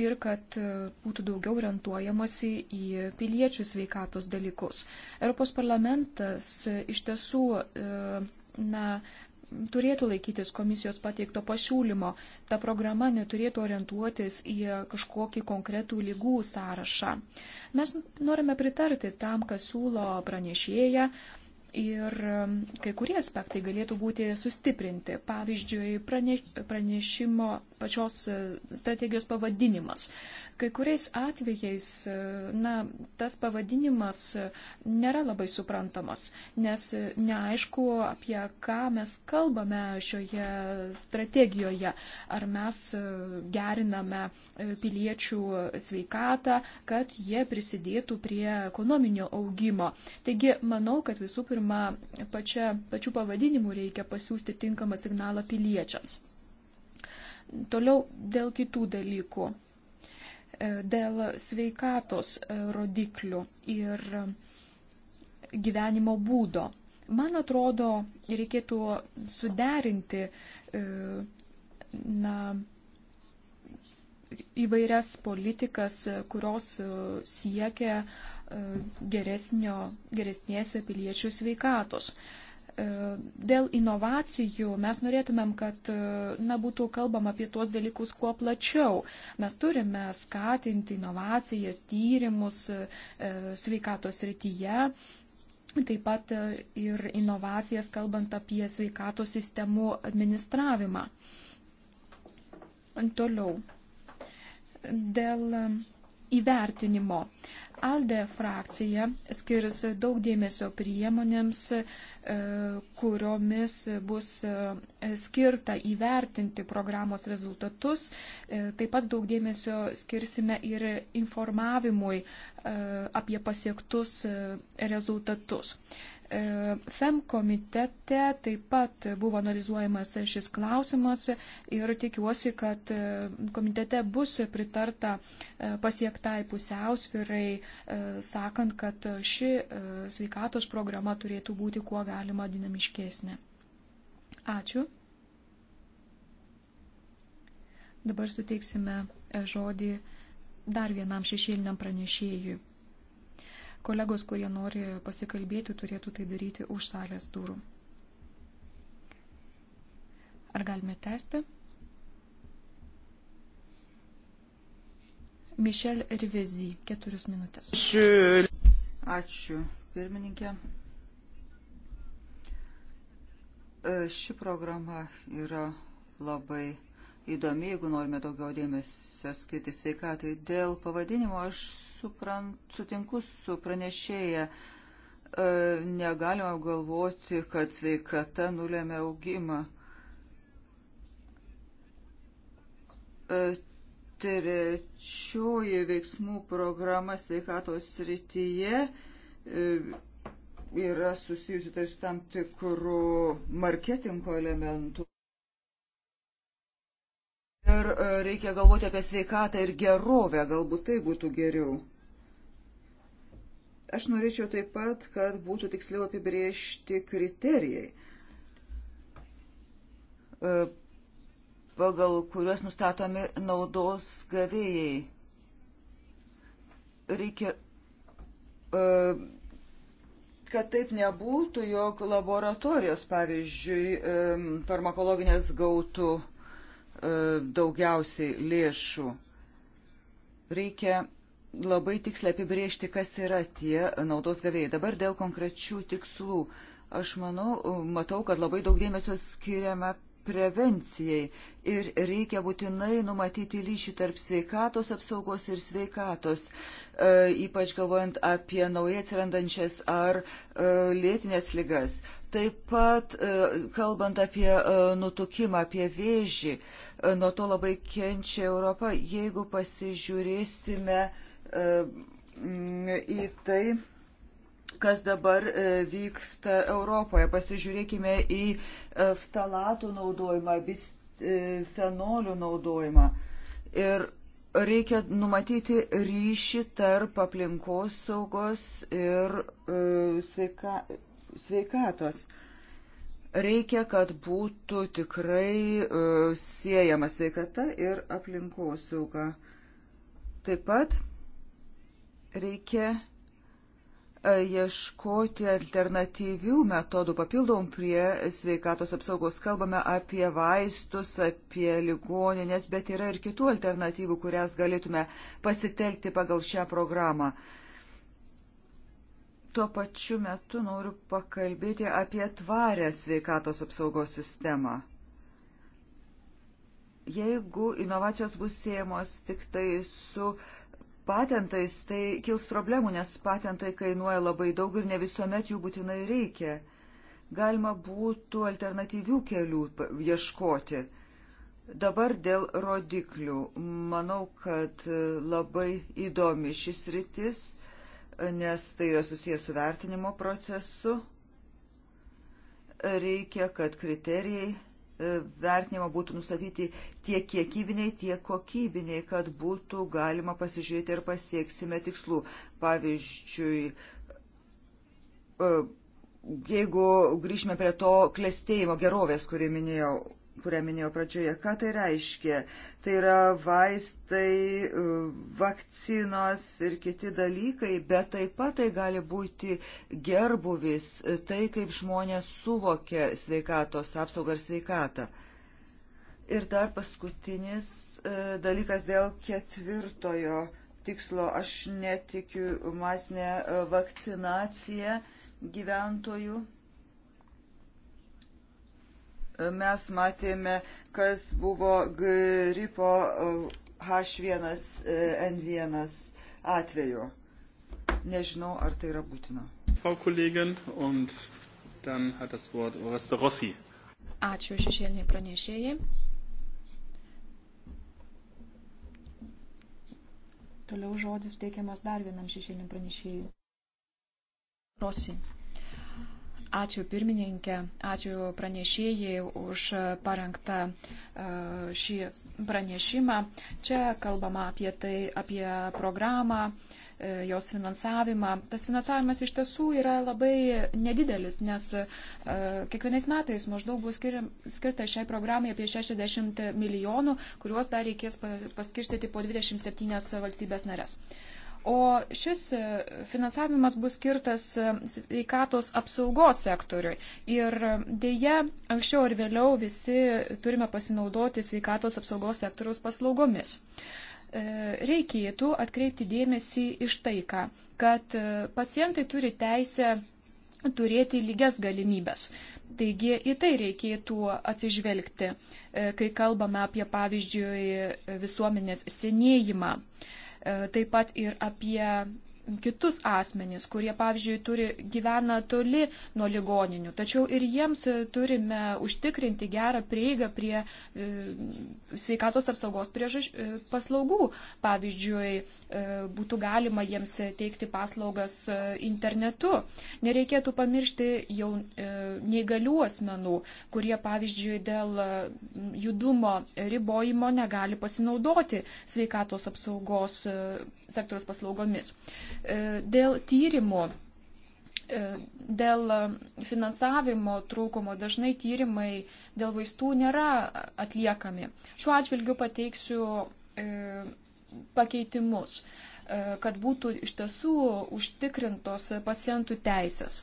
ir kad būtų daugiau orientuojamasi į piliečių sveikatos dalykus. Europos parlamentas iš tiesų na, turėtų laikytis komisijos pateikto pasiūlymo. Ta programa neturėtų orientuotis į kažkokį konkretų lygų sąrašą. Mes norime pritarti tam, kas siūlo pranešėja, ir um, kai kurie aspektai galėtų būti sustiprinti. Pavyzdžiui, pranešimo pačios uh, strategijos pavadinimas. Kai kuriais atvejais, uh, na, tas pavadinimas uh, nėra labai suprantamas, nes neaišku, apie ką mes kalbame šioje strategijoje. Ar mes geriname piliečių sveikatą, kad jie prisidėtų prie ekonominio augimo. Taigi, manau, kad visų pirma, pirma, pačia, pačių pavadinimų reikia pasiūsti tinkamą signalą piliečiams. Toliau dėl kitų dalykų. E, dėl sveikatos e, rodiklių ir gyvenimo būdo. Man atrodo, reikėtų suderinti e, na, įvairias politikas, kurios siekia uh, geresnio, geresnės piliečių sveikatos. E, dėl inovacijų mes norėtumėm, kad e, na, būtų kalbama apie tuos dalykus kuo plačiau. Mes turime skatinti inovacijas, tyrimus e, sveikatos rytyje, taip pat ir inovacijas kalbant apie sveikatos sistemų administravimą. Toliau. Dėl įvertinimo. Alde frakcija skirs daug dėmesio priemonėms, e, kuriomis bus e, skirta įvertinti programos rezultatus. E, taip pat daug dėmesio skirsime ir informavimui apie pasiektus rezultatus. E, FEM komitete taip pat buvo analizuojamas šis klausimas ir tikiuosi, kad e, komitete bus pritarta e, pasiektai pusiausvirai, sakant, kad ši sveikatos programa turėtų būti kuo galima dinamiškesnė. Ačiū. Dabar suteiksime žodį dar vienam šešėliniam pranešėjui. Kolegos, kurie nori pasikalbėti, turėtų tai daryti už salės durų. Ar galime tęsti? Mišel Rivezy, keturius minutės. Ačiū, pirmininkė. Ši programa yra labai įdomi, jeigu norime daugiau dėmesio skirti sveikatai. Dėl pavadinimo aš suprant, sutinku su pranešėja. E, negalima galvoti, kad sveikata nulėmė augimą. E, trečioji veiksmų programa sveikatos srityje e, yra susijusi tai su tam tikru marketingo elementu. Ir e, reikia galvoti apie sveikatą ir gerovę, galbūt tai būtų geriau. Aš norėčiau taip pat, kad būtų tiksliau apibriežti kriterijai, e, pagal kuriuos nustatomi naudos gavėjai. Reikia e, kad taip nebūtų, jog laboratorijos, pavyzdžiui, farmakologinės gautų E, daugiausiai lėšų. Reikia labai tiksliai apibriežti, kas yra tie naudos gavėjai. Dabar dėl konkrečių tikslų. Aš manau, e, matau, kad labai daug dėmesio skiriame prevencijai ir reikia būtinai numatyti ryšį tarp sveikatos apsaugos ir sveikatos, e, ypač galvojant apie naujai atsirandančias ar e, lėtinės ligas. Taip pat, e, kalbant apie e, nutukimą, apie vėžį, e, nuo to labai kenčia Europa. Jeigu pasižiūrėsime e, į tai, kas dabar e, vyksta Europoje, pasižiūrėkime į ftalatų naudojimą, bisfenolių e, naudojimą. Ir reikia numatyti ryšį tarp aplinkos saugos ir sveika, sveikatos. Reikia, kad būtų tikrai uh, siejama sveikata ir aplinkosauga. Taip pat reikia e, ieškoti alternatyvių metodų papildom prie sveikatos apsaugos. Kalbame apie vaistus, apie ligoninės, bet yra ir kitų alternatyvų, kurias galėtume pasitelkti pagal šią programą. Tuo pačiu metu noriu pakalbėti apie tvarę sveikatos apsaugos sistemą. Jeigu inovacijos bus siejamos tik tai su patentais, tai kils problemų, nes patentai kainuoja labai daug ir ne visuomet jų būtinai reikia. Galima būtų alternatyvių kelių ieškoti. Dabar dėl rodiklių. Manau, kad e, labai įdomi šis rytis nes tai yra susijęs su vertinimo procesu. Reikia, kad kriterijai e, vertinimo būtų nustatyti tiek kiekybiniai, tiek kokybiniai, kad būtų galima pasižiūrėti ir pasieksime tikslų. Pavyzdžiui, e, jeigu grįžime prie to klėstėjimo gerovės, kurį minėjau, kurią minėjau pradžioje. Ką tai reiškia? Tai yra vaistai, e, vakcinos ir kiti dalykai, bet taip pat tai gali būti gerbuvis, e, tai kaip žmonės suvokia sveikatos apsaugą ir sveikatą. Ir dar paskutinis e, dalykas dėl ketvirtojo tikslo. Aš netikiu masinę vakcinaciją gyventojų Mes matėme, kas buvo gripo e, H1N1 e, atveju. Nežinau, ar tai yra būtina. Frau Kollegin, und dann hat das Wort Oreste Rossi. Ačiū šešėliniai pranešėjai. Toliau žodis teikiamas dar vienam šešėliniam pranešėjui. Rossi. Ačiū pirmininkė, ačiū pranešėjai už parengtą e, šį pranešimą. Čia kalbama apie tai, apie programą, e, jos finansavimą. Tas finansavimas iš tiesų yra labai nedidelis, nes e, kiekvienais metais maždaug bus skirta šiai programai apie 60 milijonų, kuriuos dar reikės paskirstyti po 27 valstybės narės o šis e, finansavimas bus skirtas e, sveikatos apsaugos sektoriui. Ir e, dėja, anksčiau ar vėliau visi turime pasinaudoti sveikatos apsaugos sektoriaus paslaugomis. Reikėtų atkreipti dėmesį iš tai, ką, kad pacientai turi teisę turėti lygias galimybės. Taigi į tai reikėtų atsižvelgti, kai kalbame apie, pavyzdžiui, visuomenės senėjimą taip pat ir apie kitus asmenys, kurie, pavyzdžiui, turi, gyvena toli nuo ligoninių. Tačiau ir jiems e, turime užtikrinti gerą prieigą prie e, sveikatos apsaugos priežaš, e, paslaugų. Pavyzdžiui, e, būtų galima jiems teikti paslaugas e, internetu. Nereikėtų pamiršti jau e, neįgalių asmenų, kurie, pavyzdžiui, dėl e, judumo ribojimo negali pasinaudoti sveikatos apsaugos. E, sektoriaus paslaugomis. E, dėl tyrimų, e, dėl finansavimo trūkumo dažnai tyrimai dėl vaistų nėra atliekami. Šiuo atžvilgiu pateiksiu e, pakeitimus, kad būtų iš tiesų užtikrintos pacientų teisės.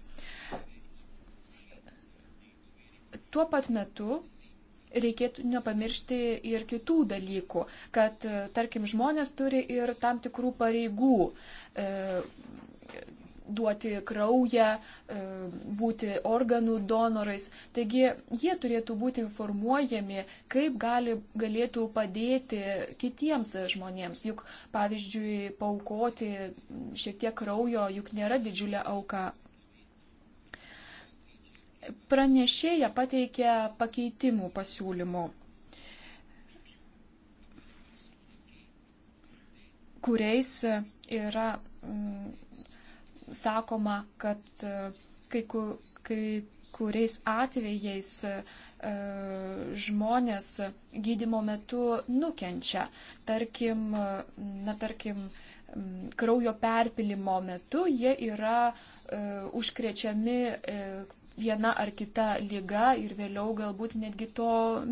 Tuo pat metu reikėtų nepamiršti ir kitų dalykų, kad, e, tarkim, žmonės turi ir tam tikrų pareigų e, duoti kraują, e, būti organų donorais. Taigi jie turėtų būti informuojami, kaip gali, galėtų padėti kitiems žmonėms. Juk, pavyzdžiui, paukoti šiek tiek kraujo juk nėra didžiulė auka, Pranešėja pateikė pakeitimų pasiūlymų, kuriais yra mm, sakoma, kad e, kai, ku, kai kuriais atvejais e, žmonės gydimo metu nukenčia. Tarkim, na, tarkim, mm, kraujo perpilimo metu jie yra e, užkrečiami e, viena ar kita lyga ir vėliau galbūt netgi to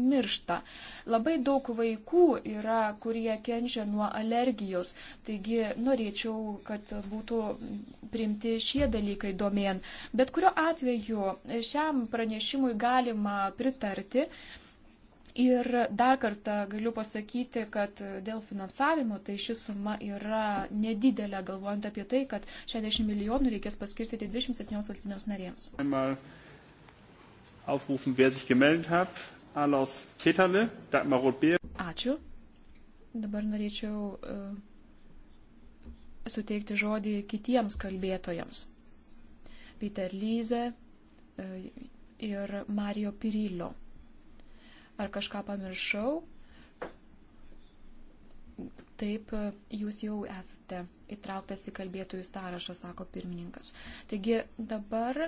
miršta. Labai daug vaikų yra, kurie kenčia nuo alergijos, taigi norėčiau, kad būtų priimti šie dalykai domėn. Bet kuriuo atveju šiam pranešimui galima pritarti. Ir dar kartą galiu pasakyti, kad dėl finansavimo tai ši suma yra nedidelė, galvojant apie tai, kad 60 milijonų reikės paskirti 27 valstybėms narėms. Ačiū. Dabar norėčiau uh, suteikti žodį kitiems kalbėtojams. Peter Lyze uh, ir Mario Pirillo ar kažką pamiršau. Taip, jūs jau esate įtrauktas į kalbėtojų sąrašą, sako pirmininkas. Taigi dabar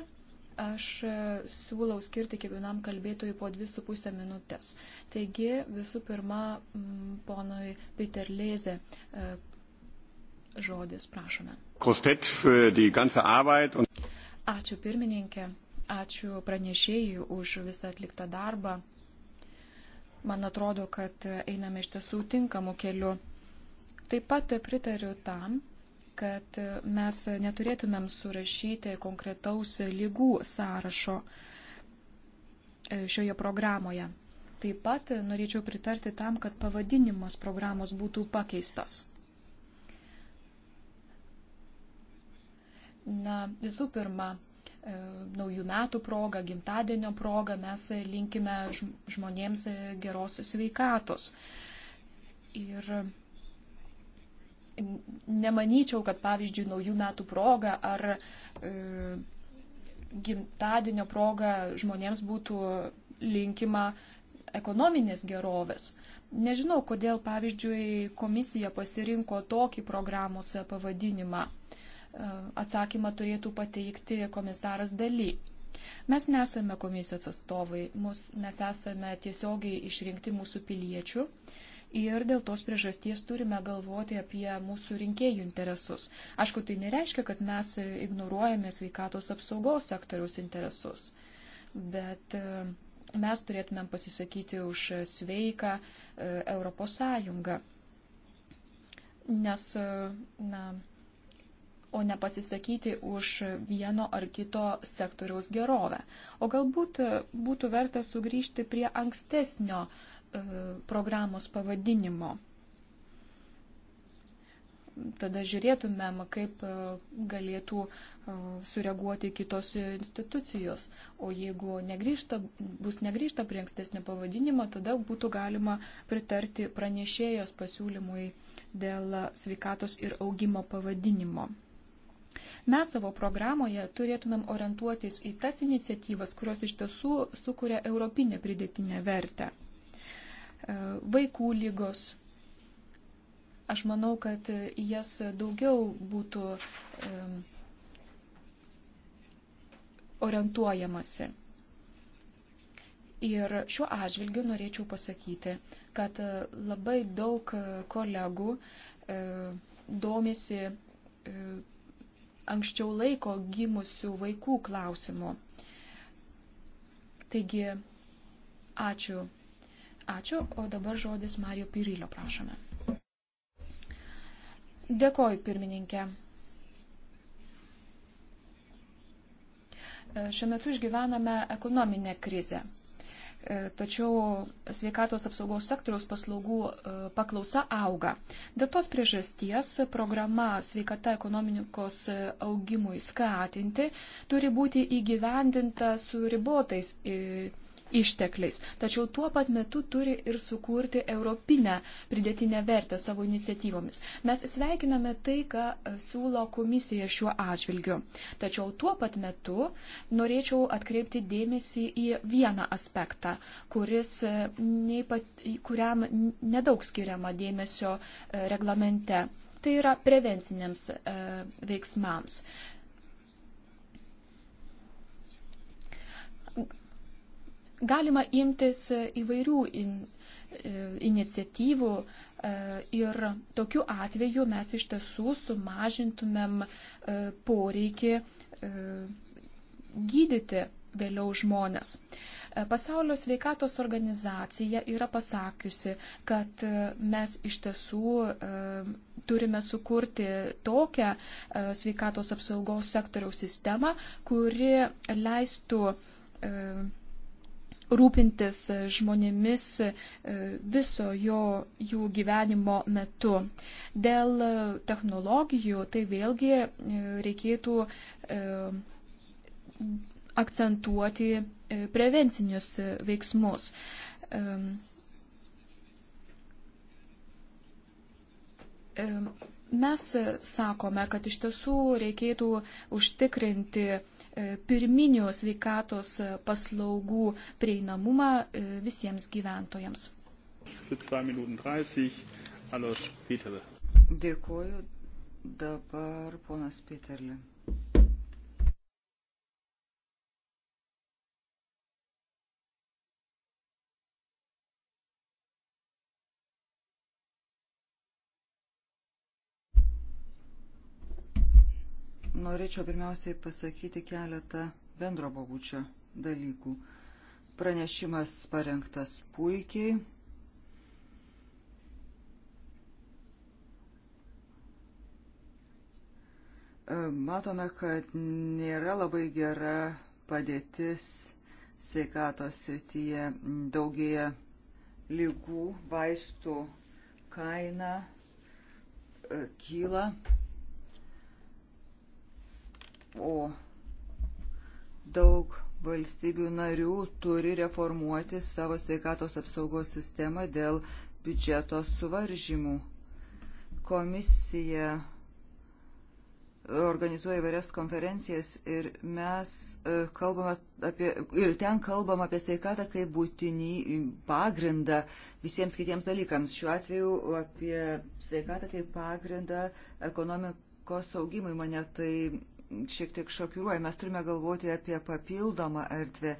aš siūlau skirti kiekvienam kalbėtojui po 2,5 minutės. Taigi visų pirma, mm, ponui Peterlėze e, žodis, prašome. Ačiū pirmininkė, ačiū pranešėjai už visą atliktą darbą. Man atrodo, kad einame iš tiesų tinkamų kelių. Taip pat pritariu tam, kad mes neturėtumėm surašyti konkretaus lygų sąrašo šioje programoje. Taip pat norėčiau pritarti tam, kad pavadinimas programos būtų pakeistas. Na, visų pirma, E, naujų metų proga, gimtadienio proga mes linkime žmonėms geros sveikatos. Ir nemanyčiau, kad pavyzdžiui naujų metų proga ar e, gimtadienio proga žmonėms būtų linkima ekonominės gerovės. Nežinau, kodėl pavyzdžiui komisija pasirinko tokį programos pavadinimą atsakymą turėtų pateikti komisaras daly. Mes nesame komisijos atstovai, mus, mes esame tiesiogiai išrinkti mūsų piliečių ir dėl tos priežasties turime galvoti apie mūsų rinkėjų interesus. Aišku, tai nereiškia, kad mes ignoruojame sveikatos apsaugos sektoriaus interesus, bet e, mes turėtumėm pasisakyti už sveiką e, Europos Sąjungą. Nes, e, na, o ne pasisakyti už vieno ar kito sektoriaus gerovę. O galbūt e, būtų verta sugrįžti prie ankstesnio e, programos pavadinimo. Tada žiūrėtumėm, kaip e, galėtų e, sureaguoti kitos institucijos. O jeigu negrįžta, bus negrįžta prie ankstesnio pavadinimo, tada būtų galima pritarti pranešėjos pasiūlymui dėl sveikatos ir augimo pavadinimo. Mes savo programoje turėtumėm orientuotis į tas iniciatyvas, kurios iš tiesų sukuria europinę pridėtinę vertę. E, vaikų lygos. Aš manau, kad jas daugiau būtų orientuojamasi. Ir šiuo atžvilgiu norėčiau pasakyti, kad labai daug kolegų e, domisi e, anksčiau laiko gimusių vaikų klausimu. Taigi, ačiū. Ačiū, o dabar žodis Mario Pirylio, prašome. Dėkoju, pirmininkė. Šiuo metu išgyvename ekonominę krizę. E, tačiau sveikatos apsaugos sektoriaus paslaugų e, paklausa auga. Dėl tos priežasties programa sveikata ekonomikos e, augimui skatinti turi būti įgyvendinta su ribotais ištekliais. Tačiau tuo pat metu turi ir sukurti europinę pridėtinę vertę savo iniciatyvomis. Mes sveikiname tai, ką siūlo komisija šiuo atžvilgiu. Tačiau tuo pat metu norėčiau atkreipti dėmesį į vieną aspektą, kuris, e, pat, kuriam nedaug skiriama dėmesio e, reglamente. Tai yra prevenciniams e, veiksmams. E, Galima imtis įvairių in, e, iniciatyvų e, ir tokiu atveju mes iš tiesų sumažintumėm e, poreikį gydyti vėliau žmonės. Pasaulio sveikatos organizacija yra pasakiusi, kad mes iš tiesų turime sukurti tokią sveikatos apsaugos sektoriaus sistemą, kuri leistų rūpintis žmonėmis e, viso jo, jų gyvenimo metu. Dėl technologijų tai vėlgi e, reikėtų e, akcentuoti prevencinius veiksmus. Mes sakome, kad iš tiesų reikėtų užtikrinti E, pirminių sveikatos paslaugų prieinamumą e, visiems gyventojams. Dėkuoju. Dabar ponas Peterli. Norėčiau pirmiausiai pasakyti keletą bendro babučio dalykų. Pranešimas parengtas puikiai. E, matome, kad nėra labai gera padėtis sveikatos srityje, daugėja lygų, vaistų kaina e, kyla o daug valstybių narių turi reformuoti savo sveikatos apsaugos sistemą dėl biudžeto suvaržymų. Komisija organizuoja įvairias konferencijas ir mes e, kalbame apie, ir ten kalbam apie sveikatą kaip būtinį pagrindą visiems kitiems dalykams. Šiuo atveju apie sveikatą kaip pagrindą ekonomikos augimui mane tai šiek tiek šokiruoja. Mes turime galvoti apie papildomą erdvę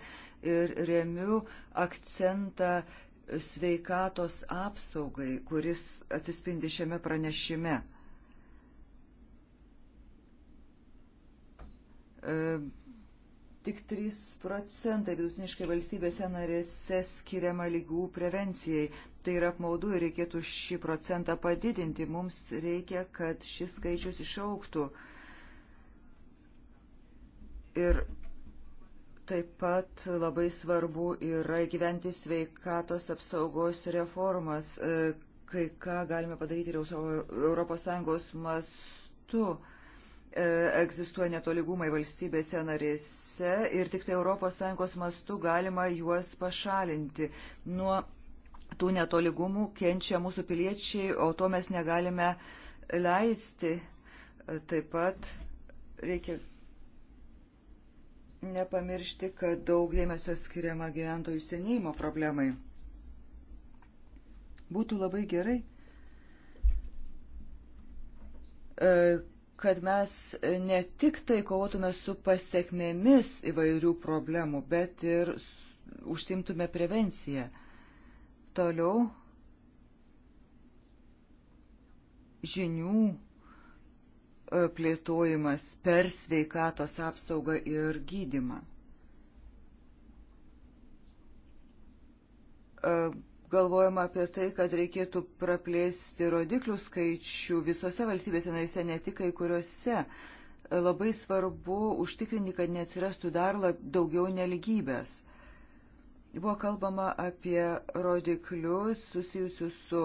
ir remiu akcentą sveikatos apsaugai, kuris atsispindi šiame pranešime. E, tik 3 procentai vidutiniškai valstybėse narėse skiriama lygų prevencijai. Tai yra apmaudu ir reikėtų šį procentą padidinti. Mums reikia, kad šis skaičius išauktų. Ir taip pat labai svarbu yra gyventi sveikatos apsaugos reformas, e, kai ką galime padaryti ir ES mastu. E, egzistuoja netoligumai valstybėse narėse ir tik tai ES mastu galima juos pašalinti. Nuo tų netoligumų kenčia mūsų piliečiai, o to mes negalime leisti. E, taip pat reikia nepamiršti, kad daug dėmesio skiriama gyventojų senėjimo problemai. Būtų labai gerai, e, kad mes ne tik tai kovotume su pasiekmėmis įvairių problemų, bet ir užsimtume prevenciją. Toliau žinių E, plėtojimas per sveikatos apsaugą ir gydimą. E, galvojama apie tai, kad reikėtų praplėsti rodiklių skaičių visose valstybėse naise, ne tik kai kuriuose. E, labai svarbu užtikrinti, kad neatsirastų dar lab, daugiau neligybės. Buvo kalbama apie rodiklius susijusius su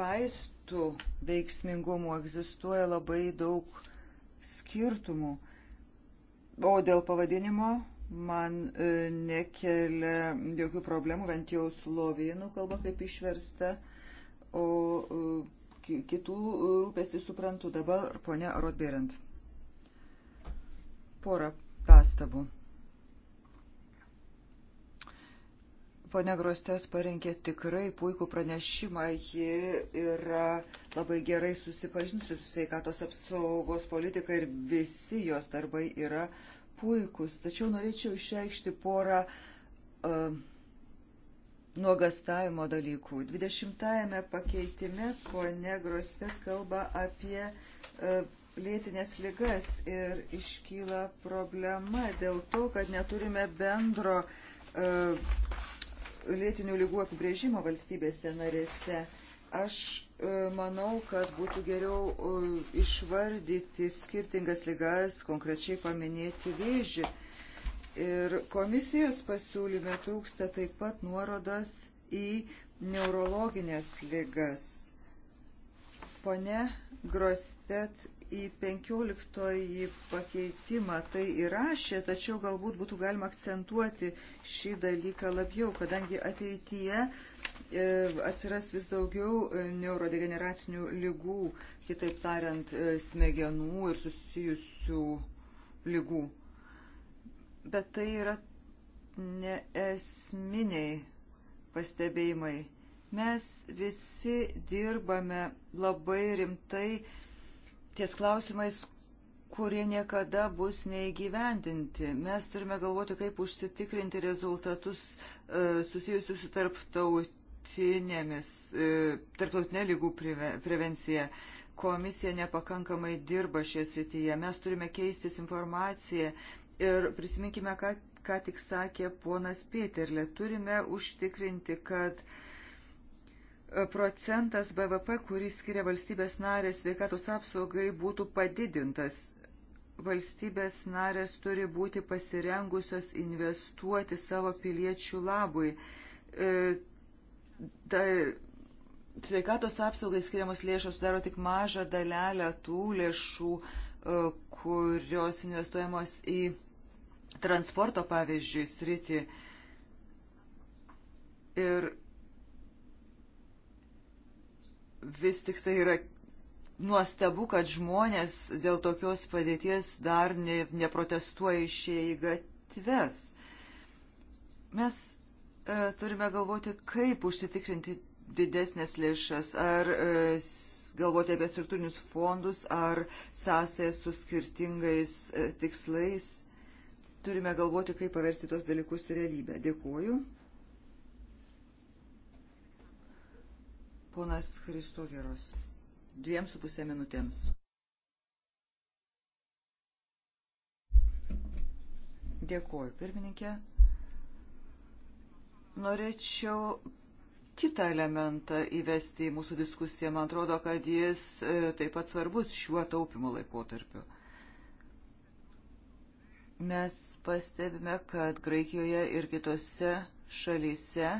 vaistų testų veiksmingumo egzistuoja labai daug skirtumų. O dėl pavadinimo man e, nekelia jokių problemų, bent jau slovėnų kalba kaip išversta, o e, kitų rūpestį suprantu dabar, ponia Rodberint. Porą pastabų. Pone Grostes parengė tikrai puikų pranešimą. Ji yra labai gerai susipažinusi su sveikatos apsaugos politika ir visi jos darbai yra puikus. Tačiau norėčiau išreikšti porą uh, nuogastavimo dalykų. 20-ame pakeitime pone Grostet kalba apie uh, lėtinės ligas ir iškyla problema dėl to, kad neturime bendro uh, lėtinių lygų apibrėžimo valstybėse narėse. Aš e, manau, kad būtų geriau e, išvardyti skirtingas lygas, konkrečiai paminėti vėžį. Ir komisijos pasiūlyme trūksta taip pat nuorodas į neurologinės lygas. Pone Grostet į 15 pakeitimą tai įrašė, tačiau galbūt būtų galima akcentuoti šį dalyką labiau, kadangi ateityje e, atsiras vis daugiau e, neurodegeneracinių lygų, kitaip tariant, e, smegenų ir susijusių lygų. Bet tai yra neesminiai pastebėjimai. Mes visi dirbame labai rimtai ties klausimais, kurie niekada bus neįgyvendinti. Mes turime galvoti, kaip užsitikrinti rezultatus e, susijusius su tarptautinėmis, e, tarptautinė lygų prevencija. Komisija nepakankamai dirba šioje srityje. Mes turime keistis informaciją ir prisiminkime, ką, ką tik sakė ponas Pėterlė. Turime užtikrinti, kad e, procentas BVP, kurį skiria valstybės narės sveikatos apsaugai, būtų padidintas. Valstybės narės turi būti pasirengusios investuoti savo piliečių labui. Ta, e, sveikatos apsaugai skiriamos lėšos sudaro tik mažą dalelę tų lėšų, e, kurios investuojamos į transporto, pavyzdžiui, sritį. Ir vis tik tai yra nuostabu, kad žmonės dėl tokios padėties dar ne, neprotestuoja išėję į gatves. Mes e, turime galvoti, kaip užsitikrinti didesnės lėšas, ar e, galvoti apie struktūrinius fondus, ar sąsąją su skirtingais e, tikslais. Turime galvoti, kaip paversti tuos dalykus realybę. Dėkuoju. Ponas Kristogeros, dviem su pusė minutėms. Dėkuoju, pirmininkė. Norėčiau kitą elementą įvesti į mūsų diskusiją. Man atrodo, kad jis e, taip pat svarbus šiuo taupimo laikotarpiu. Mes pastebime, kad Graikijoje ir kitose šalyse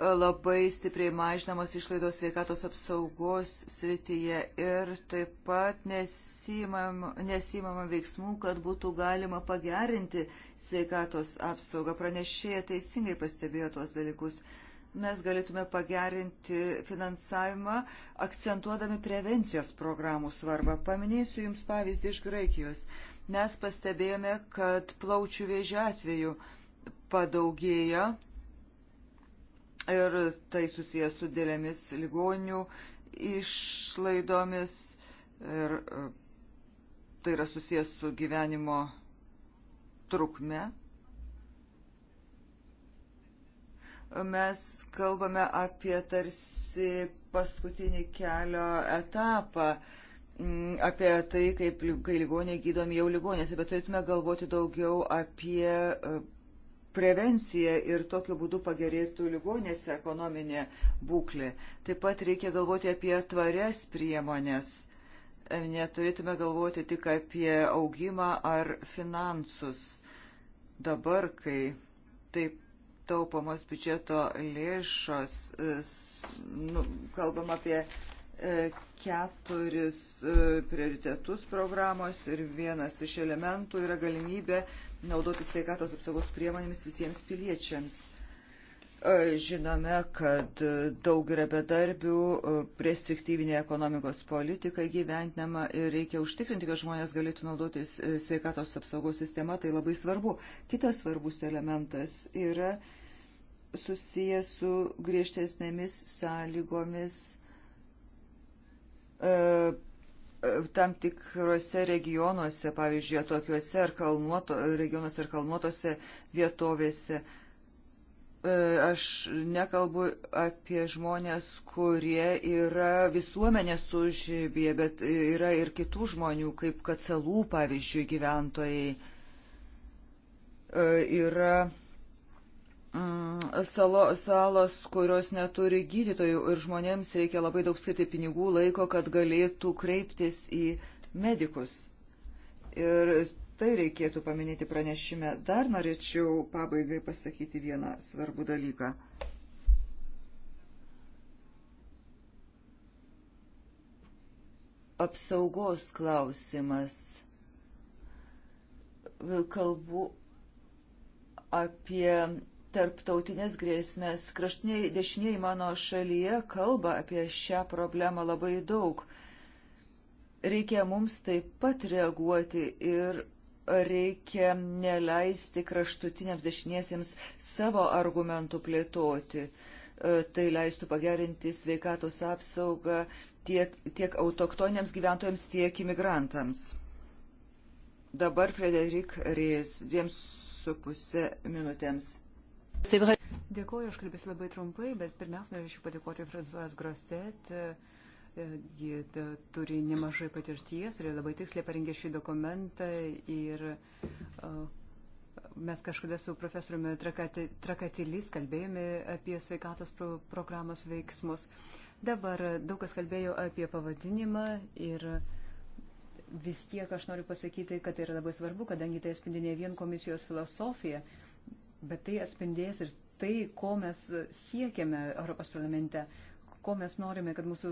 labai stipriai mažinamos išlaidos sveikatos apsaugos srityje ir taip pat nesimama, nesimama veiksmų, kad būtų galima pagerinti sveikatos apsaugą. Pranešėja teisingai pastebėjo tuos dalykus. Mes galėtume pagerinti finansavimą, akcentuodami prevencijos programų svarbą. Paminėsiu Jums pavyzdį iš Graikijos. Mes pastebėjome, kad plaučių vėžio atveju padaugėjo ir tai susijęs su dėlėmis ligonių išlaidomis ir e, tai yra susijęs su gyvenimo trukme. Mes kalbame apie tarsi paskutinį kelio etapą, mm, apie tai, kaip kai ligoniai gydomi jau ligonėse, bet turėtume galvoti daugiau apie e, prevencija ir tokiu būdu pagerėtų ligonėse ekonominė būklė. Taip pat reikia galvoti apie tvarias priemonės. E, neturėtume galvoti tik apie augimą ar finansus. Dabar, kai taip taupomos biudžeto lėšos, e, nu, kalbam apie e, keturis prioritetus programos ir vienas iš elementų yra galimybė naudoti sveikatos apsaugos priemonėmis visiems piliečiams. E, žinome, kad daug yra bedarbių, e, restriktyvinė ekonomikos politika gyventinama ir reikia užtikrinti, kad žmonės galėtų naudotis e, sveikatos apsaugos sistema, tai labai svarbu. Kitas svarbus elementas yra susijęs su griežtesnėmis sąlygomis tam tikrose regionuose, pavyzdžiui, tokiuose ar kalnuoto, regionuose ar kalnuotose vietovėse. E, aš nekalbu apie žmonės, kurie yra visuomenės užbėje, bet yra ir kitų žmonių, kaip kad salų, pavyzdžiui, gyventojai. E, yra Mm, salo, salos, kurios neturi gydytojų ir žmonėms reikia labai daug skirti pinigų laiko, kad galėtų kreiptis į medikus. Ir tai reikėtų paminėti pranešime. Dar norėčiau pabaigai pasakyti vieną svarbų dalyką. Apsaugos klausimas. Kalbu apie tarptautinės grėsmės. Kraštiniai dešiniai mano šalyje kalba apie šią problemą labai daug. Reikia mums taip pat reaguoti ir reikia neleisti kraštutiniams dešiniesiems savo argumentų plėtoti. E, tai leistų pagerinti sveikatos apsaugą tiek, tiek autoktoniams gyventojams, tiek imigrantams. Dabar Frederik Rės dviems su pusė minutėms. Dėkuoju, aš kalbėsiu labai trumpai, bet pirmiausia, norėčiau padėkoti Franzuas Grostet. E, ji turi nemažai patirties ir labai tiksliai parengė šį dokumentą. Ir e, mes kažkada su profesoriumi Trakati, Trakatilis kalbėjome apie sveikatos pro, programos veiksmus. Dabar daug kas kalbėjo apie pavadinimą ir vis tiek aš noriu pasakyti, kad tai yra labai svarbu, kadangi tai atspindi ne vien komisijos filosofiją, bet tai atspindės ir tai, ko mes siekiame Europos parlamente, ko mes norime, kad mūsų,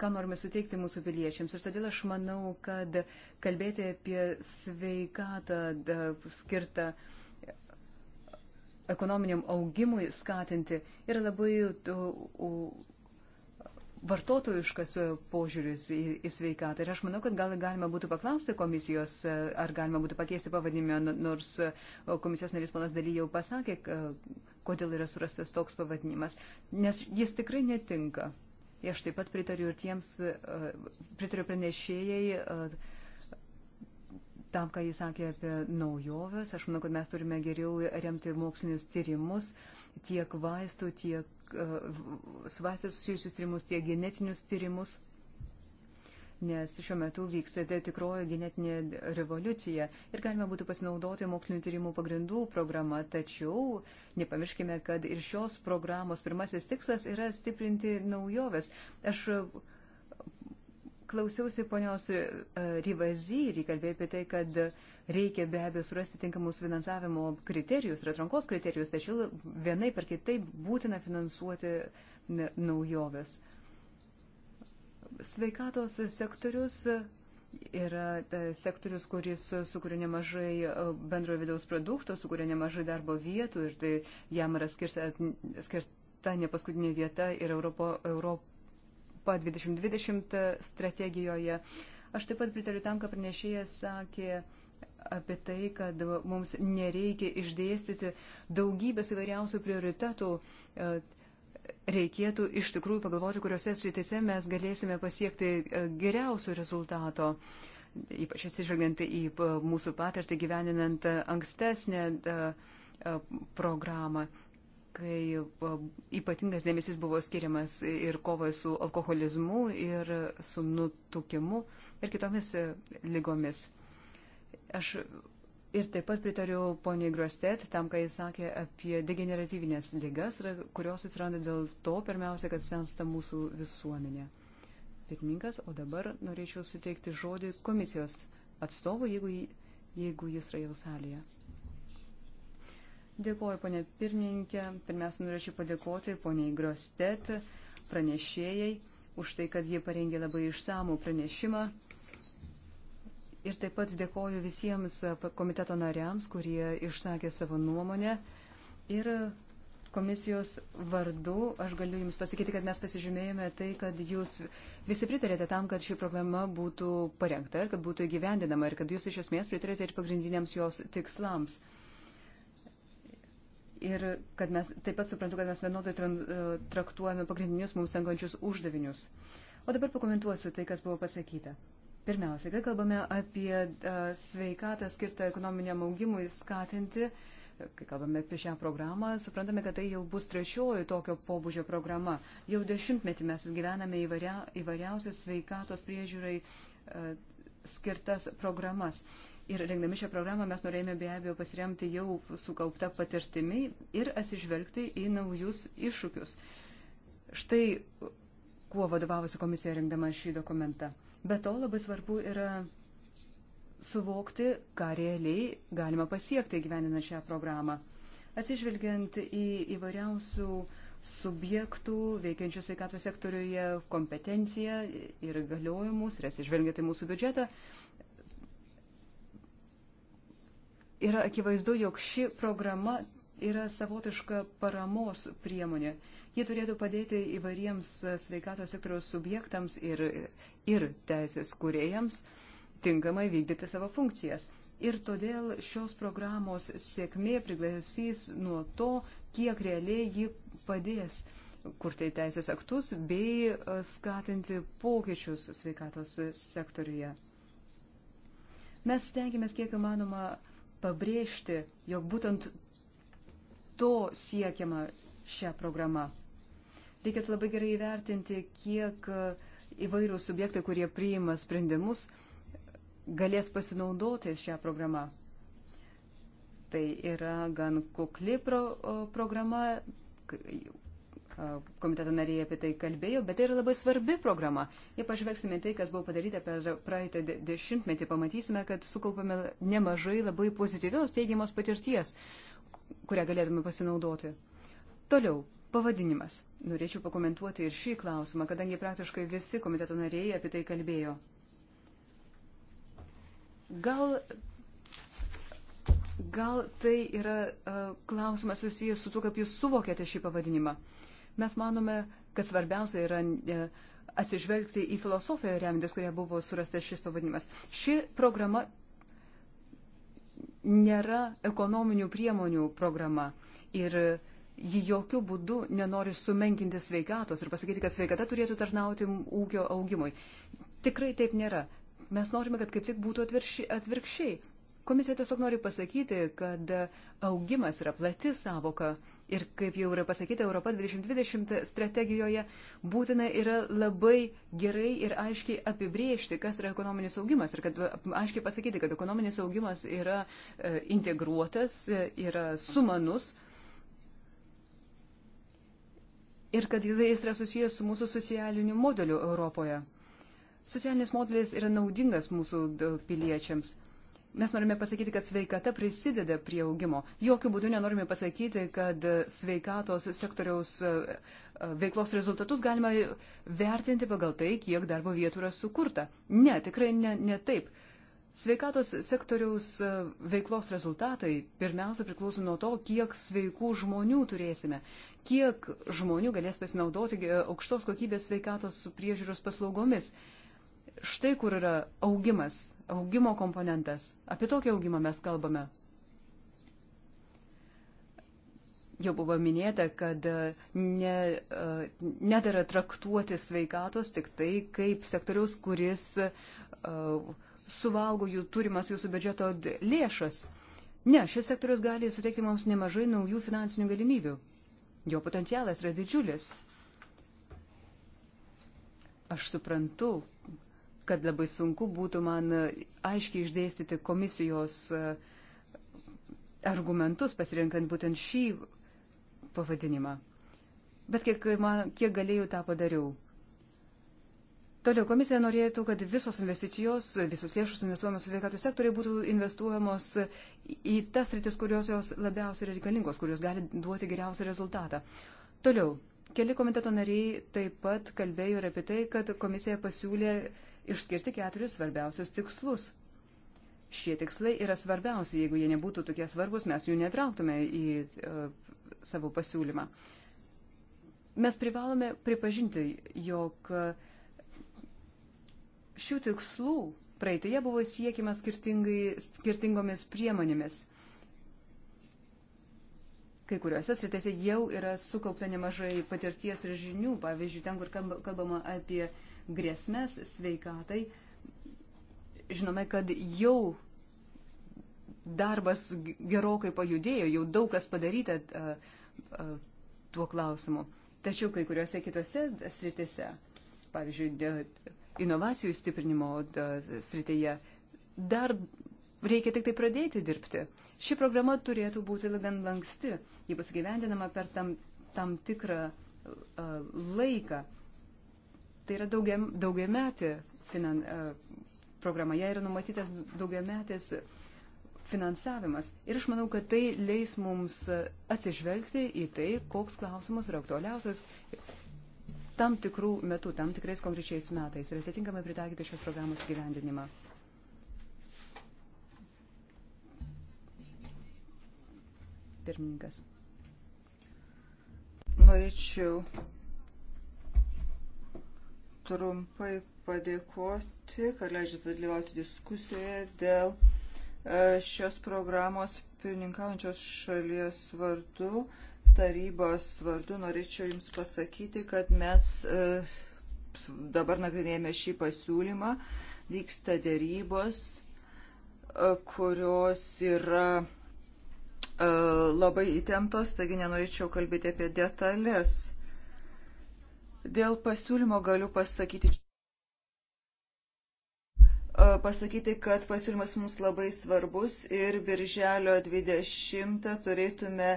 ką norime suteikti mūsų piliečiams. Ir todėl aš manau, kad kalbėti apie sveikatą skirtą ekonominiam augimui skatinti yra labai vartotojiškas požiūris į, į sveikatą. Ir aš manau, kad gal galima būtų paklausti komisijos, e, ar galima būtų pakeisti pavadinimą, nu, nors e, komisijos narys panas daly jau pasakė, kodėl yra surastas toks pavadinimas, nes jis tikrai netinka. Ir aš taip pat pritariu ir tiems, e, pritariu pranešėjai tam, ką jis sakė apie naujoves. Aš manau, kad mes turime geriau remti mokslinius tyrimus, tiek vaistų, tiek e, uh, vaistų susijusius tyrimus, tiek genetinius tyrimus. Nes šiuo metu vyksta tikroji genetinė revoliucija ir galima būtų pasinaudoti mokslinio tyrimų pagrindų programą, tačiau nepamirškime, kad ir šios programos pirmasis tikslas yra stiprinti naujoves. Aš uh, Klausiausi ponios e, Rivazy ir kalbėjau apie tai, kad reikia be abejo surasti tinkamus finansavimo kriterijus ir atrankos kriterijus, tačiau vienai per kitaip būtina finansuoti naujoves. Sveikatos sektorius yra e, sektorius, kuris sukuria nemažai e, bendrojo vidaus produkto, sukuria nemažai darbo vietų ir tai jam yra skirta, skirta ne paskutinė vieta ir Europo, Europo, Europa 2020 strategijoje. Aš taip pat pritariu tam, ką pranešėjas sakė apie tai, kad mums nereikia išdėstyti daugybės įvairiausių prioritetų. E, reikėtų iš tikrųjų pagalvoti, kuriuose sritise mes galėsime pasiekti e, geriausių rezultato ypač atsižvelgiant į e, mūsų patirtį gyveninant ankstesnę programą kai ypatingas dėmesys buvo skiriamas ir kovai su alkoholizmu, ir su nutukimu, ir kitomis e, lygomis. Aš ir taip pat pritariu poniai Grostet tam, kai jis sakė apie degeneratyvinės lygas, kurios atsiranda dėl to pirmiausia, kad sensta mūsų visuomenė. Pirmininkas, o dabar norėčiau suteikti žodį komisijos atstovui, jeigu, jeigu jis yra jau salėje. Dėkuoju, ponė pirmininkė. Pirmiausia, norėčiau padėkoti poniai Grostet pranešėjai už tai, kad jie parengė labai išsamų pranešimą. Ir taip pat dėkoju visiems komiteto nariams, kurie išsakė savo nuomonę. Ir komisijos vardu aš galiu Jums pasakyti, kad mes pasižymėjome tai, kad Jūs visi pritarėte tam, kad ši problema būtų parengta ir kad būtų įgyvendinama ir kad Jūs iš esmės pritarėte ir pagrindiniams jos tikslams ir kad mes taip pat suprantu, kad mes vienodai e, traktuojame pagrindinius mums tenkančius uždavinius. O dabar pakomentuosiu tai, kas buvo pasakyta. Pirmiausia, kai kalbame apie e, sveikatą skirtą ekonominiam augimui skatinti, kai kalbame apie šią programą, suprantame, kad tai jau bus trečioji tokio pobūdžio programa. Jau dešimtmetį mes gyvename įvairia, įvairiausias sveikatos priežiūrai e, skirtas programas. Ir rengdami šią programą mes norėjome be abejo pasiremti jau sukauptą patirtimį ir atsižvelgti į naujus iššūkius. Štai kuo vadovavosi komisija rengdama šį dokumentą. Be to labai svarbu yra suvokti, ką realiai galima pasiekti gyveninant šią programą. Atsižvelgiant į įvairiausių subjektų veikiančių sveikatos sektoriuje kompetenciją ir galiojimus, ir atsižvelgiant į mūsų biudžetą, yra akivaizdu, jog ši programa yra savotiška paramos priemonė. Ji turėtų padėti įvariems sveikatos sektoriaus subjektams ir, ir teisės kuriejams tinkamai vykdyti savo funkcijas. Ir todėl šios programos sėkmė priklausys nuo to, kiek realiai ji padės kurti teisės aktus bei e, skatinti pokyčius sveikatos sektoriuje. Mes stengiamės kiek įmanoma uh, pabrėžti, jog būtent to siekiama šią programą. Reikėtų labai gerai įvertinti, kiek e, įvairių subjektai, kurie priima sprendimus, galės pasinaudoti šią programą. Tai yra gan kukli pro, programa, komiteto nariai apie tai kalbėjo, bet tai yra labai svarbi programa. Jei pažvelgsime tai, kas buvo padaryta per praeitą dešimtmetį, pamatysime, kad sukaupame nemažai labai pozityvios teigiamos patirties, kurią galėtume pasinaudoti. Toliau. Pavadinimas. Norėčiau pakomentuoti ir šį klausimą, kadangi praktiškai visi komiteto nariai apie tai kalbėjo. Gal Gal tai yra uh, klausimas susijęs su to, kaip jūs suvokėte šį pavadinimą. Mes manome, kad svarbiausia yra e, atsižvelgti į filosofiją remintis, kurie buvo surastas šis pavadinimas. Ši programa nėra ekonominių priemonių programa ir ji jokių būdų nenori sumenkinti sveikatos ir pasakyti, kad sveikata turėtų tarnauti ūkio augimui. Tikrai taip nėra. Mes norime, kad kaip tik būtų atvirkščiai. Komisija tiesiog nori pasakyti, kad augimas yra plati savoka ir, kaip jau yra pasakyta, Europa 2020 strategijoje būtina yra labai gerai ir aiškiai apibriežti, kas yra ekonominis augimas ir kad aiškiai pasakyti, kad ekonominis augimas yra e, integruotas, e, yra sumanus. ir kad jis yra susijęs su mūsų socialiniu modeliu Europoje. Socialinis modelis yra naudingas mūsų piliečiams. Mes norime pasakyti, kad sveikata prisideda prie augimo. Jokių būdų nenorime pasakyti, kad sveikatos sektoriaus e, e, veiklos rezultatus galima vertinti pagal tai, kiek darbo vietų yra sukurta. Ne, tikrai ne, ne taip. Sveikatos sektoriaus e, veiklos rezultatai pirmiausia priklauso nuo to, kiek sveikų žmonių turėsime, kiek žmonių galės pasinaudoti aukštos kokybės sveikatos priežiūros paslaugomis. Uh, štai kur yra augimas, augimo komponentas. Apie tokį augimą mes kalbame. Jau buvo minėta, kad e, ne, e, nedara traktuoti sveikatos tik tai kaip sektoriaus, kuris uh, suvalgo jų turimas jūsų biudžeto lėšas. Ne, šis sektorius gali suteikti mums nemažai naujų finansinių galimybių. Jo potencialas yra didžiulis. Aš suprantu, kad labai sunku būtų man aiškiai išdėstyti komisijos e, argumentus pasirinkant būtent šį pavadinimą. Bet kiek, man, kiek galėjau, tą padariau. Toliau komisija norėtų, kad visos investicijos, visos lėšos investuojamos sveikatos sektoriai būtų investuojamos į tas rytis, kurios jos labiausiai reikalingos, kurios gali duoti geriausią rezultatą. Toliau, keli komiteto nariai taip pat kalbėjo ir apie tai, kad komisija pasiūlė uh, išskirti keturis svarbiausius tikslus. Šie tikslai yra svarbiausi, jeigu jie nebūtų tokie svarbus, mes jų netrauktume į uh, savo pasiūlymą. Mes privalome pripažinti, jog šių tikslų praeitėje buvo siekima skirtingomis priemonėmis. Kai kuriuose sritėse jau yra sukaupta nemažai patirties ir žinių, pavyzdžiui, ten, kur kalbama apie uh, grėsmės sveikatai, žinome, kad jau darbas gerokai pajudėjo, jau daug kas padaryta tuo klausimu. Tačiau kai kuriuose kitose sritise, pavyzdžiui, inovacijų stiprinimo srityje, dar reikia tik tai pradėti dirbti. Ši programa turėtų būti gan lanksti, ji bus gyvendinama per tam, tam tikrą laiką. Tai yra daugia, daugiametė finan, e, programa, jai yra numatytas daugiametės finansavimas. Ir aš manau, kad tai leis mums atsižvelgti į tai, koks klausimas yra aktualiausias tam tikrų metų, tam tikrais konkrečiais metais ir atitinkamai pritaikyti šios programos gyvendinimą. Pirmininkas. Norėčiau trumpai padėkoti, kad leidžiate dalyvauti diskusijoje dėl e, šios programos pirmininkaujančios šalies vardu, tarybos vardu. Norėčiau Jums pasakyti, kad mes e, dabar nagrinėjame šį pasiūlymą, vyksta dėrybos, e, kurios yra labai įtemptos, taigi nenorėčiau kalbėti apie detalės Dėl pasiūlymo galiu pasakyti, pasakyti, kad pasiūlymas mums labai svarbus ir birželio 20 turėtume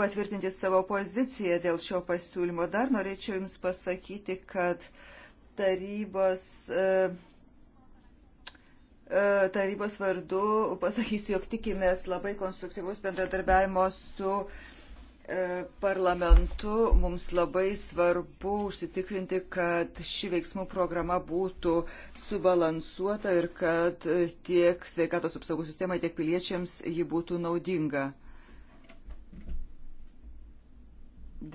patvirtinti savo poziciją dėl šio pasiūlymo. Dar norėčiau Jums pasakyti, kad tarybos tarybos vardu pasakysiu, jog tikimės labai konstruktyvus bendradarbiavimo su E, parlamentu mums labai svarbu užsitikrinti, kad ši veiksmų programa būtų subalansuota ir kad tiek sveikatos apsaugos sistemai, tiek piliečiams ji būtų naudinga.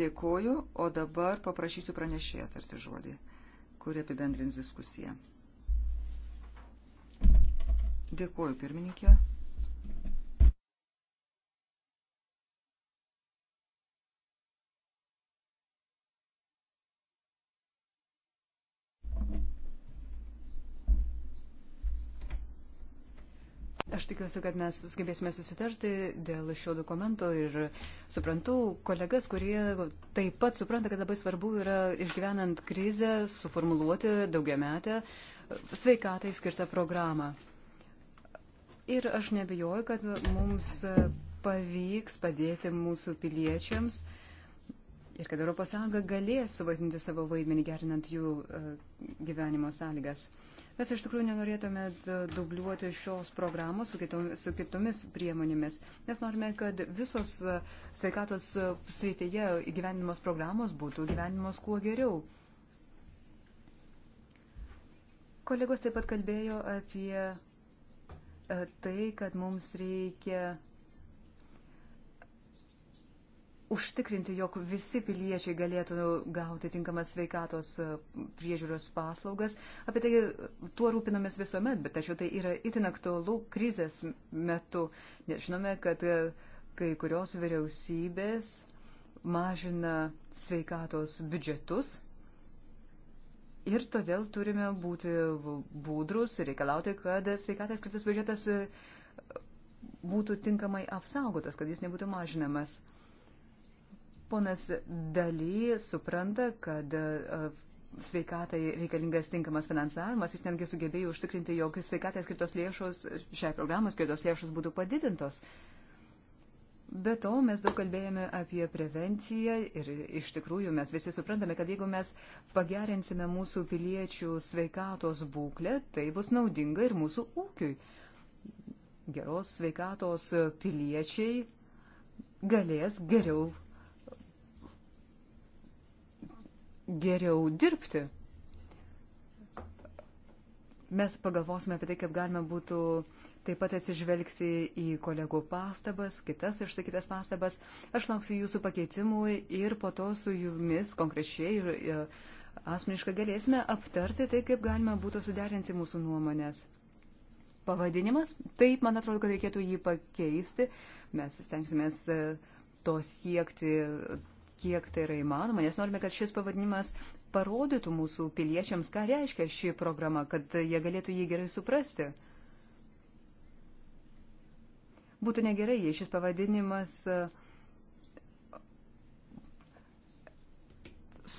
Dėkoju, o dabar paprašysiu pranešėją tarti žodį, kuri apibendrins diskusiją. Dėkoju, pirmininkė. Aš tikiuosi, kad mes sugebėsime susitarti dėl šio dokumento ir suprantu kolegas, kurie taip pat supranta, kad labai svarbu yra išgyvenant krizę suformuluoti daugiametę sveikatai skirtą programą. Ir aš nebijoju, kad mums pavyks padėti mūsų piliečiams ir kad ES galės suvaidinti savo vaidmenį gerinant jų e, gyvenimo sąlygas. Mes iš tikrųjų nenorėtume dubliuoti šios programos su, kitomis, su kitomis priemonėmis. Mes norime, kad visos e, sveikatos e, srityje gyvenimos programos būtų gyvenimos kuo geriau. Kolegos taip pat kalbėjo apie e, tai, kad mums reikia užtikrinti, jog visi piliečiai galėtų gauti tinkamas sveikatos e, priežiūros paslaugas. Apie tai e, tuo rūpinomės visuomet, bet tačiau tai yra itin aktualu krizės metu. Nes žinome, kad e, kai kurios vyriausybės mažina sveikatos biudžetus. Ir todėl turime būti būdrus ir reikalauti, kad sveikatai skirtas biudžetas būtų tinkamai apsaugotas, kad jis nebūtų mažinamas. Ponas Daly supranta, kad e, sveikatai reikalingas tinkamas finansavimas, jis netgi sugebėjo užtikrinti, jog sveikatai skirtos lėšos, šiai programai skirtos lėšos būtų padidintos. Be to, mes daug kalbėjome apie prevenciją ir iš tikrųjų mes visi suprantame, kad jeigu mes pagerinsime mūsų piliečių sveikatos būklę, tai bus naudinga ir mūsų ūkiui. Geros sveikatos piliečiai galės geriau geriau dirbti. Mes pagalvosime apie tai, kaip galima būtų taip pat atsižvelgti į kolegų pastabas, kitas išsakytas pastabas. Aš lauksiu jūsų pakeitimų ir po to su jumis konkrečiai ir e, asmeniškai galėsime aptarti tai, kaip galima būtų suderinti mūsų nuomonės. Pavadinimas? Taip, man atrodo, kad reikėtų jį pakeisti. Mes stengsimės e, to siekti kiek tai yra įmanoma, nes norime, kad šis pavadinimas parodytų mūsų piliečiams, ką reiškia ši programa, kad jie galėtų jį gerai suprasti. Būtų negerai, jei šis pavadinimas e,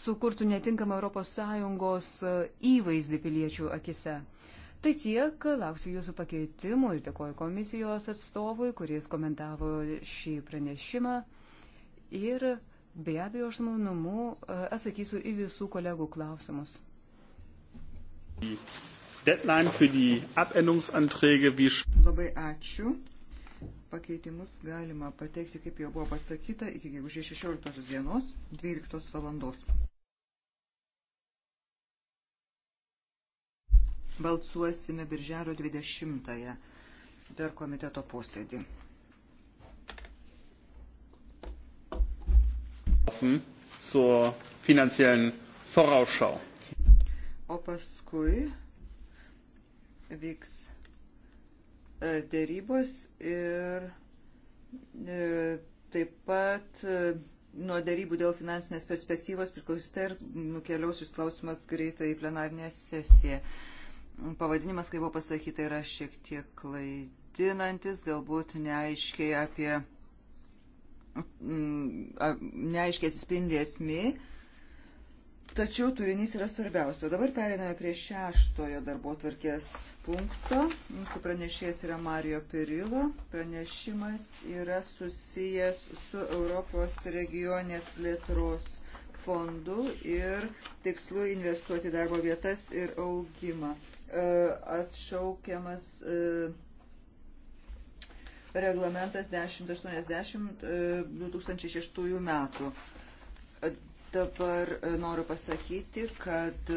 sukurtų netinkamą ES e, įvaizdį piliečių akise. Tai tiek, lauksiu jūsų pakeitimų ir dėkoju komisijos atstovui, kuris komentavo šį pranešimą. Ir Be abejo, aš malonumu e, atsakysiu į visų kolegų klausimus. Labai ačiū. Pakeitimus galima pateikti, kaip jau buvo pasakyta, iki gegužės 16 dienos 12 valandos. Balsuosime birželio 20 per komiteto posėdį. offen zur finanziellen Vorausschau. O paskui vyks e, dėrybos ir e, taip pat e, nuo dėrybų dėl finansinės perspektyvos priklausys ir tai, nukeliaus šis klausimas greitai į plenarinę sesiją. Pavadinimas, kaip buvo pasakyta, yra šiek tiek klaidinantis, galbūt neaiškiai apie neaiškiai atsispindi esmė, tačiau turinys yra svarbiausia. O dabar periname prie šeštojo darbo tvarkės punkto. Mūsų pranešėjas yra Mario Perilo. Pranešimas yra susijęs su Europos regionės plėtros fondų ir tikslu investuoti darbo vietas ir augimą. E, atšaukiamas e, reglamentas 1080-2006 e, metų. E, dabar e, noriu pasakyti, kad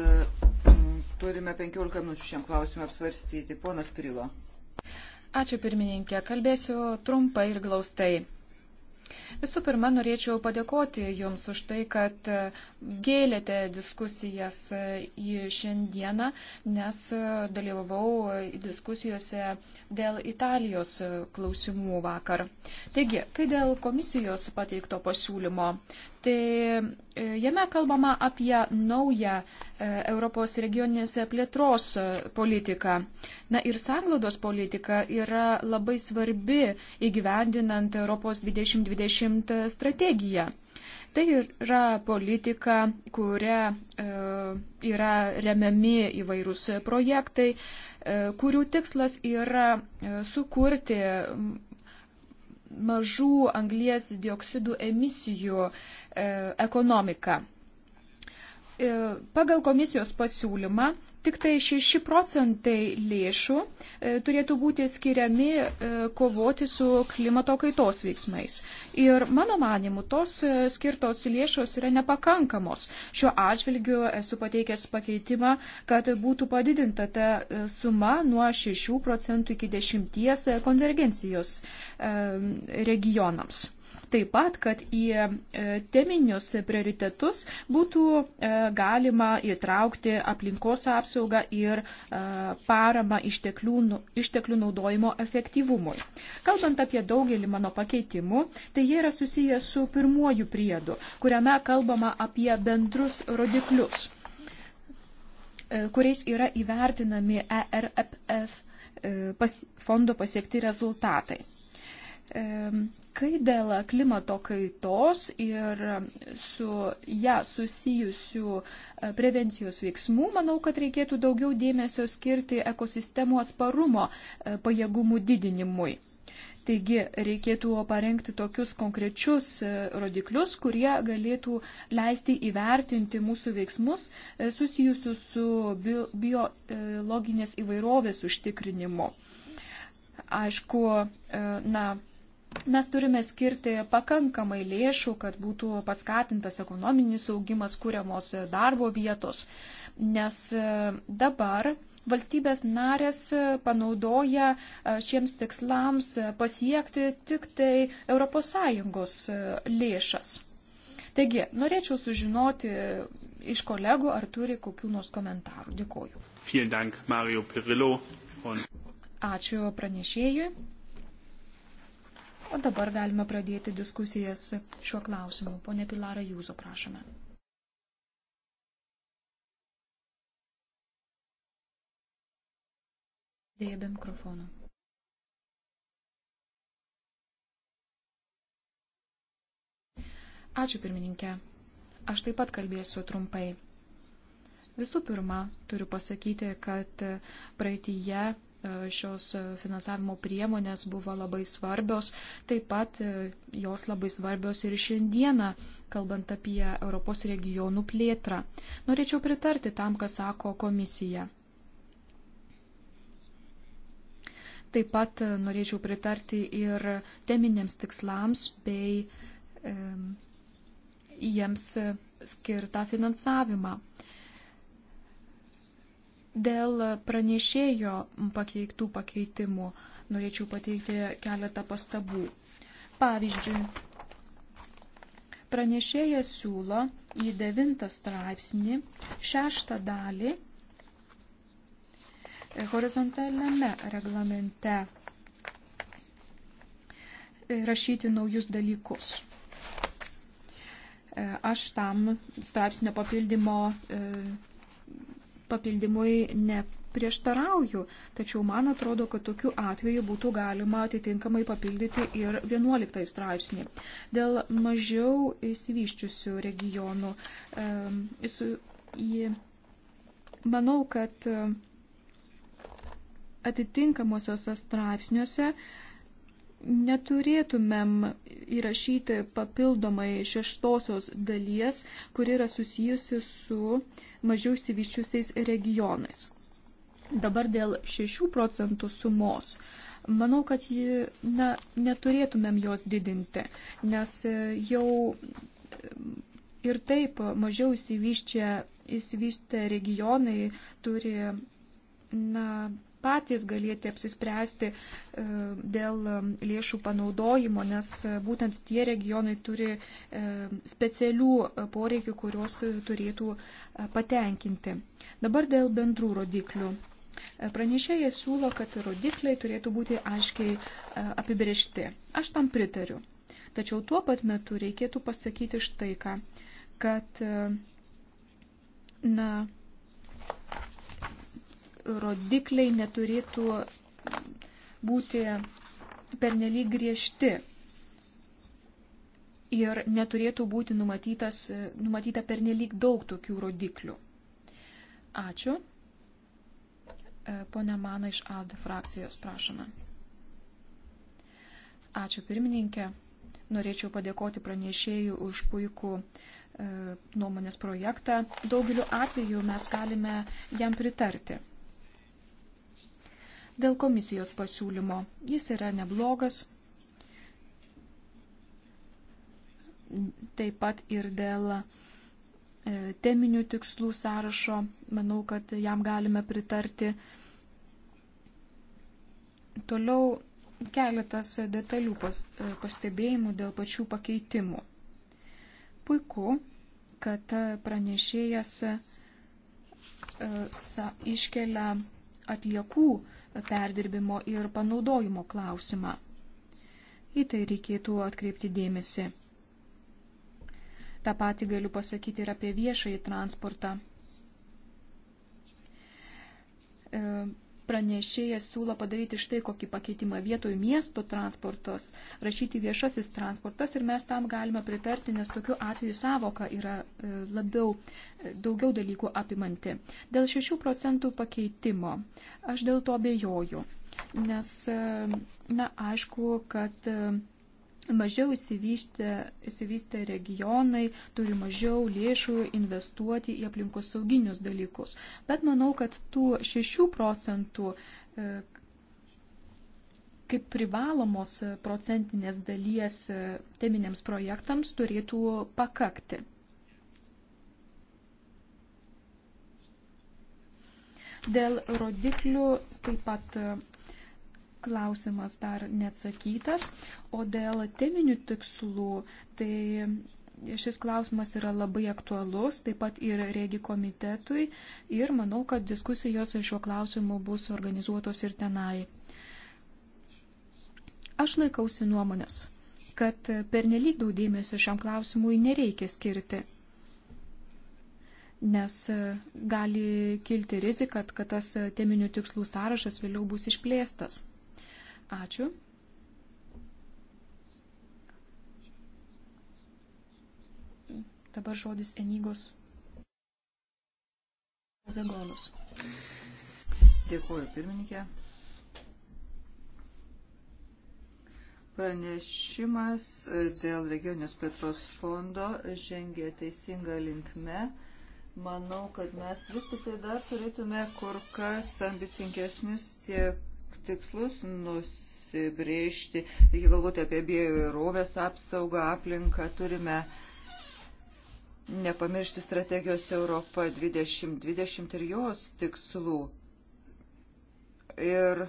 turime 15 minučių šiam klausimui apsvarstyti. Ponas Prilo. Ačiū pirmininkė, kalbėsiu trumpai ir glaustai. Visų pirma, norėčiau padėkoti Jums už tai, kad e, gėlėte diskusijas e, į šiandieną, nes e, dalyvavau diskusijose dėl Italijos klausimų vakar. Taigi, kai dėl komisijos pateikto pasiūlymo, Tai e, jame kalbama apie naują e, Europos regioninės plėtros e, politiką. Na ir sanglaudos politika yra labai svarbi įgyvendinant Europos 2020 strategiją. Tai yra politika, kuria e, yra remiami įvairūs projektai, e, kurių tikslas yra e, sukurti mažų anglies dioksidų emisijų e, E, ekonomiką. E, pagal komisijos pasiūlymą tik tai 6 procentai lėšų e, turėtų būti skiriami kovoti su klimato kaitos veiksmais. Ir mano manimu, tos skirtos lėšos yra nepakankamos. Šiuo atžvilgiu esu pateikęs pakeitimą, kad būtų padidinta ta suma nuo 6 procentų iki 10 konvergencijos regionams taip pat, kad į e, teminius prioritetus būtų e, galima įtraukti aplinkos apsaugą ir e, paramą išteklių, nu, išteklių naudojimo efektyvumui. Kalbant apie daugelį mano pakeitimų, tai jie yra susijęs su pirmuoju priedu, kuriame kalbama apie bendrus rodiklius kuriais yra įvertinami ERFF pas, fondo pasiekti rezultatai. Kai dėl klimato kaitos ir su ją ja, susijusių e, prevencijos veiksmų, manau, kad reikėtų daugiau dėmesio skirti ekosistemų atsparumo e, pajėgumų didinimui. Taigi reikėtų parengti tokius konkrečius e, rodiklius, kurie galėtų leisti įvertinti mūsų veiksmus susijusius su biologinės įvairovės užtikrinimu. Aišku, na, Mes turime skirti pakankamai lėšų, kad būtų paskatintas ekonominis augimas, kūriamos darbo vietos, nes e, dabar valstybės narės panaudoja e, šiems tikslams pasiekti tik tai ES e, lėšas. Taigi, norėčiau sužinoti iš kolegų, ar turi kokių nors komentarų. Dėkoju. Dank, Mario Pirillo. Ačiū pranešėjui. O dabar galime pradėti diskusijas šiuo klausimu. Pone Pilara Jūzo, prašome. Dėja be mikrofono. Ačiū pirmininkė. Aš taip pat kalbėsiu trumpai. Visų pirma, turiu pasakyti, kad praeitįje E, šios finansavimo priemonės buvo labai svarbios. Taip pat e, jos labai svarbios ir šiandieną, kalbant apie Europos regionų plėtrą. Norėčiau pritarti tam, ką sako komisija. Taip pat e, norėčiau pritarti ir teminėms tikslams bei e, jiems skirtą finansavimą. E, Dėl pranešėjo pakeiktų pakeitimų norėčiau pateikti keletą pastabų. Pavyzdžiui, pranešėjas siūlo į devintą straipsnį šeštą dalį horizontaliame reglamente rašyti naujus dalykus. Aš tam straipsnio papildymo e, papildymui neprieštarauju, tačiau man atrodo, kad tokiu atveju būtų galima atitinkamai papildyti ir 11 straipsnį. Dėl mažiau įsivyščiusių regionų. Manau, kad atitinkamuosiuose straipsniuose uh, neturėtumėm įrašyti papildomai šeštosios dalies, kuri yra susijusi su mažiau įsivyščiusiais regionais. Dabar dėl 6 procentų sumos. Manau, kad ji, na, neturėtumėm jos didinti, nes e, jau e, ir taip mažiau įsivyščia regionai turi na, patys galėti apsispręsti e, dėl e, lėšų panaudojimo, nes e, būtent tie regionai turi specialių poreikių, kuriuos turėtų patenkinti. Dabar dėl bendrų rodiklių. Pranešėjas siūlo, kad rodikliai turėtų būti aiškiai apibriežti. Aš tam pritariu. Tačiau tuo pat metu reikėtų pasakyti štai ką, kad na, rodikliai neturėtų būti pernelyg griežti ir neturėtų būti numatyta pernelyg daug tokių rodiklių. Ačiū. E, Pone Mana iš ALD frakcijos, prašome. Ačiū pirmininkė. Norėčiau padėkoti pranešėjų už puikų e, nuomonės projektą. Daugeliu atveju mes galime jam pritarti dėl komisijos pasiūlymo. Jis yra neblogas. Taip pat ir dėl e, teminių tikslų sąrašo. Manau, kad jam galime pritarti. Toliau keletas detalių pas, e, pastebėjimų dėl pačių pakeitimų. Puiku, kad pranešėjas e, sa, iškelia atliekų perdirbimo ir panaudojimo klausimą. Į tai reikėtų atkreipti dėmesį. Ta pati galiu pasakyti ir apie viešąjį transportą. E, pranešėjas siūlo padaryti štai kokį pakeitimą vietoj miesto transportos, rašyti viešasis transportas ir mes tam galime pritarti, nes tokiu atveju savoka yra e, labiau e, daugiau dalykų apimanti. Dėl 6 procentų pakeitimo aš dėl to bejoju, nes, e, na, aišku, kad mažiau įsivystę regionai turi mažiau lėšų investuoti į aplinkos sauginius dalykus. Bet manau, kad tų 6 procentų e, kaip privalomos procentinės dalies e, teminėms projektams turėtų pakakti. Dėl rodiklių taip pat klausimas dar neatsakytas, o dėl teminių tikslų, tai šis klausimas yra labai aktualus, taip pat ir regi komitetui ir manau, kad diskusijos šiuo klausimu bus organizuotos ir tenai. Aš laikausi nuomonės, kad pernelyg daug dėmesio šiam klausimui nereikia skirti nes gali kilti rizika, kad tas teminių tikslų sąrašas vėliau bus išplėstas. Ačiū. Dabar žodis Enygos Zagonus. Dėkuoju, pirmininkė. Pranešimas dėl regioninės plėtros fondo žengė teisinga linkme. Manau, kad mes vis tik tai dar turėtume kur kas ambicingesnius tiek tikslus nusibriežti, reikia galvoti apie bioįrovės apsaugą, aplinką, turime nepamiršti strategijos Europa 2020 ir jos tikslų. Ir e,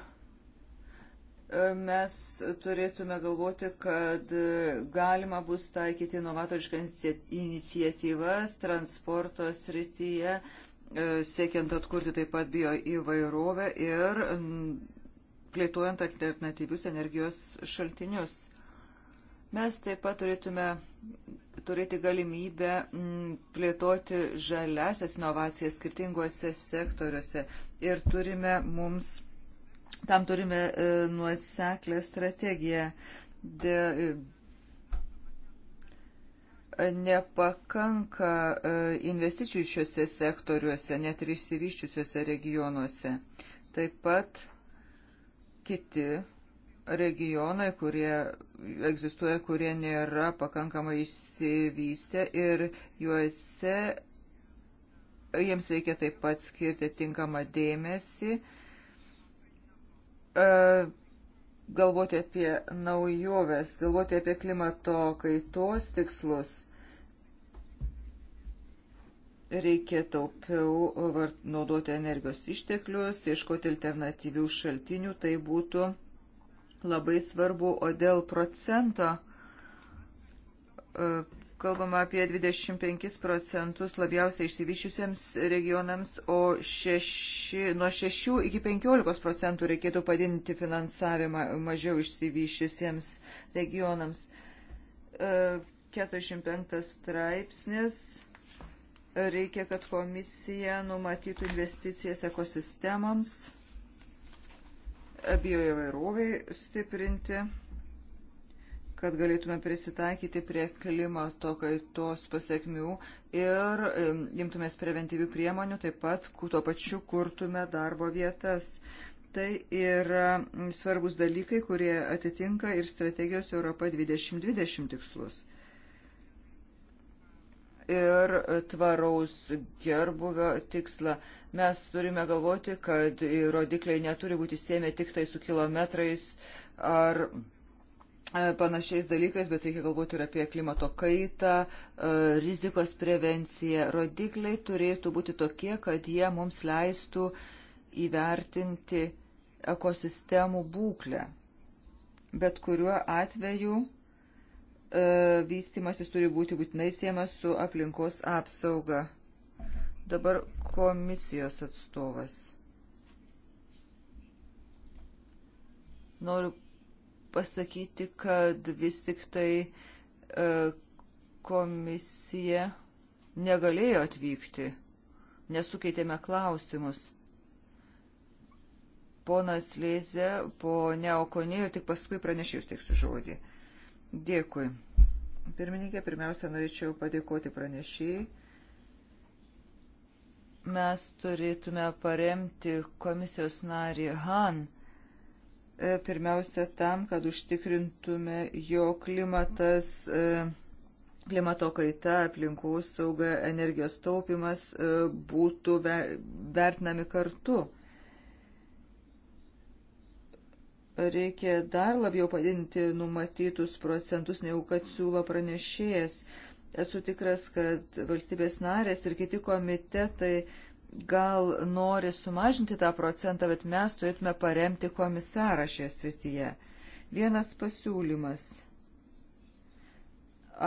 mes turėtume galvoti, kad galima bus taikyti inovatoriškas iniciatyvas transporto srityje, e, siekiant atkurti taip pat bio įvairovę ir plėtojant alternatyvius energijos šaltinius. Mes taip pat turėtume turėti galimybę mm, plėtoti žaliasias inovacijas skirtinguose sektoriuose ir turime mums, tam turime e, nuoseklę strategiją. De, e, nepakanka e, investicijų šiuose sektoriuose, net ir išsivyščiusiuose regionuose. Taip pat kiti regionai, kurie egzistuoja, kurie nėra pakankamai išsivystę ir juose jiems reikia taip pat skirti tinkamą dėmesį, e, galvoti apie naujoves, galvoti apie klimato kaitos tikslus reikia taupiau naudoti energijos išteklius, ieškoti alternatyvių šaltinių, tai būtų labai svarbu. O dėl procento, e, kalbama apie 25 procentus labiausiai išsivyščiusiems regionams, o šeši, nuo 6 iki 15 procentų reikėtų padinti finansavimą mažiau išsivyščiusiems regionams. 45 e, straipsnis Reikia, kad komisija numatytų investicijas ekosistemams, bioįvairoviai stiprinti, kad galėtume prisitaikyti prie klimato kaitos pasiekmių ir imtumės preventyvių priemonių, taip pat tuo pačiu kurtume darbo vietas tai yra svarbus dalykai, kurie atitinka ir strategijos Europa 2020 tikslus ir tvaraus gerbuvio tikslą. Mes turime galvoti, kad rodikliai neturi būti siemi tik tai su kilometrais ar e, panašiais dalykais, bet reikia galvoti ir apie klimato kaitą, e, rizikos prevenciją. Rodikliai turėtų būti tokie, kad jie mums leistų įvertinti ekosistemų būklę. Bet kuriuo atveju E, vystimasis turi būti būtinai siemas su aplinkos apsauga. Dabar komisijos atstovas. Noriu pasakyti, kad vis tik tai e, komisija negalėjo atvykti, nesukeitėme klausimus. Ponas Lėzė, ponia Okonėjo, tik paskui pranešėjus teiksiu žodį. Dėkui. Pirmininkė, pirmiausia, norėčiau padėkoti pranešėjai. Mes turėtume paremti komisijos narį Han e, pirmiausia tam, kad užtikrintume, jo klimatas, e, klimato kaita, aplinkos sauga, energijos taupimas e, būtų vertinami kartu. reikia dar labiau padinti numatytus procentus, negu kad siūlo pranešėjas. Esu tikras, kad valstybės narės ir kiti komitetai gal nori sumažinti tą procentą, bet mes turėtume paremti komisarą šioje srityje. Vienas pasiūlymas.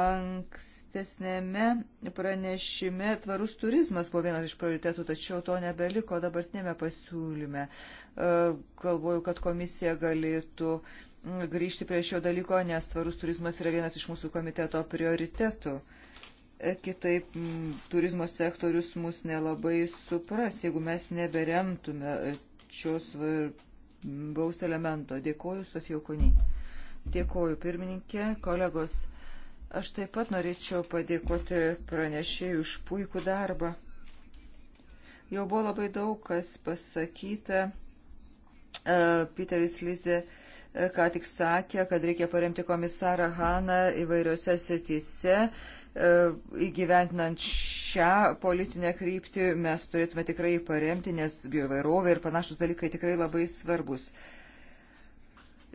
Ankstesnėme pranešime tvarus turizmas buvo vienas iš prioritetų, tačiau to nebeliko dabartinėme pasiūlyme. E, galvoju, kad komisija galėtų grįžti prie šio dalyko, nes tvarus turizmas yra vienas iš mūsų komiteto prioritetų. E, kitaip turizmo sektorius mus nelabai supras, jeigu mes neberemtume šios svarbaus elemento. Dėkoju, Sofijo Kony. Dėkoju, pirmininkė, kolegos. Aš taip pat norėčiau padėkoti pranešėjui už puikų darbą. Jau buvo labai daug kas pasakyta E, Piteris Lizė e, ką tik sakė, kad reikia paremti komisarą Haną įvairiose srityse. E, įgyventinant šią politinę kryptį mes turėtume tikrai paremti, nes bioįvairovė ir panašus dalykai tikrai labai svarbus.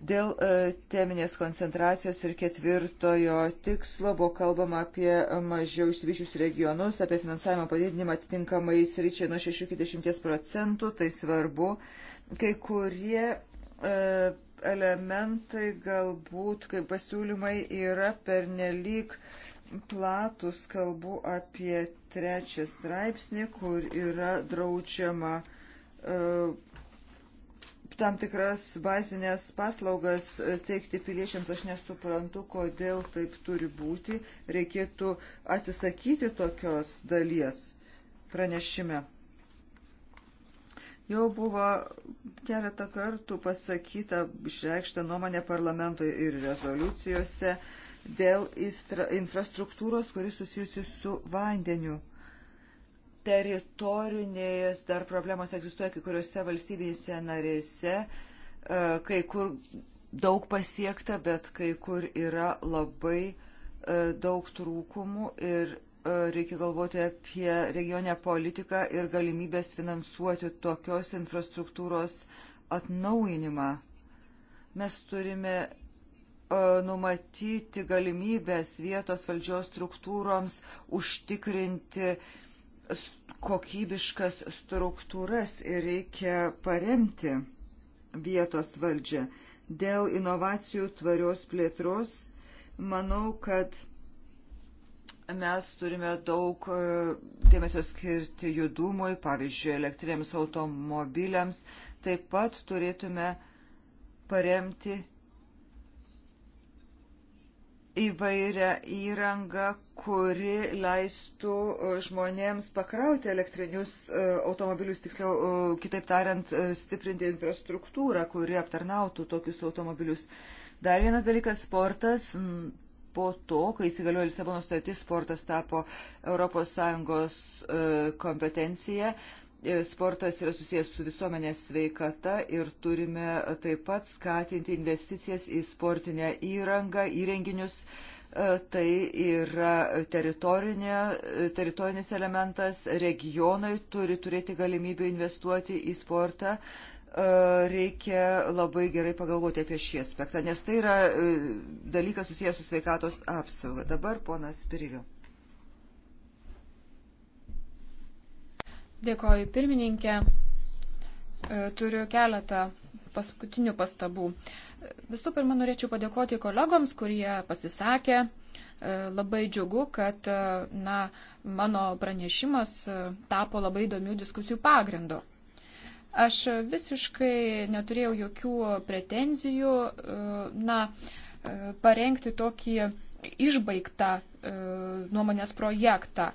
Dėl teminės koncentracijos ir ketvirtojo tikslo buvo kalbama apie mažiau išsivyšius regionus, apie finansavimo padidinimą atitinkamai sričiai nuo 6 iki 10 procentų, tai svarbu. Uh, Kai kurie e, elementai galbūt, kaip pasiūlymai, yra pernelyg platus, kalbu apie trečią straipsnį, kur yra draudžiama e, tam tikras bazinės paslaugas teikti piliečiams, aš nesuprantu, kodėl taip turi būti, reikėtų atsisakyti tokios dalies pranešime. Jau buvo keletą kartų pasakyta, išreikšta nuomonė parlamentui ir rezoliucijose dėl infrastruktūros, kuris susijusi su vandeniu. Teritorinės dar problemos egzistuoja kai kuriuose valstybėse narėse, e, kai kur daug pasiekta, bet kai kur yra labai e, daug trūkumų ir E, reikia galvoti apie regionę politiką ir galimybės finansuoti tokios infrastruktūros atnaujinimą. Mes turime e, numatyti galimybės vietos valdžios struktūroms užtikrinti kokybiškas struktūras ir reikia paremti vietos valdžią. Dėl inovacijų tvarios plėtros manau, kad Mes turime daug e, dėmesio skirti judumui, pavyzdžiui, elektriniams automobiliams. Taip pat turėtume paremti įvairią įrangą, kuri leistų e, žmonėms pakrauti elektrinius e, automobilius, tiksliau, kitaip tariant, stiprinti infrastruktūrą, kuri aptarnautų tokius automobilius. Dar vienas dalykas - sportas po to, kai įsigaliojo Lisabono sutartis, sportas tapo ES e, kompetencija. E, sportas yra susijęs su visuomenės sveikata ir turime e, taip pat skatinti investicijas į sportinę įrangą, įrenginius. Tai yra teritorinis elementas, regionai turi turėti galimybę investuoti į sportą reikia labai gerai pagalvoti apie šį aspektą, nes tai yra e, dalykas susijęs su sveikatos apsauga. Dabar ponas Piriliu. Dėkoju pirmininkė. E, turiu keletą paskutinių pastabų. Visų pirma, norėčiau padėkoti kolegoms, kurie pasisakė. E, labai džiugu, kad na, mano pranešimas tapo labai įdomių diskusijų pagrindu. Aš visiškai neturėjau jokių pretenzijų, e, na, e, parengti tokį išbaigtą e, nuomonės projektą.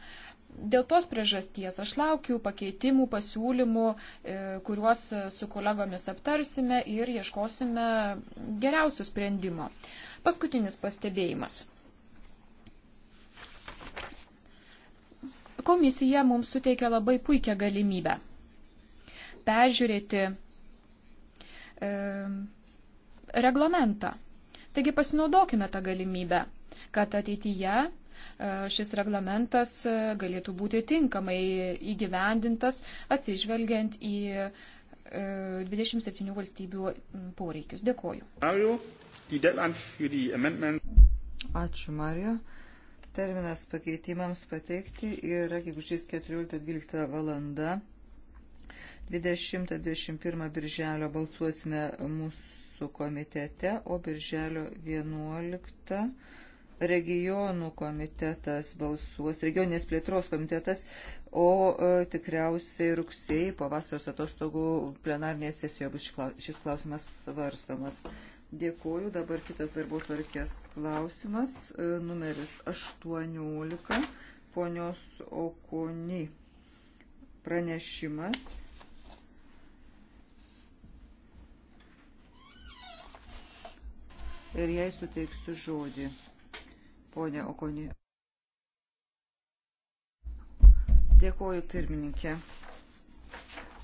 Dėl tos priežasties aš laukiu pakeitimų, pasiūlymų, kuriuos su kolegomis aptarsime ir ieškosime geriausių sprendimo. Paskutinis pastebėjimas. Komisija mums suteikia labai puikią galimybę peržiūrėti e, reglamentą. Taigi pasinaudokime tą galimybę, kad ateityje e, šis reglamentas e, galėtų būti tinkamai įgyvendintas atsižvelgiant į 27 e, valstybių poreikius. Dėkoju. Ačiū, Mario. Terminas pakeitimams pateikti yra gegužės 14-12 valanda. 20-21 birželio balsuosime mūsų komitete, o birželio 11 regionų komitetas balsuos, regioninės plėtros komitetas, o e, tikriausiai rugsėjai po vasaros atostogų plenarnėje sesijoje bus šis klausimas svarstomas. Dėkuoju. Dabar kitas darbo tvarkės klausimas, e, numeris 18, ponios Okuni pranešimas. ir jai suteiksiu žodį. Pone Okonė. Dėkoju pirmininkė.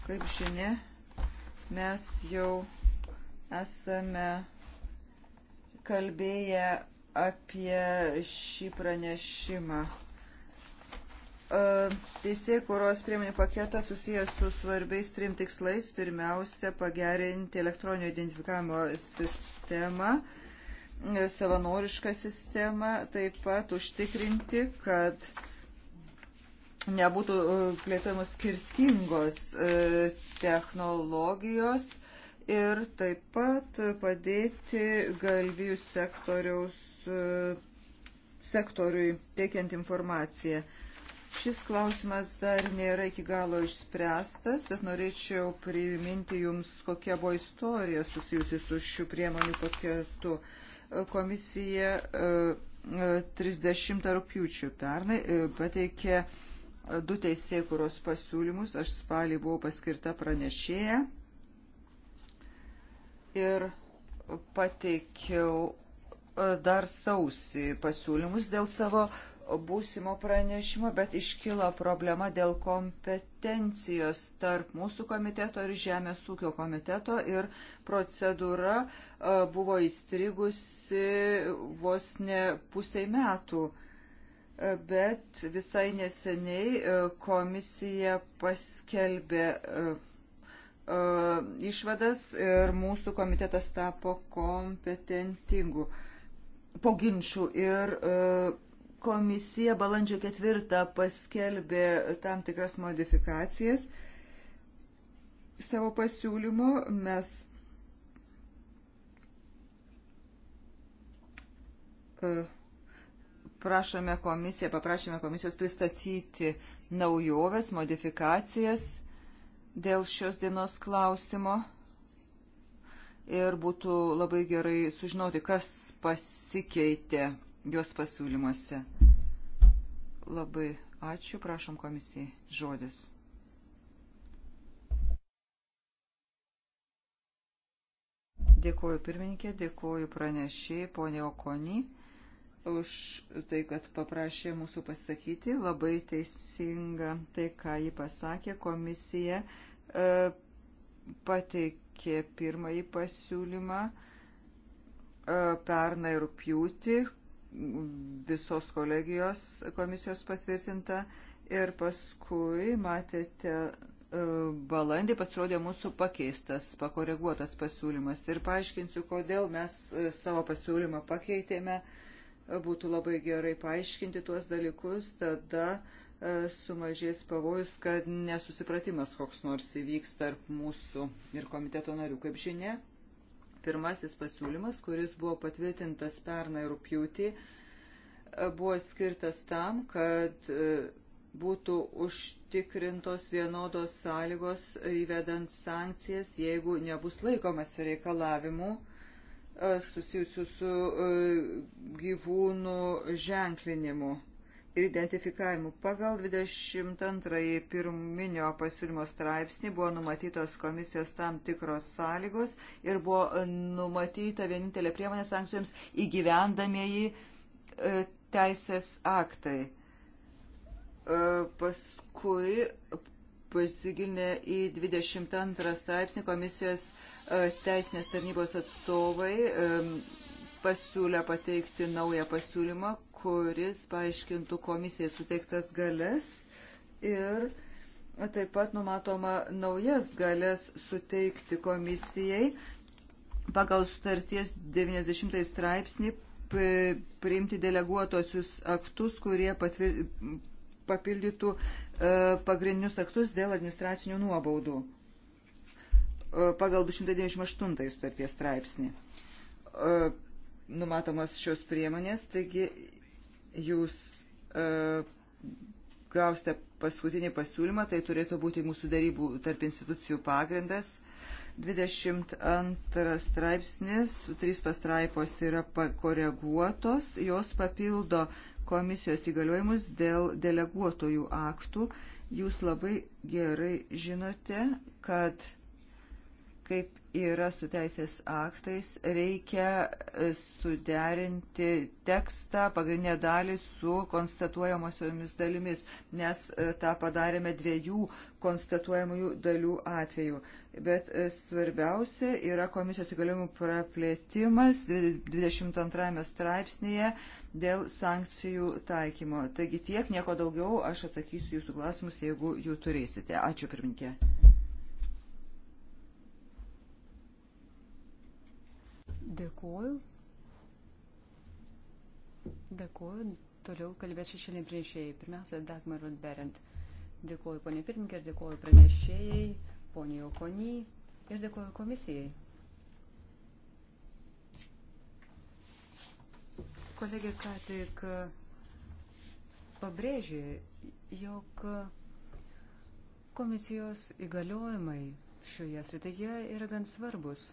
Kaip žinia, mes jau esame kalbėję apie šį pranešimą. E, Teisėjų kuros priemonių paketas susijęs su svarbiais trim tikslais. Pirmiausia, pagerinti elektroninio identifikavimo sistemą savanorišką sistemą, taip pat užtikrinti, kad nebūtų e, plėtojamos skirtingos e, technologijos ir taip pat padėti galvijų sektoriaus e, sektoriui teikiant informaciją. Šis klausimas dar nėra iki galo išspręstas, bet norėčiau priminti Jums, kokia buvo istorija susijusi su šių priemonių paketu. Komisija 30 e, e, rūpjūčių pernai e, pateikė du teisėkuros pasiūlymus. Aš spalį buvau paskirta pranešėja ir pateikiau dar sausį pasiūlymus dėl savo būsimo pranešimo, bet iškilo problema dėl kompetencijos tarp mūsų komiteto ir Žemės ūkio komiteto ir procedūra e, buvo įstrigusi vos ne pusiai metų. E, bet visai neseniai e, komisija paskelbė išvadas ir mūsų komitetas tapo kompetentingu po ginčių ir uh, Komisija balandžio ketvirtą paskelbė tam tikras modifikacijas savo pasiūlymo. Mes e, prašome komisiją, paprašėme komisijos pristatyti naujoves, modifikacijas dėl šios dienos klausimo. Ir būtų labai gerai sužinoti, kas pasikeitė jos pasiūlymuose. Labai ačiū, prašom komisijai žodis. Dėkuoju pirmininkė, dėkuoju pranešėjai, ponė Okonį, už tai, kad paprašė mūsų pasakyti. Labai teisinga tai, ką ji pasakė. Komisija e, pateikė pirmąjį pasiūlymą e, pernai rūpjūti, visos kolegijos komisijos patvirtinta ir paskui matėte e, balandį pasirodė mūsų pakeistas, pakoreguotas pasiūlymas ir paaiškinsiu, kodėl mes e, savo pasiūlymą pakeitėme. E, būtų labai gerai paaiškinti tuos dalykus, tada sumažės pavojus, kad nesusipratimas koks nors įvyks tarp mūsų ir komiteto narių. Kaip žinia, pirmasis pasiūlymas, kuris buvo patvirtintas pernai rūpjūtį, e, buvo skirtas tam, kad e, būtų užtikrintos vienodos sąlygos įvedant sankcijas, jeigu nebus laikomas reikalavimų e, susijusių su gyvūnų ženklinimu ir identifikavimu. Pagal 22 pirminio pasiūlymo straipsnį buvo numatytos komisijos tam tikros sąlygos ir buvo numatyta vienintelė priemonė sankcijoms įgyvendamieji e, teisės aktai. E, paskui pasigilinę į 22 straipsnį komisijos e, teisinės tarnybos atstovai pasiūlė pateikti naują pasiūlymą, kuris paaiškintų komisijai suteiktas galės ir taip pat numatoma naujas galės suteikti komisijai pagal sutarties 90 straipsnį priimti deleguotosius aktus, kurie patvir... papildytų e, pagrindinius aktus dėl administracinių nuobaudų e, pagal 298 sutarties straipsnį e, numatomas šios priemonės, taigi jūs uh, gausite paskutinį pasiūlymą, tai turėtų būti mūsų darybų tarp institucijų pagrindas. 22 straipsnis, 3 pastraipos yra pakoreguotos, jos papildo komisijos įgaliojimus dėl deleguotojų aktų. Jūs labai gerai žinote, kad kaip yra su teisės aktais, reikia e, suderinti tekstą, pagrindinę dalį su konstatuojamosiomis dalimis, nes e, tą padarėme dviejų konstatuojamųjų dalių atveju. Bet e, svarbiausia yra komisijos įgaliojimų praplėtimas 22 straipsnėje dėl sankcijų taikymo. Taigi tiek, nieko daugiau, aš atsakysiu jūsų klausimus, jeigu jų turėsite. Ačiū pirminkė. Dėkuoju. Dėkuoju. Toliau kalbės šešėlėm pranešėjai. Pirmiausia, Dagmar Rodberent. Dėkuoju ponė pirmininkė ir dėkuoju pranešėjai, ponė Jokony ir dėkuoju komisijai. Kolegė ką tik pabrėžė, jog komisijos įgaliojimai šioje srityje yra gan svarbus.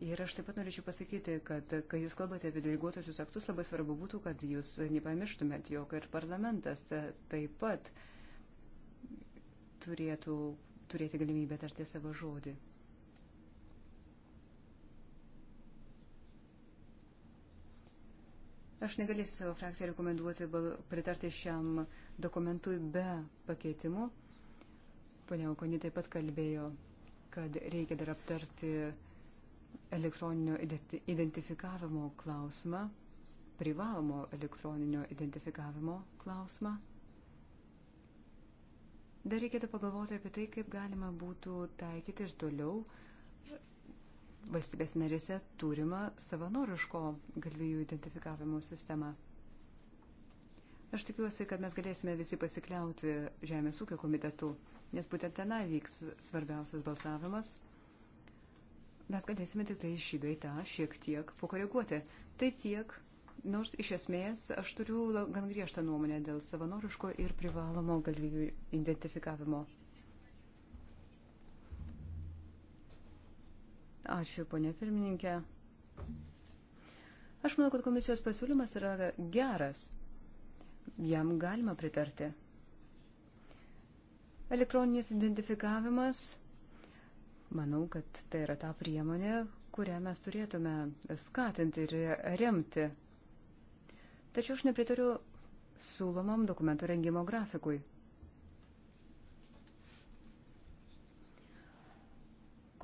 Ir aš taip pat norėčiau pasakyti, kad kai jūs kalbate apie deleguotusius aktus, labai svarbu būtų, kad jūs nepamirštumėt, jog ir parlamentas taip pat turėtų turėti galimybę tarti savo žodį. Aš negalėsiu frakcijai rekomenduoti pritarti šiam dokumentui be pakeitimų. Pane Okonė taip pat kalbėjo, kad reikia dar aptarti elektroninio identifikavimo klausimą, privalomo elektroninio identifikavimo klausimą. Dar reikėtų pagalvoti apie tai, kaip galima būtų taikyti ir toliau valstybės narėse turimą savanoriško galvijų identifikavimo sistemą. Aš tikiuosi, kad mes galėsime visi pasikliauti Žemės ūkio komitetu, nes būtent tenai vyks svarbiausias balsavimas mes galėsime tik tai šį beitą šiek tiek pakoreguoti. Tai tiek, nors iš esmės aš turiu gan griežtą nuomonę dėl savanoriško ir privalomo galvijų identifikavimo. Ačiū, ponė pirmininkė. Aš manau, kad komisijos pasiūlymas yra geras. Jam galima pritarti. Elektroninis identifikavimas Manau, kad tai yra ta priemonė, kurią mes turėtume skatinti ir remti. Tačiau aš nepritariu siūlomam dokumentų rengimo grafikui.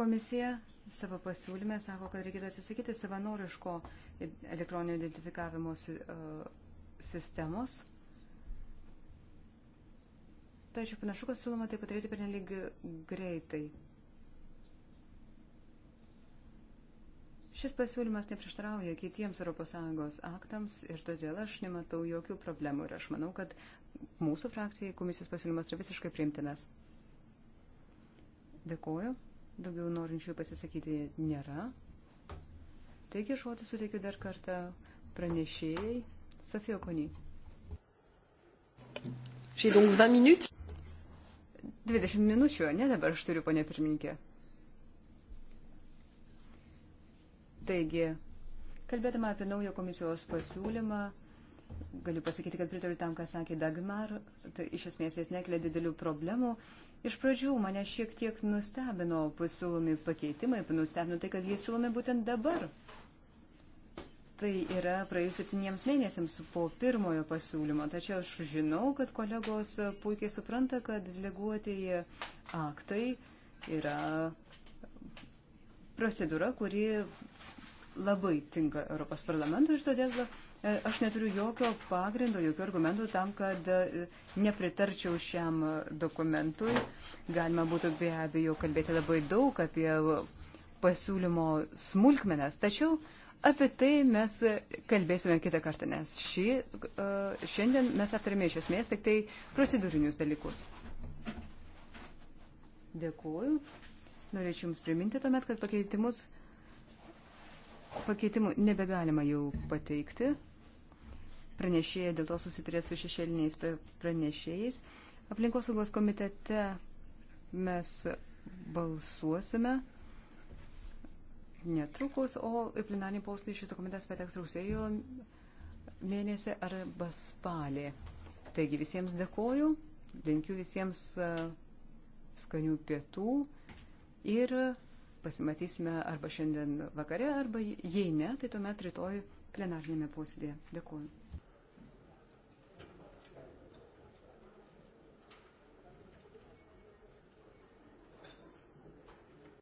Komisija savo pasiūlyme sako, kad reikėtų atsisakyti savanoriško elektroninio identifikavimo e, sistemos. Tačiau panašu, kad siūloma tai padaryti pernelyg greitai. Šis pasiūlymas neprieštarauja kitiems ES aktams ir todėl aš nematau jokių problemų ir aš manau, kad mūsų frakcijai komisijos pasiūlymas yra visiškai priimtinas. Dėkuoju. Daugiau norinčių pasisakyti nėra. Taigi žodį suteikiu dar kartą pranešėjai Sofijo Kony. 20 minučių, ne dabar aš turiu, ponė pirmininkė. Taigi, kalbėdama apie naują komisijos pasiūlymą, galiu pasakyti, kad pritariu tam, ką sakė Dagmar, tai iš esmės jis nekelia didelių problemų. Iš pradžių mane šiek tiek nustebino pasiūlomi pakeitimai, nustebino tai, kad jie siūlomi būtent dabar. Tai yra praėjus septyniems mėnesiams po pirmojo pasiūlymo. Tačiau aš žinau, kad kolegos puikiai supranta, kad deleguotieji aktai yra procedūra, kuri labai tinka Europos parlamentui ir todėl e, aš neturiu jokio pagrindo, jokio argumento tam, kad e, nepritarčiau šiam dokumentui. Galima būtų be abejo kalbėti labai daug apie pasiūlymo smulkmenas, tačiau apie tai mes kalbėsime kitą kartą, nes šį, e, šiandien mes aptarėme iš esmės tik tai procedūrinius dalykus. Dėkuoju. Norėčiau Jums priminti tuomet, kad pakeitimus Pakeitimų nebegalima jau pateikti. Pranešėjai dėl to susitarė su šešėliniais pranešėjais. Aplinkosaugos komitete mes balsuosime netrukus, o į plenarinį postą šis dokumentas pateks rugsėjo mėnesį arba spalį. Taigi visiems dėkoju, linkiu visiems skanių pietų ir pasimatysime arba šiandien vakare, arba jei ne, tai tuomet rytoj plenarnėme posėdėje. Dėkuoju.